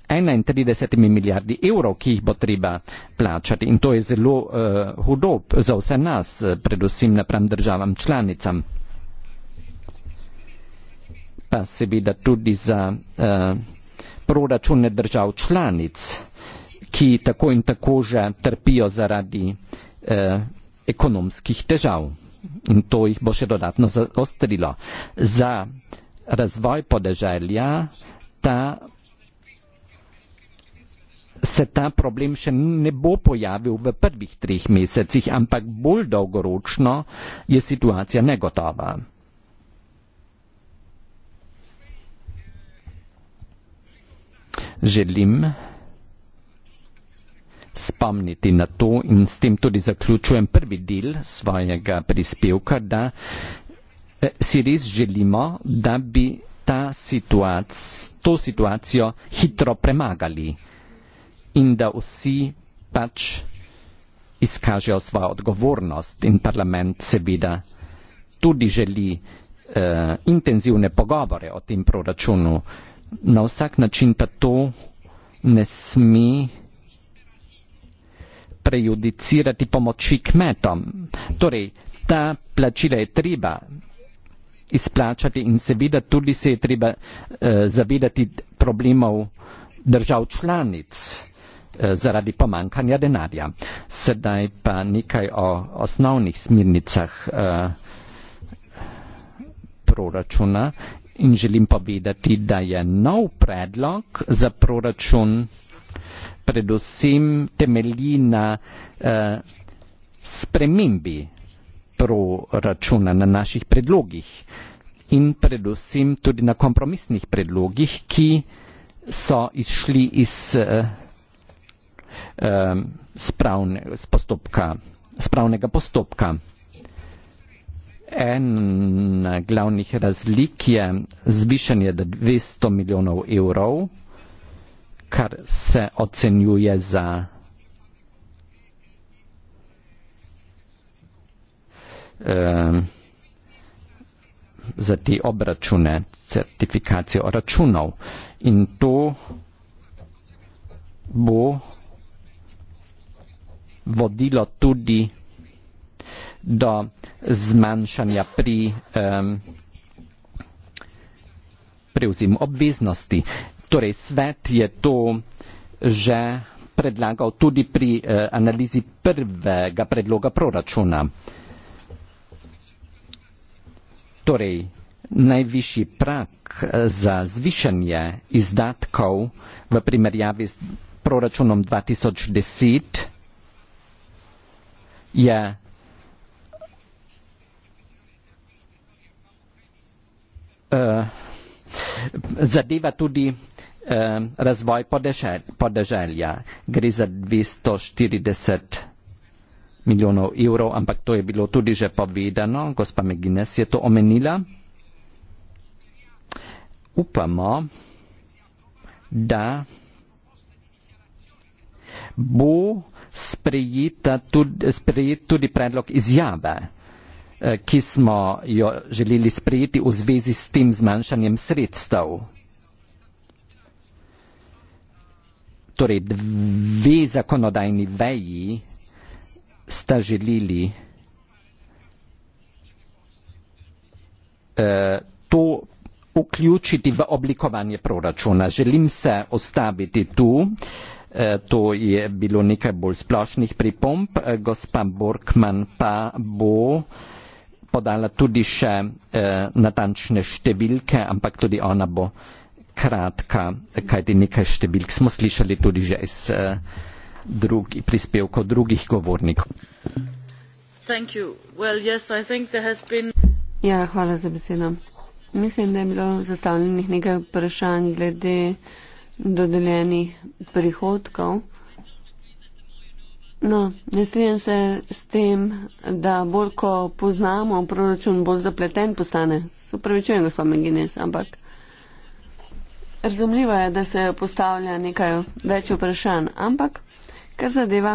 31 milijardi evrov, ki jih bo treba plačati in to je zelo uh, eh, hudob za vse nas, eh, predvsem napram državam članicam. Pa seveda tudi za uh, proračune držav članic, ki tako in tako že trpijo zaradi uh, ekonomskih težav. In to jih bo še dodatno zaostrilo. Za razvoj podeželja ta, se ta problem še ne bo pojavil v prvih treh mesecih, ampak bolj dolgoročno je situacija negotova. Želim spomniti na to in s tem tudi zaključujem prvi del svojega prispevka, da eh, si res želimo, da bi ta situac, to situacijo hitro premagali in da vsi pač izkažejo svojo odgovornost in parlament seveda tudi želi eh, intenzivne pogovore o tem proračunu. Na vsak način pa to ne sme prejudicirati pomoči kmetom. Torej, ta plačila je treba izplačati in seveda tudi se je treba eh, zavedati problemov držav članic eh, zaradi pomankanja denarja. Sedaj pa nekaj o osnovnih smirnicah eh, proračuna in želim povedati, da je nov predlog za proračun predvsem temelji na eh, spremembi proračuna, na naših predlogih in predvsem tudi na kompromisnih predlogih, ki so izšli iz eh, eh, spravne, z postopka, spravnega postopka. En glavnih razlik je zvišanje 200 milijonov evrov kar se ocenjuje za eh, za te obračune, certifikacijo računov. In to bo vodilo tudi do zmanjšanja pri um, eh, prevzimu obveznosti. Torej, svet je to že predlagal tudi pri eh, analizi prvega predloga proračuna. Torej, najvišji prak eh, za zvišanje izdatkov v primerjavi s proračunom 2010 je eh, zadeva tudi eh, razvoj podežel, podeželja. Gre za 240 milijonov evrov, ampak to je bilo tudi že povedano, gospa Megines je to omenila. Upamo, da bo tudi, sprejet tudi predlog izjave, eh, ki smo jo želeli sprejeti v zvezi s tem zmanjšanjem sredstev. torej dve zakonodajni veji sta želili eh, to vključiti v oblikovanje proračuna. Želim se ostaviti tu, eh, to je bilo nekaj bolj splošnih pripomp, eh, gospa Borkman pa bo podala tudi še natančne številke, ampak tudi ona bo vsega kratka, kajti nekaj številk smo slišali tudi že iz eh, drug, prispevkov drugih govornikov. Well, yes, been... Ja, hvala za besedo. Mislim, da je bilo zastavljenih nekaj vprašanj glede dodeljenih prihodkov. No, ne strinjam se s tem, da bolj ko poznamo proračun, bolj zapleten postane. Supravičujem, gospod Menginis, ampak Razumljivo je, da se postavlja nekaj več vprašanj, ampak kar zadeva.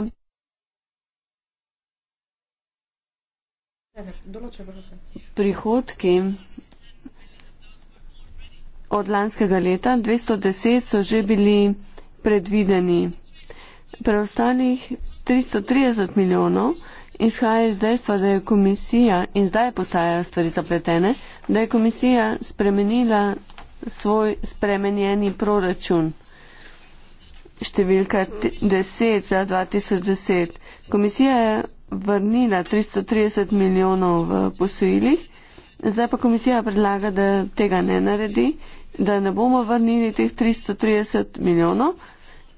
Prihodki od lanskega leta 210 so že bili predvideni. Preostalih 330 milijonov izhaja iz dejstva, da je komisija, in zdaj postajajo stvari zapletene, da je komisija spremenila svoj spremenjeni proračun. Številka 10 za 2010. Komisija je vrnila 330 milijonov v posojilih, zdaj pa komisija predlaga, da tega ne naredi, da ne bomo vrnili teh 330 milijonov,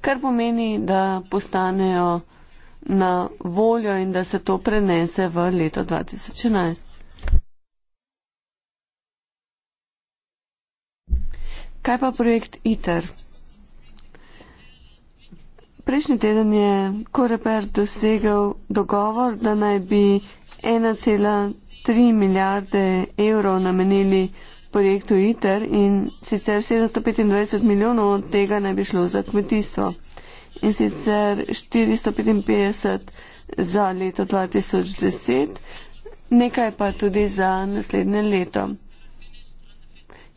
kar pomeni, da postanejo na voljo in da se to prenese v leto 2011. Kaj pa projekt ITER? Prejšnji teden je Koreper dosegel dogovor, da naj bi 1,3 milijarde evrov namenili projektu ITER in sicer 725 milijonov od tega naj bi šlo za kmetijstvo in sicer 455 za leto 2010, nekaj pa tudi za naslednje leto.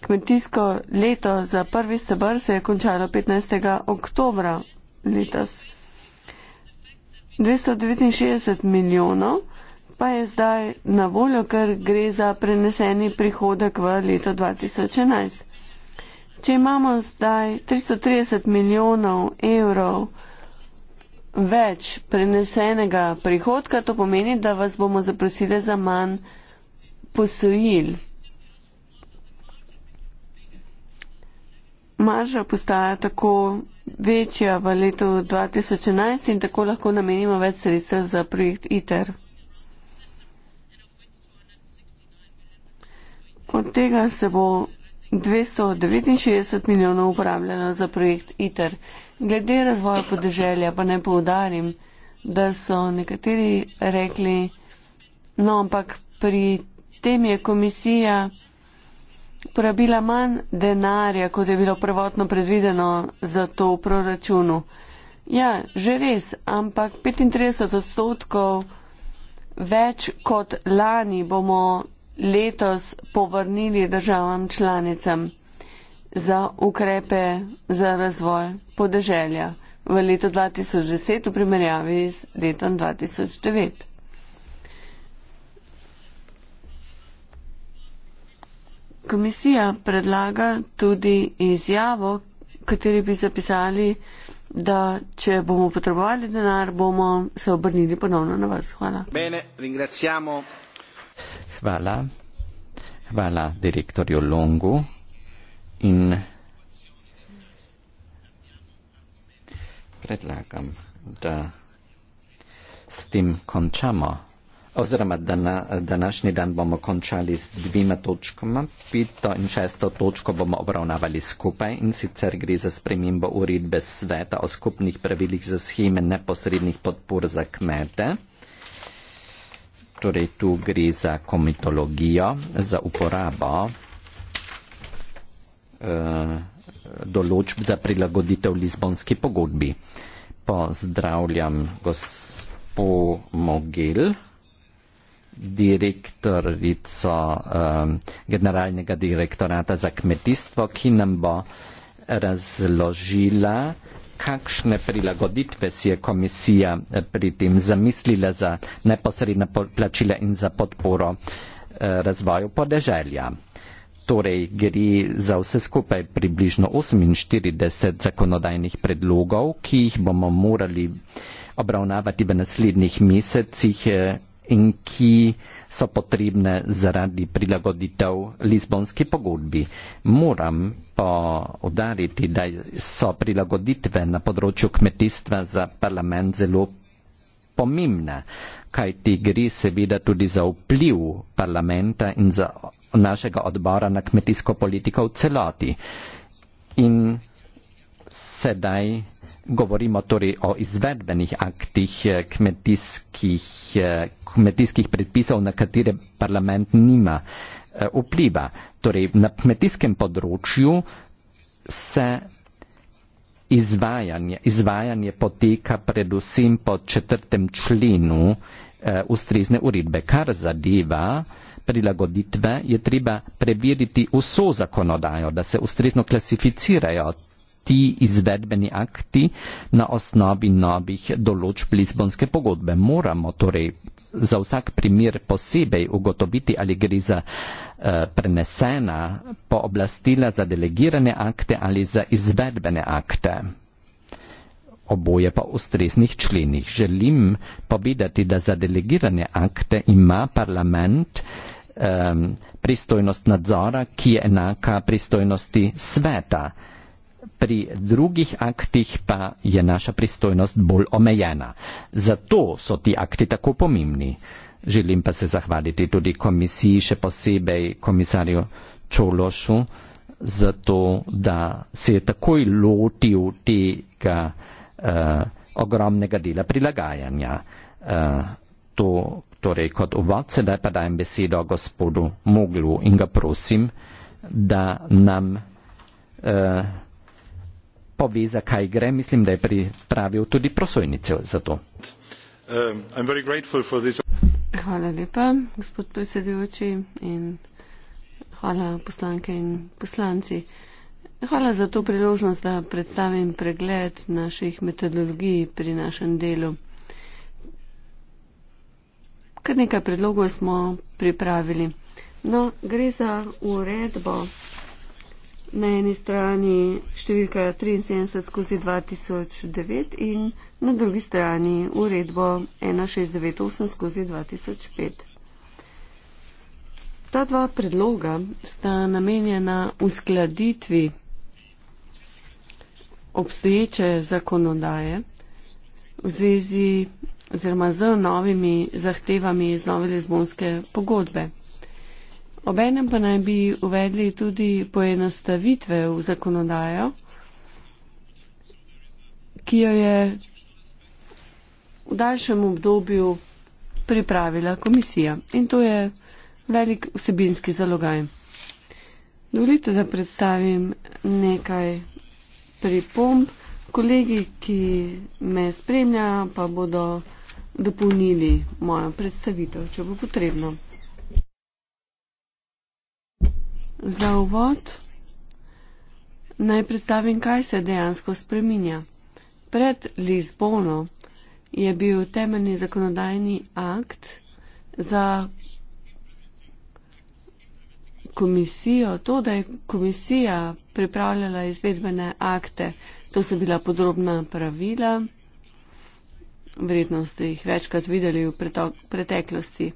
Kmetijsko leto za prvi stebr se je končalo 15. oktobra letos. 269 milijonov pa je zdaj na voljo, ker gre za preneseni prihodek v leto 2011. Če imamo zdaj 330 milijonov evrov več prenesenega prihodka, to pomeni, da vas bomo zaprosili za manj posojil. marža postaja tako večja v letu 2011 in tako lahko namenimo več sredstev za projekt ITER. Od tega se bo 269 milijonov uporabljalo za projekt ITER. Glede razvoja podeželja pa ne poudarim, da so nekateri rekli, no ampak pri tem je komisija porabila manj denarja, kot je bilo prvotno predvideno za to v proračunu. Ja, že res, ampak 35 odstotkov več kot lani bomo letos povrnili državam članicam za ukrepe za razvoj podeželja v letu 2010 v primerjavi z letom 2009. Komisija predlaga tudi izjavo, kateri bi zapisali, da če bomo potrebovali denar, bomo se obrnili ponovno na vas. Hvala. Bene, ringraziamo. Hvala. Hvala direktorju Longu in predlagam, da s tem končamo. Oziroma, dana, današnji dan bomo končali z dvima točkama. Peto in šesto točko bomo obravnavali skupaj in sicer gre za spremembo uredbe sveta o skupnih pravilih za scheme neposrednih podpor za kmete. Torej, tu gre za komitologijo, za uporabo eh, določb za prilagoditev Lizbonski pogodbi. Pozdravljam gospod Mogil direktorico um, generalnega direktorata za kmetijstvo, ki nam bo razložila, kakšne prilagoditve si je komisija eh, pri tem zamislila za neposredna plačila in za podporo eh, razvoju podeželja. Torej gre za vse skupaj približno 48 zakonodajnih predlogov, ki jih bomo morali obravnavati v naslednjih mesecih, eh, in ki so potrebne zaradi prilagoditev Lizbonski pogodbi. Moram pa udariti, da so prilagoditve na področju kmetijstva za parlament zelo pomembne, kaj ti gre seveda tudi za vpliv parlamenta in za našega odbora na kmetijsko politiko v celoti. In sedaj govorimo torej o izvedbenih aktih eh, kmetijskih, eh, kmetijskih predpisov, na katere parlament nima eh, vpliva. Torej, na kmetijskem področju se izvajanje, izvajanje poteka predvsem po četrtem členu ustrezne uredbe, kar zadeva prilagoditve, je treba preveriti vso zakonodajo, da se ustrezno klasificirajo ti izvedbeni akti na osnovi novih določb Lizbonske pogodbe. Moramo torej za vsak primer posebej ugotoviti, ali gre za eh, prenesena pooblastila za delegirane akte ali za izvedbene akte oboje pa v stresnih členih. Želim povedati, da za delegirane akte ima parlament um, pristojnost nadzora, ki je enaka pristojnosti sveta pri drugih aktih pa je naša pristojnost bolj omejena. Zato so ti akti tako pomembni. Želim pa se zahvaliti tudi komisiji, še posebej komisarju Čološu, zato da se je takoj lotil tega uh, ogromnega dela prilagajanja. Uh, to torej kot uvod, sedaj pa dajem besedo gospodu Moglu in ga prosim, da nam uh, pove, za kaj gre, mislim, da je pripravil tudi prosojnico za to. Um, hvala lepa, gospod predsedujoči in hvala poslanke in poslanci. Hvala za to priložnost, da predstavim pregled naših metodologij pri našem delu. Kar nekaj predlogov smo pripravili. No, gre za uredbo na eni strani številka 73 skozi 2009 in na drugi strani uredbo 1698 skozi 2005. Ta dva predloga sta namenjena uskladitvi obstoječe zakonodaje v zvezi oziroma z novimi zahtevami iz nove lezbonske pogodbe. Obenem pa naj bi uvedli tudi poenostavitve v zakonodajo, ki jo je v daljšem obdobju pripravila komisija. In to je velik vsebinski zalogaj. Dovolite, da predstavim nekaj pripomb. Kolegi, ki me spremljajo, pa bodo dopolnili mojo predstavitev, če bo potrebno. Za uvod naj predstavim, kaj se dejansko spreminja. Pred Lizbono je bil temeljni zakonodajni akt za komisijo, to, da je komisija pripravljala izvedbene akte, to so bila podrobna pravila, verjetno ste jih večkrat videli v preteklosti.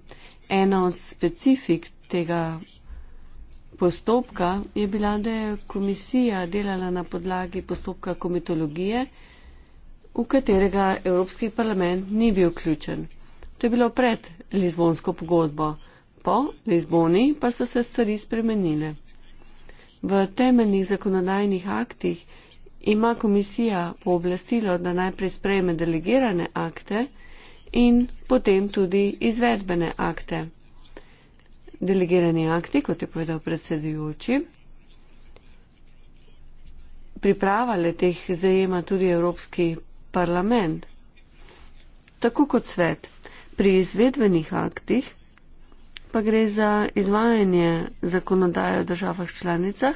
Ena od specifik tega postopka je bila, da je komisija delala na podlagi postopka komitologije, v katerega Evropski parlament ni bil vključen. To je bilo pred Lizbonsko pogodbo, po Lizboni pa so se stvari spremenile. V temeljnih zakonodajnih aktih ima komisija pooblastilo, da najprej sprejme delegirane akte in potem tudi izvedbene akte delegirani akti, kot je povedal predsedujoči. Priprava le teh zajema tudi Evropski parlament. Tako kot svet, pri izvedbenih aktih pa gre za izvajanje zakonodaje v državah članicah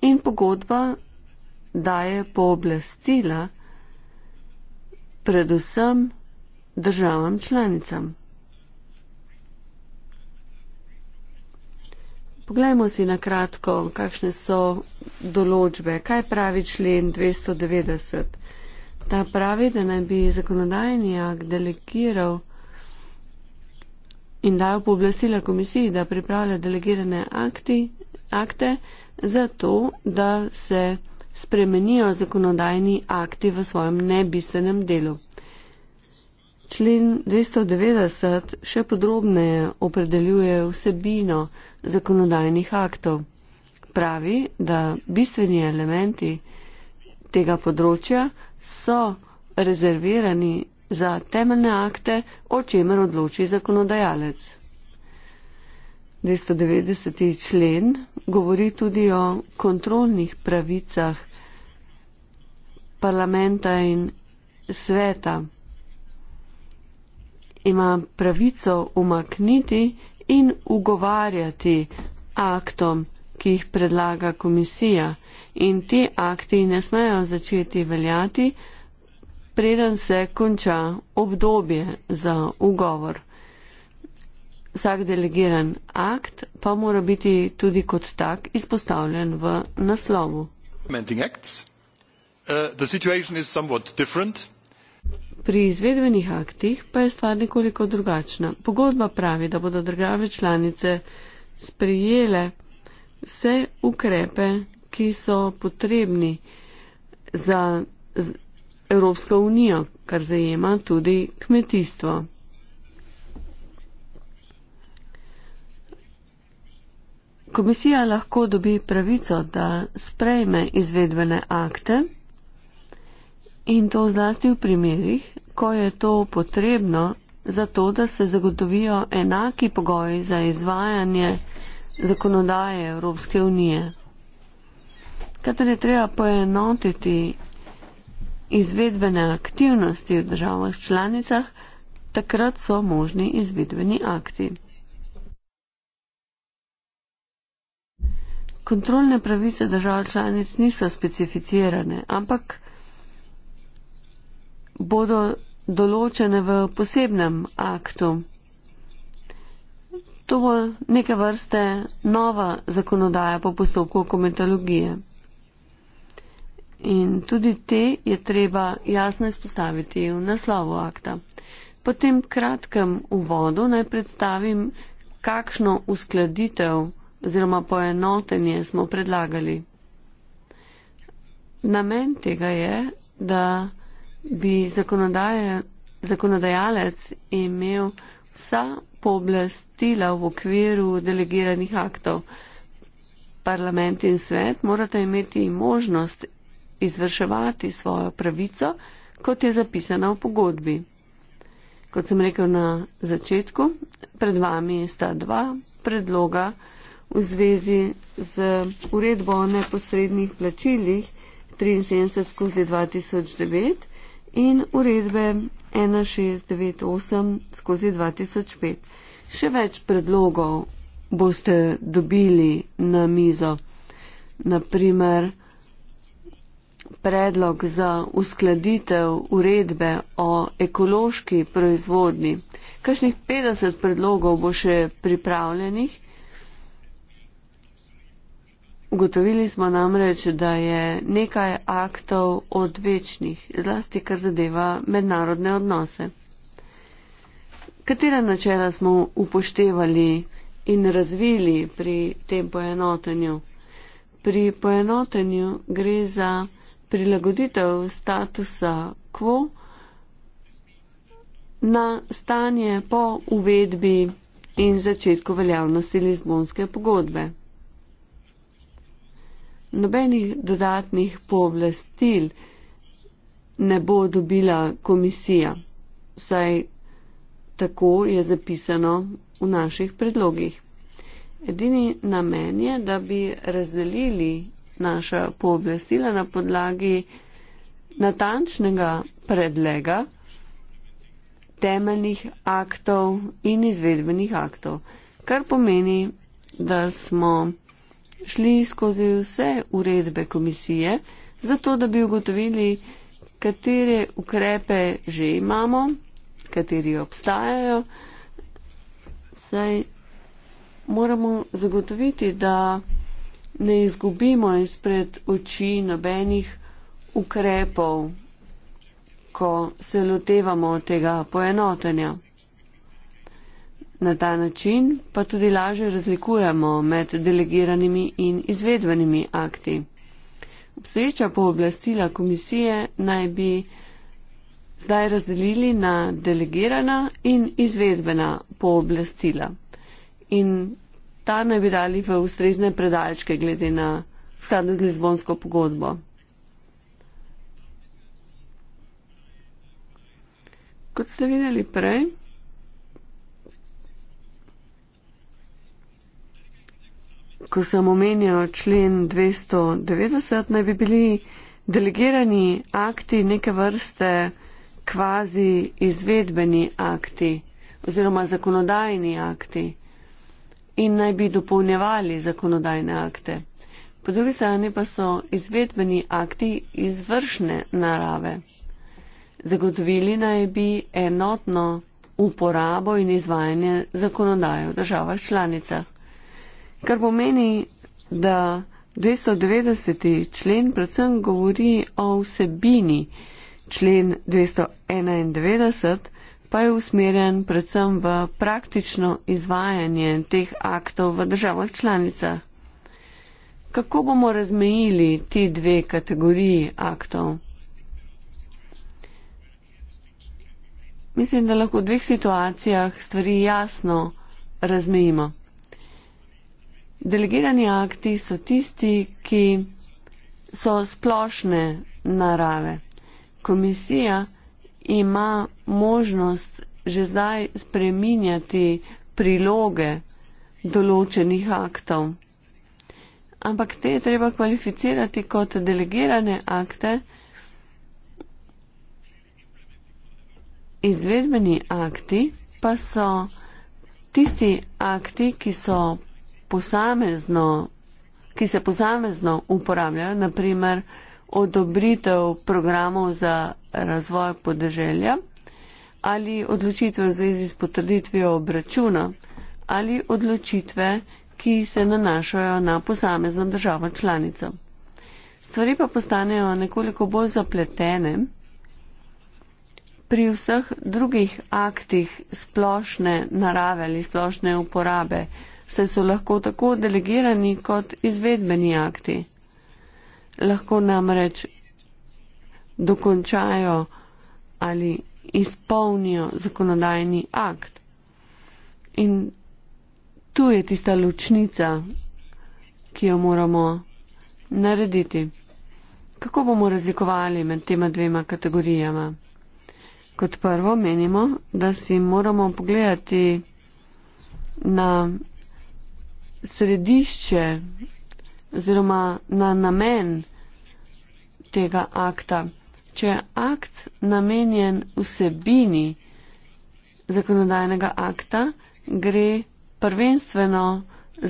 in pogodba daje pooblastila predvsem državam članicam. Poglejmo si na kratko, kakšne so določbe. Kaj pravi člen 290? Ta pravi, da naj bi zakonodajni akt delegiral in dal pooblastila komisiji, da pripravlja delegirane akti, akte za to, da se spremenijo zakonodajni akti v svojem nebisenem delu. Člen 290 še podrobneje opredeljuje vsebino, zakonodajnih aktov. Pravi, da bistveni elementi tega področja so rezervirani za temeljne akte, o čemer odloči zakonodajalec. 290. člen govori tudi o kontrolnih pravicah parlamenta in sveta. Ima pravico umakniti, in ugovarjati aktom, ki jih predlaga komisija. In ti akti ne smejo začeti veljati, preden se konča obdobje za ugovor. Vsak delegiran akt pa mora biti tudi kot tak izpostavljen v naslovu. Uh, the situation is somewhat different pri izvedbenih aktih pa je stvar nekoliko drugačna. Pogodba pravi, da bodo države članice sprijele vse ukrepe, ki so potrebni za Evropsko unijo, kar zajema tudi kmetijstvo. Komisija lahko dobi pravico, da sprejme izvedbene akte in to zlasti v primerih, ko je to potrebno, zato da se zagotovijo enaki pogoji za izvajanje zakonodaje Evropske unije. Kater je treba poenotiti izvedbene aktivnosti v državah članicah, takrat so možni izvedbeni akti. Kontrolne pravice držav članic niso specificirane, ampak bodo določene v posebnem aktu. To bo neke vrste nova zakonodaja po postopku komentologije. In tudi te je treba jasno izpostaviti v naslovu akta. Po tem kratkem uvodu naj predstavim, kakšno uskladitev oziroma poenotenje smo predlagali. Namen tega je, da bi zakonodajalec imel vsa pooblastila v okviru delegiranih aktov. Parlament in svet morata imeti možnost izvrševati svojo pravico, kot je zapisana v pogodbi. Kot sem rekel na začetku, pred vami sta dva predloga v zvezi z uredbo o neposrednih plačilih 73 skozi 2009 in uredbe 1698 skozi 2005. Še več predlogov boste dobili na mizo, naprimer predlog za uskladitev uredbe o ekološki proizvodni. Kašnih 50 predlogov bo še pripravljenih. Ugotovili smo namreč, da je nekaj aktov odvečnih, zlasti kar zadeva mednarodne odnose. Katera načela smo upoštevali in razvili pri tem poenotenju? Pri poenotenju gre za prilagoditev statusa quo na stanje po uvedbi in začetku veljavnosti Lizbonske pogodbe nobenih dodatnih pooblastil ne bo dobila komisija. Vsaj tako je zapisano v naših predlogih. Edini namen je, da bi razdelili naša pooblastila na podlagi natančnega predlega temeljnih aktov in izvedbenih aktov, kar pomeni, da smo šli skozi vse uredbe komisije, zato da bi ugotovili, katere ukrepe že imamo, kateri obstajajo. Saj moramo zagotoviti, da ne izgubimo izpred oči nobenih ukrepov, ko se lotevamo tega poenotenja. Na ta način pa tudi laže razlikujemo med delegiranimi in izvedbenimi akti. Obstoječa pooblastila komisije naj bi zdaj razdelili na delegirana in izvedbena pooblastila. In ta naj bi dali v ustrezne predalčke glede na skladu z Lizbonsko pogodbo. Kot ste videli prej, ko sem omenjal člen 290, naj bi bili delegirani akti neke vrste kvazi izvedbeni akti oziroma zakonodajni akti in naj bi dopolnjevali zakonodajne akte. Po drugi strani pa so izvedbeni akti izvršne narave. Zagotovili naj bi enotno uporabo in izvajanje zakonodaje v državah članicah kar pomeni, da 290. člen predvsem govori o vsebini. Člen 291 pa je usmerjen predvsem v praktično izvajanje teh aktov v državah članicah. Kako bomo razmejili ti dve kategoriji aktov? Mislim, da lahko v dveh situacijah stvari jasno razmejimo. Delegirani akti so tisti, ki so splošne narave. Komisija ima možnost že zdaj spreminjati priloge določenih aktov, ampak te je treba kvalificirati kot delegirane akte. Izvedbeni akti pa so tisti akti, ki so posamezno, ki se posamezno uporabljajo, naprimer odobritev programov za razvoj podeželja ali odločitve v zvezi s potrditvijo obračuna ali odločitve, ki se nanašajo na posamezno državo članico. Stvari pa postanejo nekoliko bolj zapletene pri vseh drugih aktih splošne narave ali splošne uporabe, saj so lahko tako delegirani kot izvedbeni akti. Lahko namreč dokončajo ali izpolnijo zakonodajni akt. In tu je tista ločnica, ki jo moramo narediti. Kako bomo razlikovali med tema dvema kategorijama? Kot prvo menimo, da si moramo pogledati na središče oziroma na namen tega akta. Če je akt namenjen vsebini zakonodajnega akta, gre prvenstveno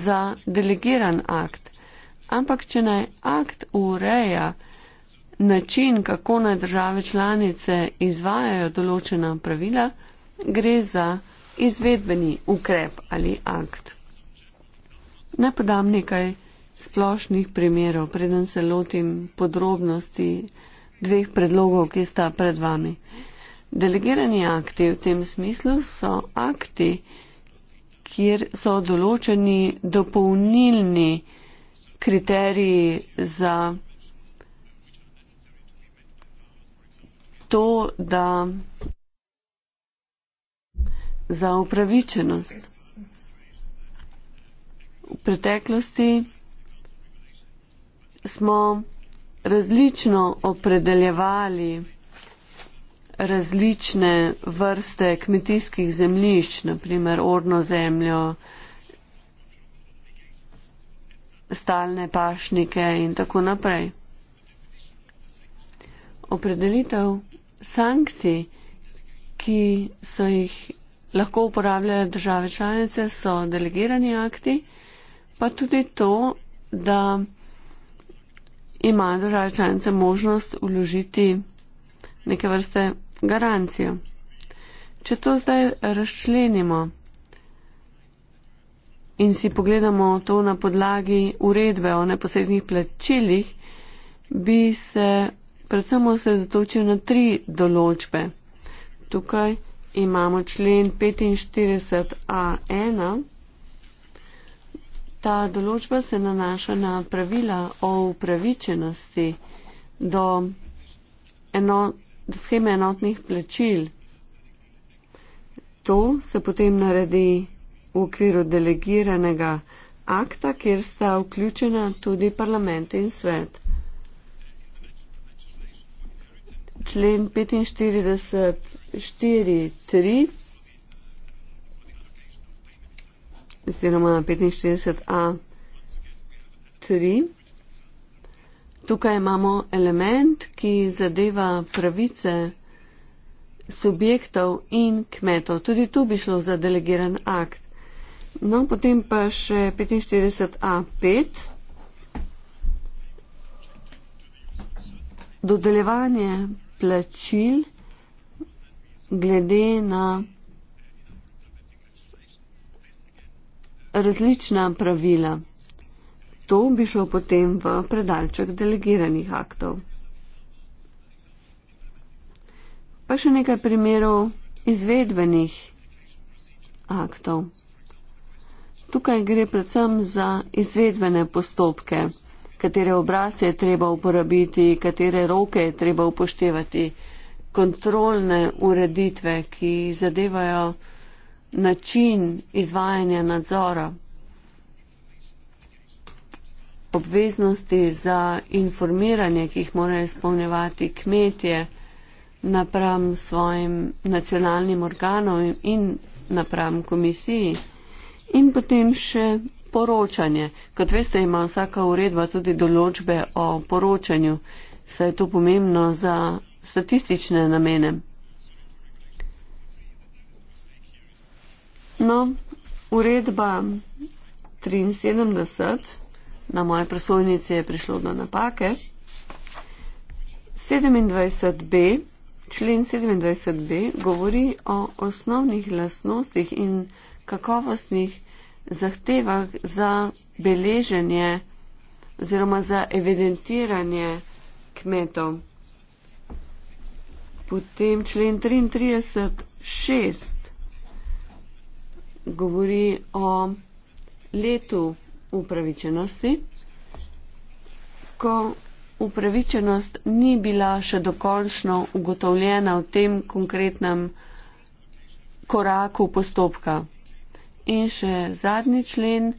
za delegiran akt. Ampak, če naj akt ureja način, kako naj države članice izvajajo določena pravila, gre za izvedbeni ukrep ali akt. Naj podam nekaj splošnih primerov, preden se lotim podrobnosti dveh predlogov, ki sta pred vami. Delegirani akti v tem smislu so akti, kjer so določeni dopolnilni kriteriji za to, da za upravičenost. V preteklosti smo različno opredeljevali različne vrste kmetijskih zemljišč, naprimer orno zemljo, stalne pašnike in tako naprej. Opredelitev sankcij, ki so jih lahko uporabljale države članice, so delegirani akti pa tudi to, da imajo države članice možnost uložiti neke vrste garancijo. Če to zdaj razčlenimo in si pogledamo to na podlagi uredbe o neposrednih plačilih, bi se predvsem osredotočil na tri določbe. Tukaj imamo člen 45a1. Ta določba se nanaša na pravila o upravičenosti do, eno, do scheme enotnih plačil. To se potem naredi v okviru delegiranega akta, kjer sta vključena tudi parlament in svet. Člen 45.4.3 oziroma 65a3. Tukaj imamo element, ki zadeva pravice subjektov in kmetov. Tudi tu bi šlo za delegiran akt. No, potem pa še 45a5. Dodeljevanje plačil glede na različna pravila. To bi šlo potem v predalček delegiranih aktov. Pa še nekaj primerov izvedbenih aktov. Tukaj gre predvsem za izvedbene postopke, katere obraz je treba uporabiti, katere roke je treba upoštevati, kontrolne ureditve, ki zadevajo način izvajanja nadzora, obveznosti za informiranje, ki jih morajo izpolnjevati kmetje napram svojim nacionalnim organom in napram komisiji. In potem še poročanje. Kot veste, ima vsaka uredba tudi določbe o poročanju, saj je to pomembno za statistične namene. No, uredba 73, na moje presojnice je prišlo do napake. 27b, člen 27b govori o osnovnih lastnostih in kakovostnih zahtevah za beleženje oziroma za evidentiranje kmetov. Potem člen 336 govori o letu upravičenosti, ko upravičenost ni bila še dokončno ugotovljena v tem konkretnem koraku postopka. In še zadnji člen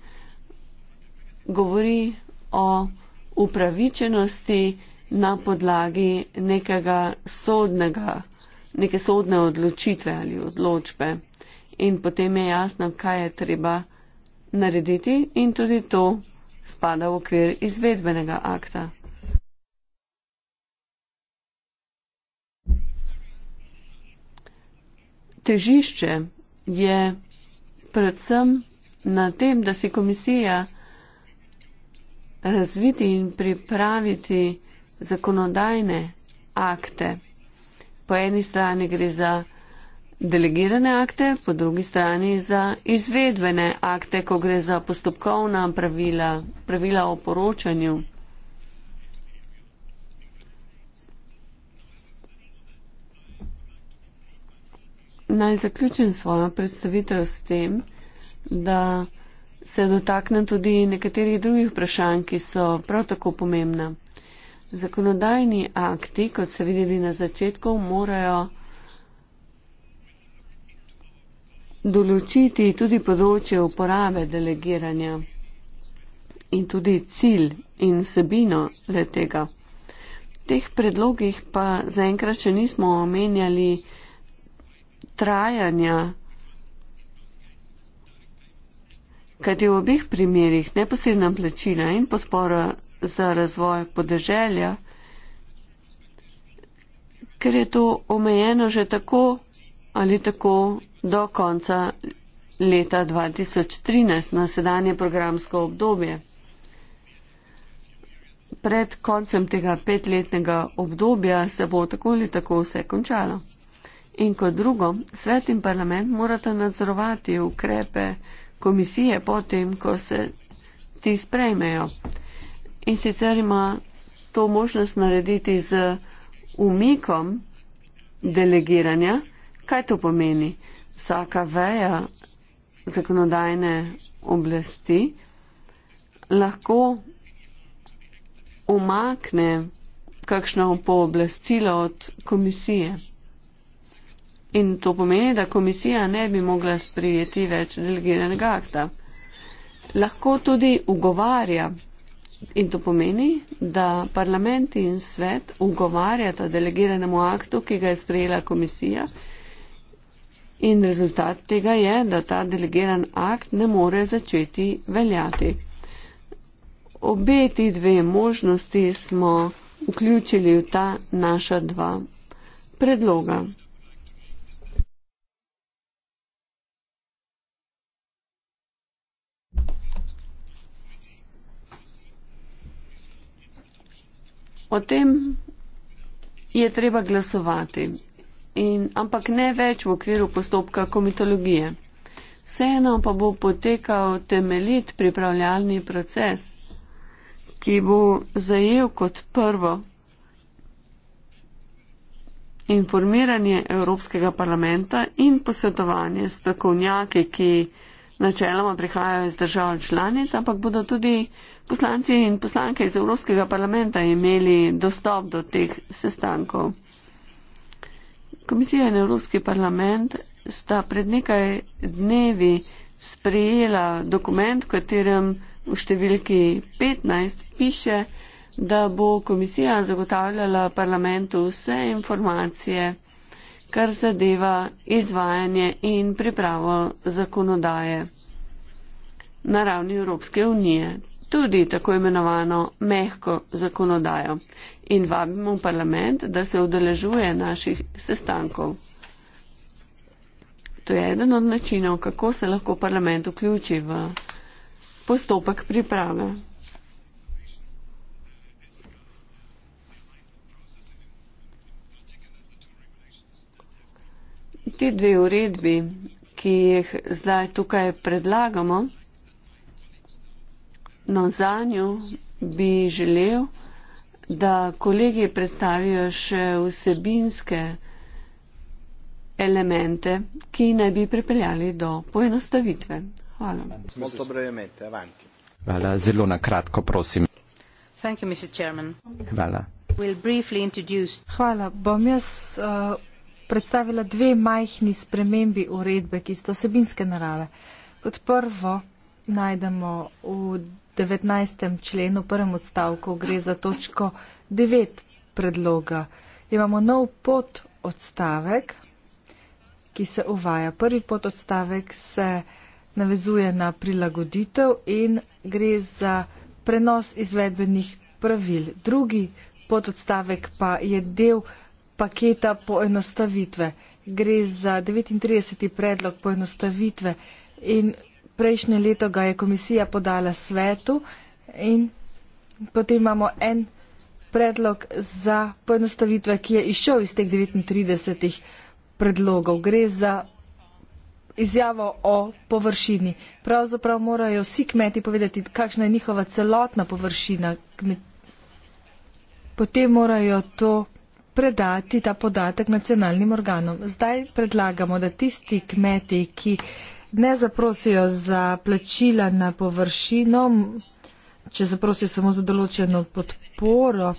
govori o upravičenosti na podlagi nekega sodnega, neke sodne odločitve ali odločbe in potem je jasno, kaj je treba narediti in tudi to spada v okvir izvedbenega akta. Težišče je predvsem na tem, da si komisija razviti in pripraviti zakonodajne akte. Po eni strani gre za delegirane akte, po drugi strani za izvedbene akte, ko gre za postopkovna pravila, pravila o poročanju. Naj zaključim svojo predstavitev s tem, da se dotaknem tudi nekaterih drugih vprašanj, ki so prav tako pomembna. Zakonodajni akti, kot ste videli na začetku, morajo določiti tudi področje uporabe delegiranja in tudi cilj in vsebino letega. V teh predlogih pa zaenkrat še nismo omenjali trajanja, kajti v obih primerjih neposredna plačila in podpora za razvoj podeželja, ker je to omejeno že tako ali tako do konca leta 2013 na sedanje programsko obdobje. Pred koncem tega petletnega obdobja se bo tako ali tako vse končalo. In kot drugo, svet in parlament morata nadzorovati ukrepe komisije potem, ko se ti sprejmejo. In sicer ima to možnost narediti z umikom delegiranja. Kaj to pomeni? vsaka veja zakonodajne oblasti lahko umakne kakšno pooblastilo od komisije. In to pomeni, da komisija ne bi mogla sprijeti več delegiranega akta. Lahko tudi ugovarja. In to pomeni, da parlament in svet ugovarjata delegiranemu aktu, ki ga je sprejela komisija, In rezultat tega je, da ta delegiran akt ne more začeti veljati. Obe ti dve možnosti smo vključili v ta naša dva predloga. O tem je treba glasovati in ampak ne več v okviru postopka komitologije. Vseeno pa bo potekal temeljit pripravljalni proces, ki bo zajel kot prvo informiranje Evropskega parlamenta in posvetovanje s takovnjaki, ki načeloma prihajajo iz držav članic, ampak bodo tudi poslanci in poslanke iz Evropskega parlamenta imeli dostop do teh sestankov. Komisija in Evropski parlament sta pred nekaj dnevi sprejela dokument, v katerem v številki 15 piše, da bo komisija zagotavljala parlamentu vse informacije, kar zadeva izvajanje in pripravo zakonodaje na ravni Evropske unije, tudi tako imenovano mehko zakonodajo in vabimo parlament, da se udeležuje naših sestankov. To je eden od načinov, kako se lahko parlament vključi v postopek priprave. Ti dve uredbi, ki jih zdaj tukaj predlagamo, na no, zanju bi želel, da kolegi predstavijo še vsebinske elemente, ki naj bi pripeljali do poenostavitve. Hvala. Hvala. Zelo na kratko, prosim. Thank you, Mr. Chairman. Hvala. We'll briefly introduce... Hvala. Bom jaz uh, predstavila dve majhni spremembi uredbe, ki sta osebinske narave. Kot prvo najdemo v 19. členu, prvem odstavku, gre za točko 9 predloga. Imamo nov pot odstavek, ki se uvaja. Prvi pot odstavek se navezuje na prilagoditev in gre za prenos izvedbenih pravil. Drugi pot odstavek pa je del paketa poenostavitve. Gre za 39. predlog poenostavitve in prejšnje leto ga je komisija podala svetu in potem imamo en predlog za poenostavitve, ki je išel iz teh 39 predlogov. Gre za izjavo o površini. Pravzaprav morajo vsi kmeti povedati, kakšna je njihova celotna površina. Potem morajo to predati, ta podatek nacionalnim organom. Zdaj predlagamo, da tisti kmeti, ki ne zaprosijo za plačila na površino, če zaprosijo samo za določeno podporo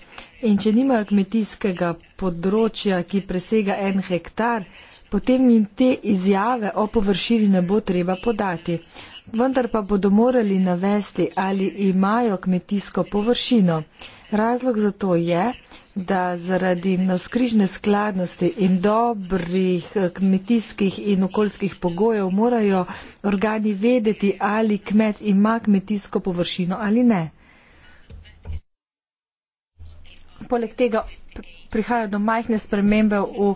in če nimajo kmetijskega področja, ki presega en hektar, potem jim te izjave o površini ne bo treba podati. Vendar pa bodo morali navesti, ali imajo kmetijsko površino. Razlog za to je, da zaradi navskrižne skladnosti in dobrih eh, kmetijskih in okoljskih pogojev morajo organi vedeti, ali kmet ima kmetijsko površino ali ne. Poleg tega prihaja do majhne spremembe v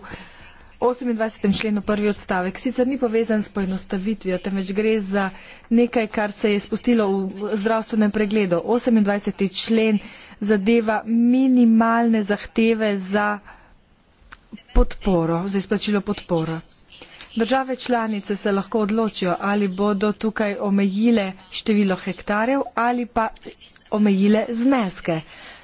28. členu prvi odstavek. Sicer ni povezan s poenostavitvijo, temveč gre za nekaj, kar se je spustilo v zdravstvenem pregledu. 28. člen zadeva minimalne zahteve za podporo, za izplačilo podpore. Države članice se lahko odločijo, ali bodo tukaj omejile število hektarjev ali pa omejile zneske.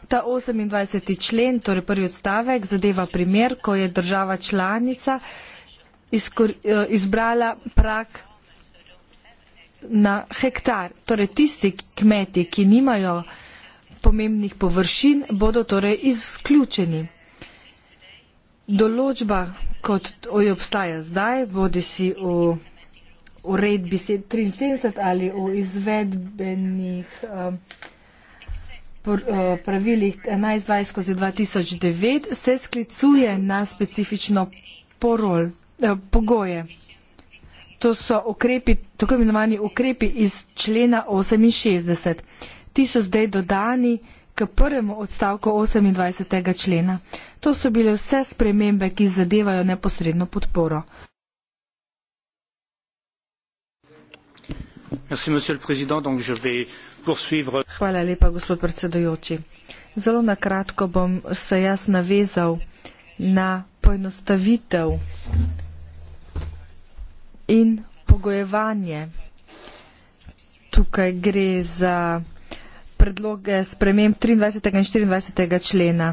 Ta 28. člen, torej prvi odstavek, zadeva primer, ko je država članica eh, izbrala prak na hektar. Torej tisti kmeti, ki nimajo pomembnih površin bodo torej izključeni. Določba, kot jo obstaja zdaj, bodi si v uredbi 73 ali v izvedbenih eh, eh, pravilih 11.20 skozi 2009, se sklicuje na specifično porol, eh, pogoje. To so ukrepi, tako imenovani ukrepi iz člena 68 ti so zdaj dodani k prvemu odstavku 28. člena. To so bile vse spremembe, ki zadevajo neposredno podporo. Hvala lepa, gospod predsedujoči. Zelo nakratko bom se jaz navezal na poenostavitev in pogojevanje. Tukaj gre za predloge sprememb 23. in 24. člena.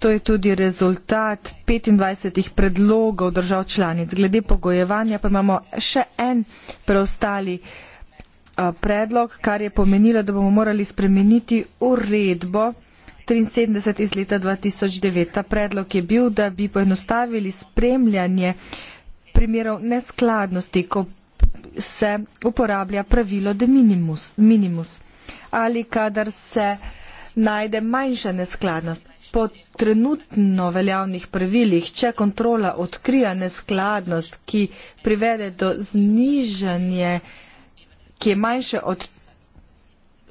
To je tudi rezultat 25 predlogov držav članic. Glede pogojevanja pa imamo še en preostali predlog, kar je pomenilo, da bomo morali spremeniti uredbo 73 iz leta 2009. Ta predlog je bil, da bi poenostavili spremljanje primerov neskladnosti, ko se uporablja pravilo de minimus. minimus ali kadar se najde manjša neskladnost. Po trenutno veljavnih pravilih, če kontrola odkrija neskladnost, ki privede do znižanje, ki je manjše od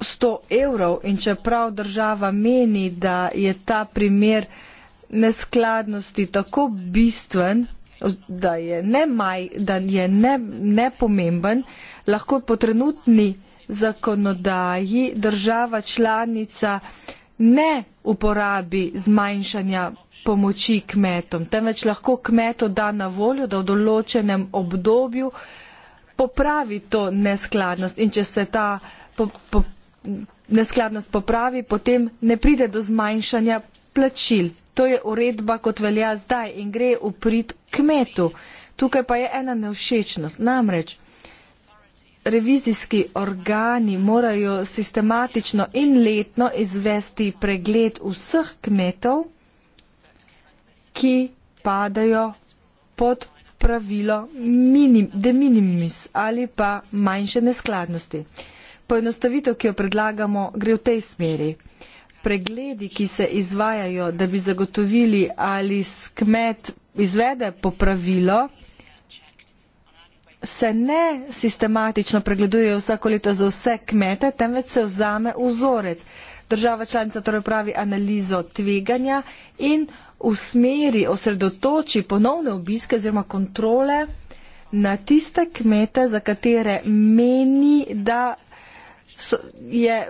100 evrov in čeprav država meni, da je ta primer neskladnosti tako bistven, da je, ne maj, da je ne, nepomemben, lahko po trenutni veljavnosti zakonodaji država članica ne uporabi zmanjšanja pomoči kmetom, temveč lahko kmeto da na voljo, da v določenem obdobju popravi to neskladnost in če se ta po, po, neskladnost popravi, potem ne pride do zmanjšanja plačil. To je uredba, kot velja zdaj in gre uprit kmetu. Tukaj pa je ena nevšečnost. Namreč, revizijski organi morajo sistematično in letno izvesti pregled vseh kmetov, ki padajo pod pravilo minim, de minimis ali pa manjše neskladnosti. Poenostavitev, ki jo predlagamo, gre v tej smeri. Pregledi, ki se izvajajo, da bi zagotovili, ali kmet izvede popravilo, se ne sistematično pregledujejo vsako leto za vse kmete, temveč se vzame vzorec. Država članica torej pravi analizo tveganja in usmeri, osredotoči ponovne obiske oziroma kontrole na tiste kmete, za katere meni, da so, je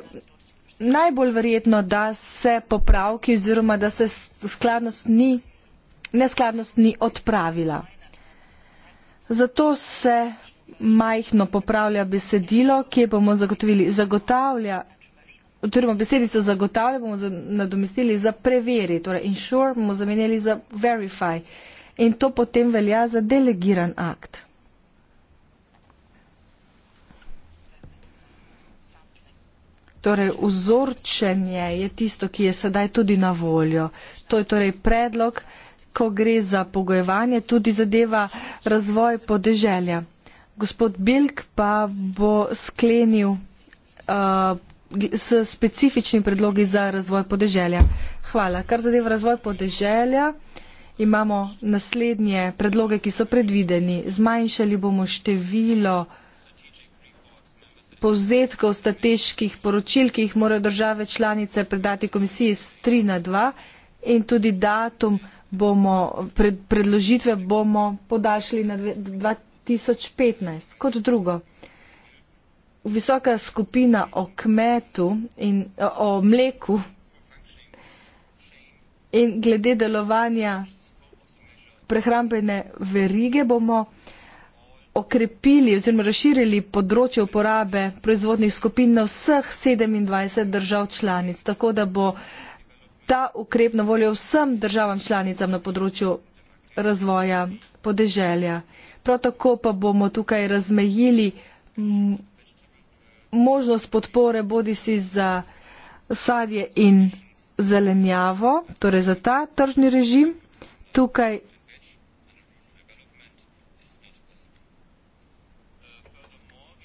najbolj verjetno, da se popravki oziroma da se skladnost ni, neskladnost ni odpravila. Zato se majhno popravlja besedilo, ki bomo zagotovili zagotavlja, oziroma besedico zagotavlja bomo nadomestili za preveri, torej ensure bomo zamenjali za verify in to potem velja za delegiran akt. Torej, vzorčenje je tisto, ki je sedaj tudi na voljo. To je torej predlog, ko gre za pogojevanje, tudi zadeva razvoj podeželja. Gospod Bilk pa bo sklenil uh, s specifičnim predlogi za razvoj podeželja. Hvala. Kar zadeva razvoj podeželja, imamo naslednje predloge, ki so predvideni. Zmanjšali bomo število povzetkov strateških poročil, ki jih morajo države članice predati komisiji z 3 na 2 in tudi datum bomo, pred, predložitve bomo podaljšali na 2015. Kot drugo, visoka skupina o kmetu in o mleku in glede delovanja prehrambene verige bomo okrepili oziroma razširili področje uporabe proizvodnih skupin na vseh 27 držav članic, tako da bo ta ukrep na voljo vsem državam članicam na področju razvoja podeželja. Prav tako pa bomo tukaj razmejili možnost podpore bodi si za sadje in zelenjavo, torej za ta tržni režim. Tukaj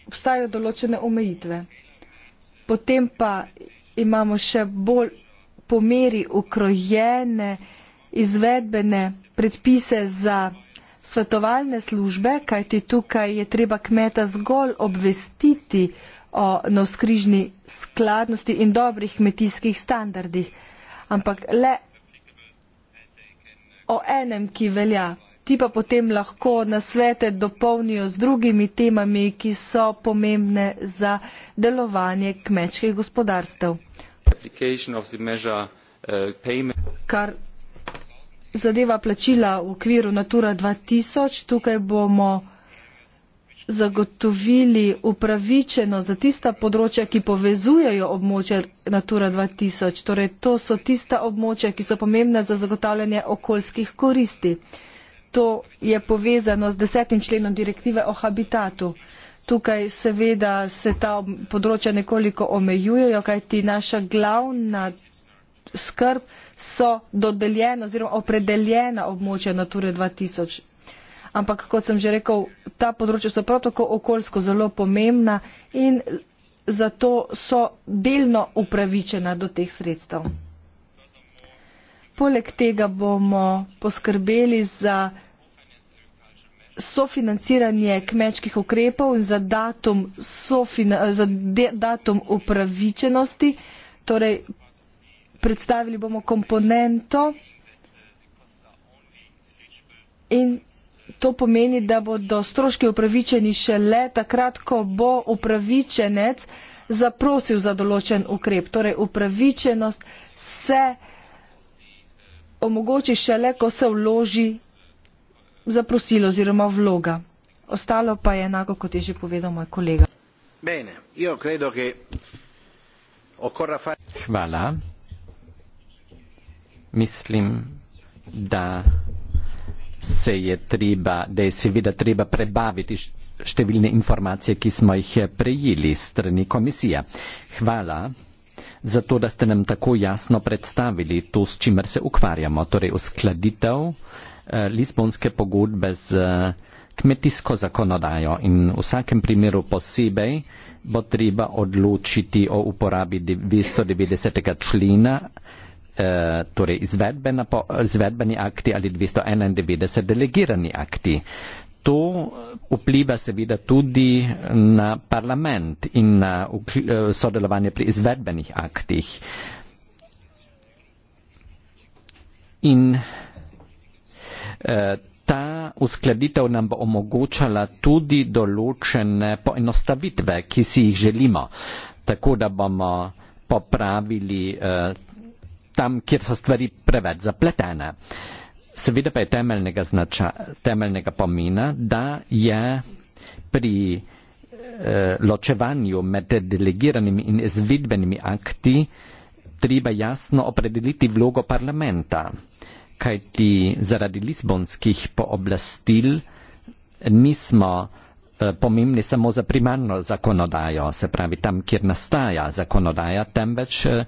obstajajo določene omejitve. Potem pa imamo še bolj po meri ukrojene izvedbene predpise za svetovalne službe, kajti tukaj je treba kmeta zgolj obvestiti o navskrižni skladnosti in dobrih kmetijskih standardih, ampak le o enem, ki velja. Ti pa potem lahko na svete dopolnijo z drugimi temami, ki so pomembne za delovanje kmečkih gospodarstev. Uh, Kar zadeva plačila v okviru Natura 2000, tukaj bomo zagotovili upravičeno za tista področja, ki povezujejo območja Natura 2000. Torej, to so tista območja, ki so pomembna za zagotavljanje okoljskih koristi. To je povezano z desetim členom direktive o habitatu. Tukaj seveda se ta področja nekoliko omejujejo, kajti naša glavna skrb so dodeljena oziroma opredeljena območja Nature 2000. Ampak, kot sem že rekel, ta področja so prav tako okoljsko zelo pomembna in zato so delno upravičena do teh sredstev. Poleg tega bomo poskrbeli za sofinanciranje kmečkih ukrepov in za datum, za datum upravičenosti. Torej, predstavili bomo komponento in to pomeni, da bodo stroški upravičeni šele takrat, ko bo upravičenec zaprosil za določen ukrep. Torej, upravičenost se omogoči šele, ko se vloži zaprosilo oziroma vloga. Ostalo pa je enako, kot je že povedal moj kolega. Hvala. Mislim, da se je treba, da je seveda treba prebaviti številne informacije, ki smo jih eh, prejeli strani komisije. Hvala za to, da ste nam tako jasno predstavili to, s čimer se ukvarjamo, torej uskladitev Eh, Lizbonske pogodbe z eh, kmetijsko zakonodajo in v vsakem primeru posebej bo treba odločiti o uporabi 290. člena, eh, torej izvedbeni akti ali 291 delegirani akti. To vpliva seveda tudi na parlament in na sodelovanje pri izvedbenih aktih. In Eh, ta uskladitev nam bo omogočala tudi določene poenostavitve, ki si jih želimo, tako da bomo popravili eh, tam, kjer so stvari preveč zapletene. Seveda pa je temeljnega, znača, temeljnega pomena, da je pri eh, ločevanju med delegiranimi in izvedbenimi akti treba jasno opredeliti vlogo parlamenta. Eh, kaj ti zaradi lisbonskih pooblastil nismo eh, pomembni samo za primarno zakonodajo, se pravi tam, kjer nastaja zakonodaja, temveč eh,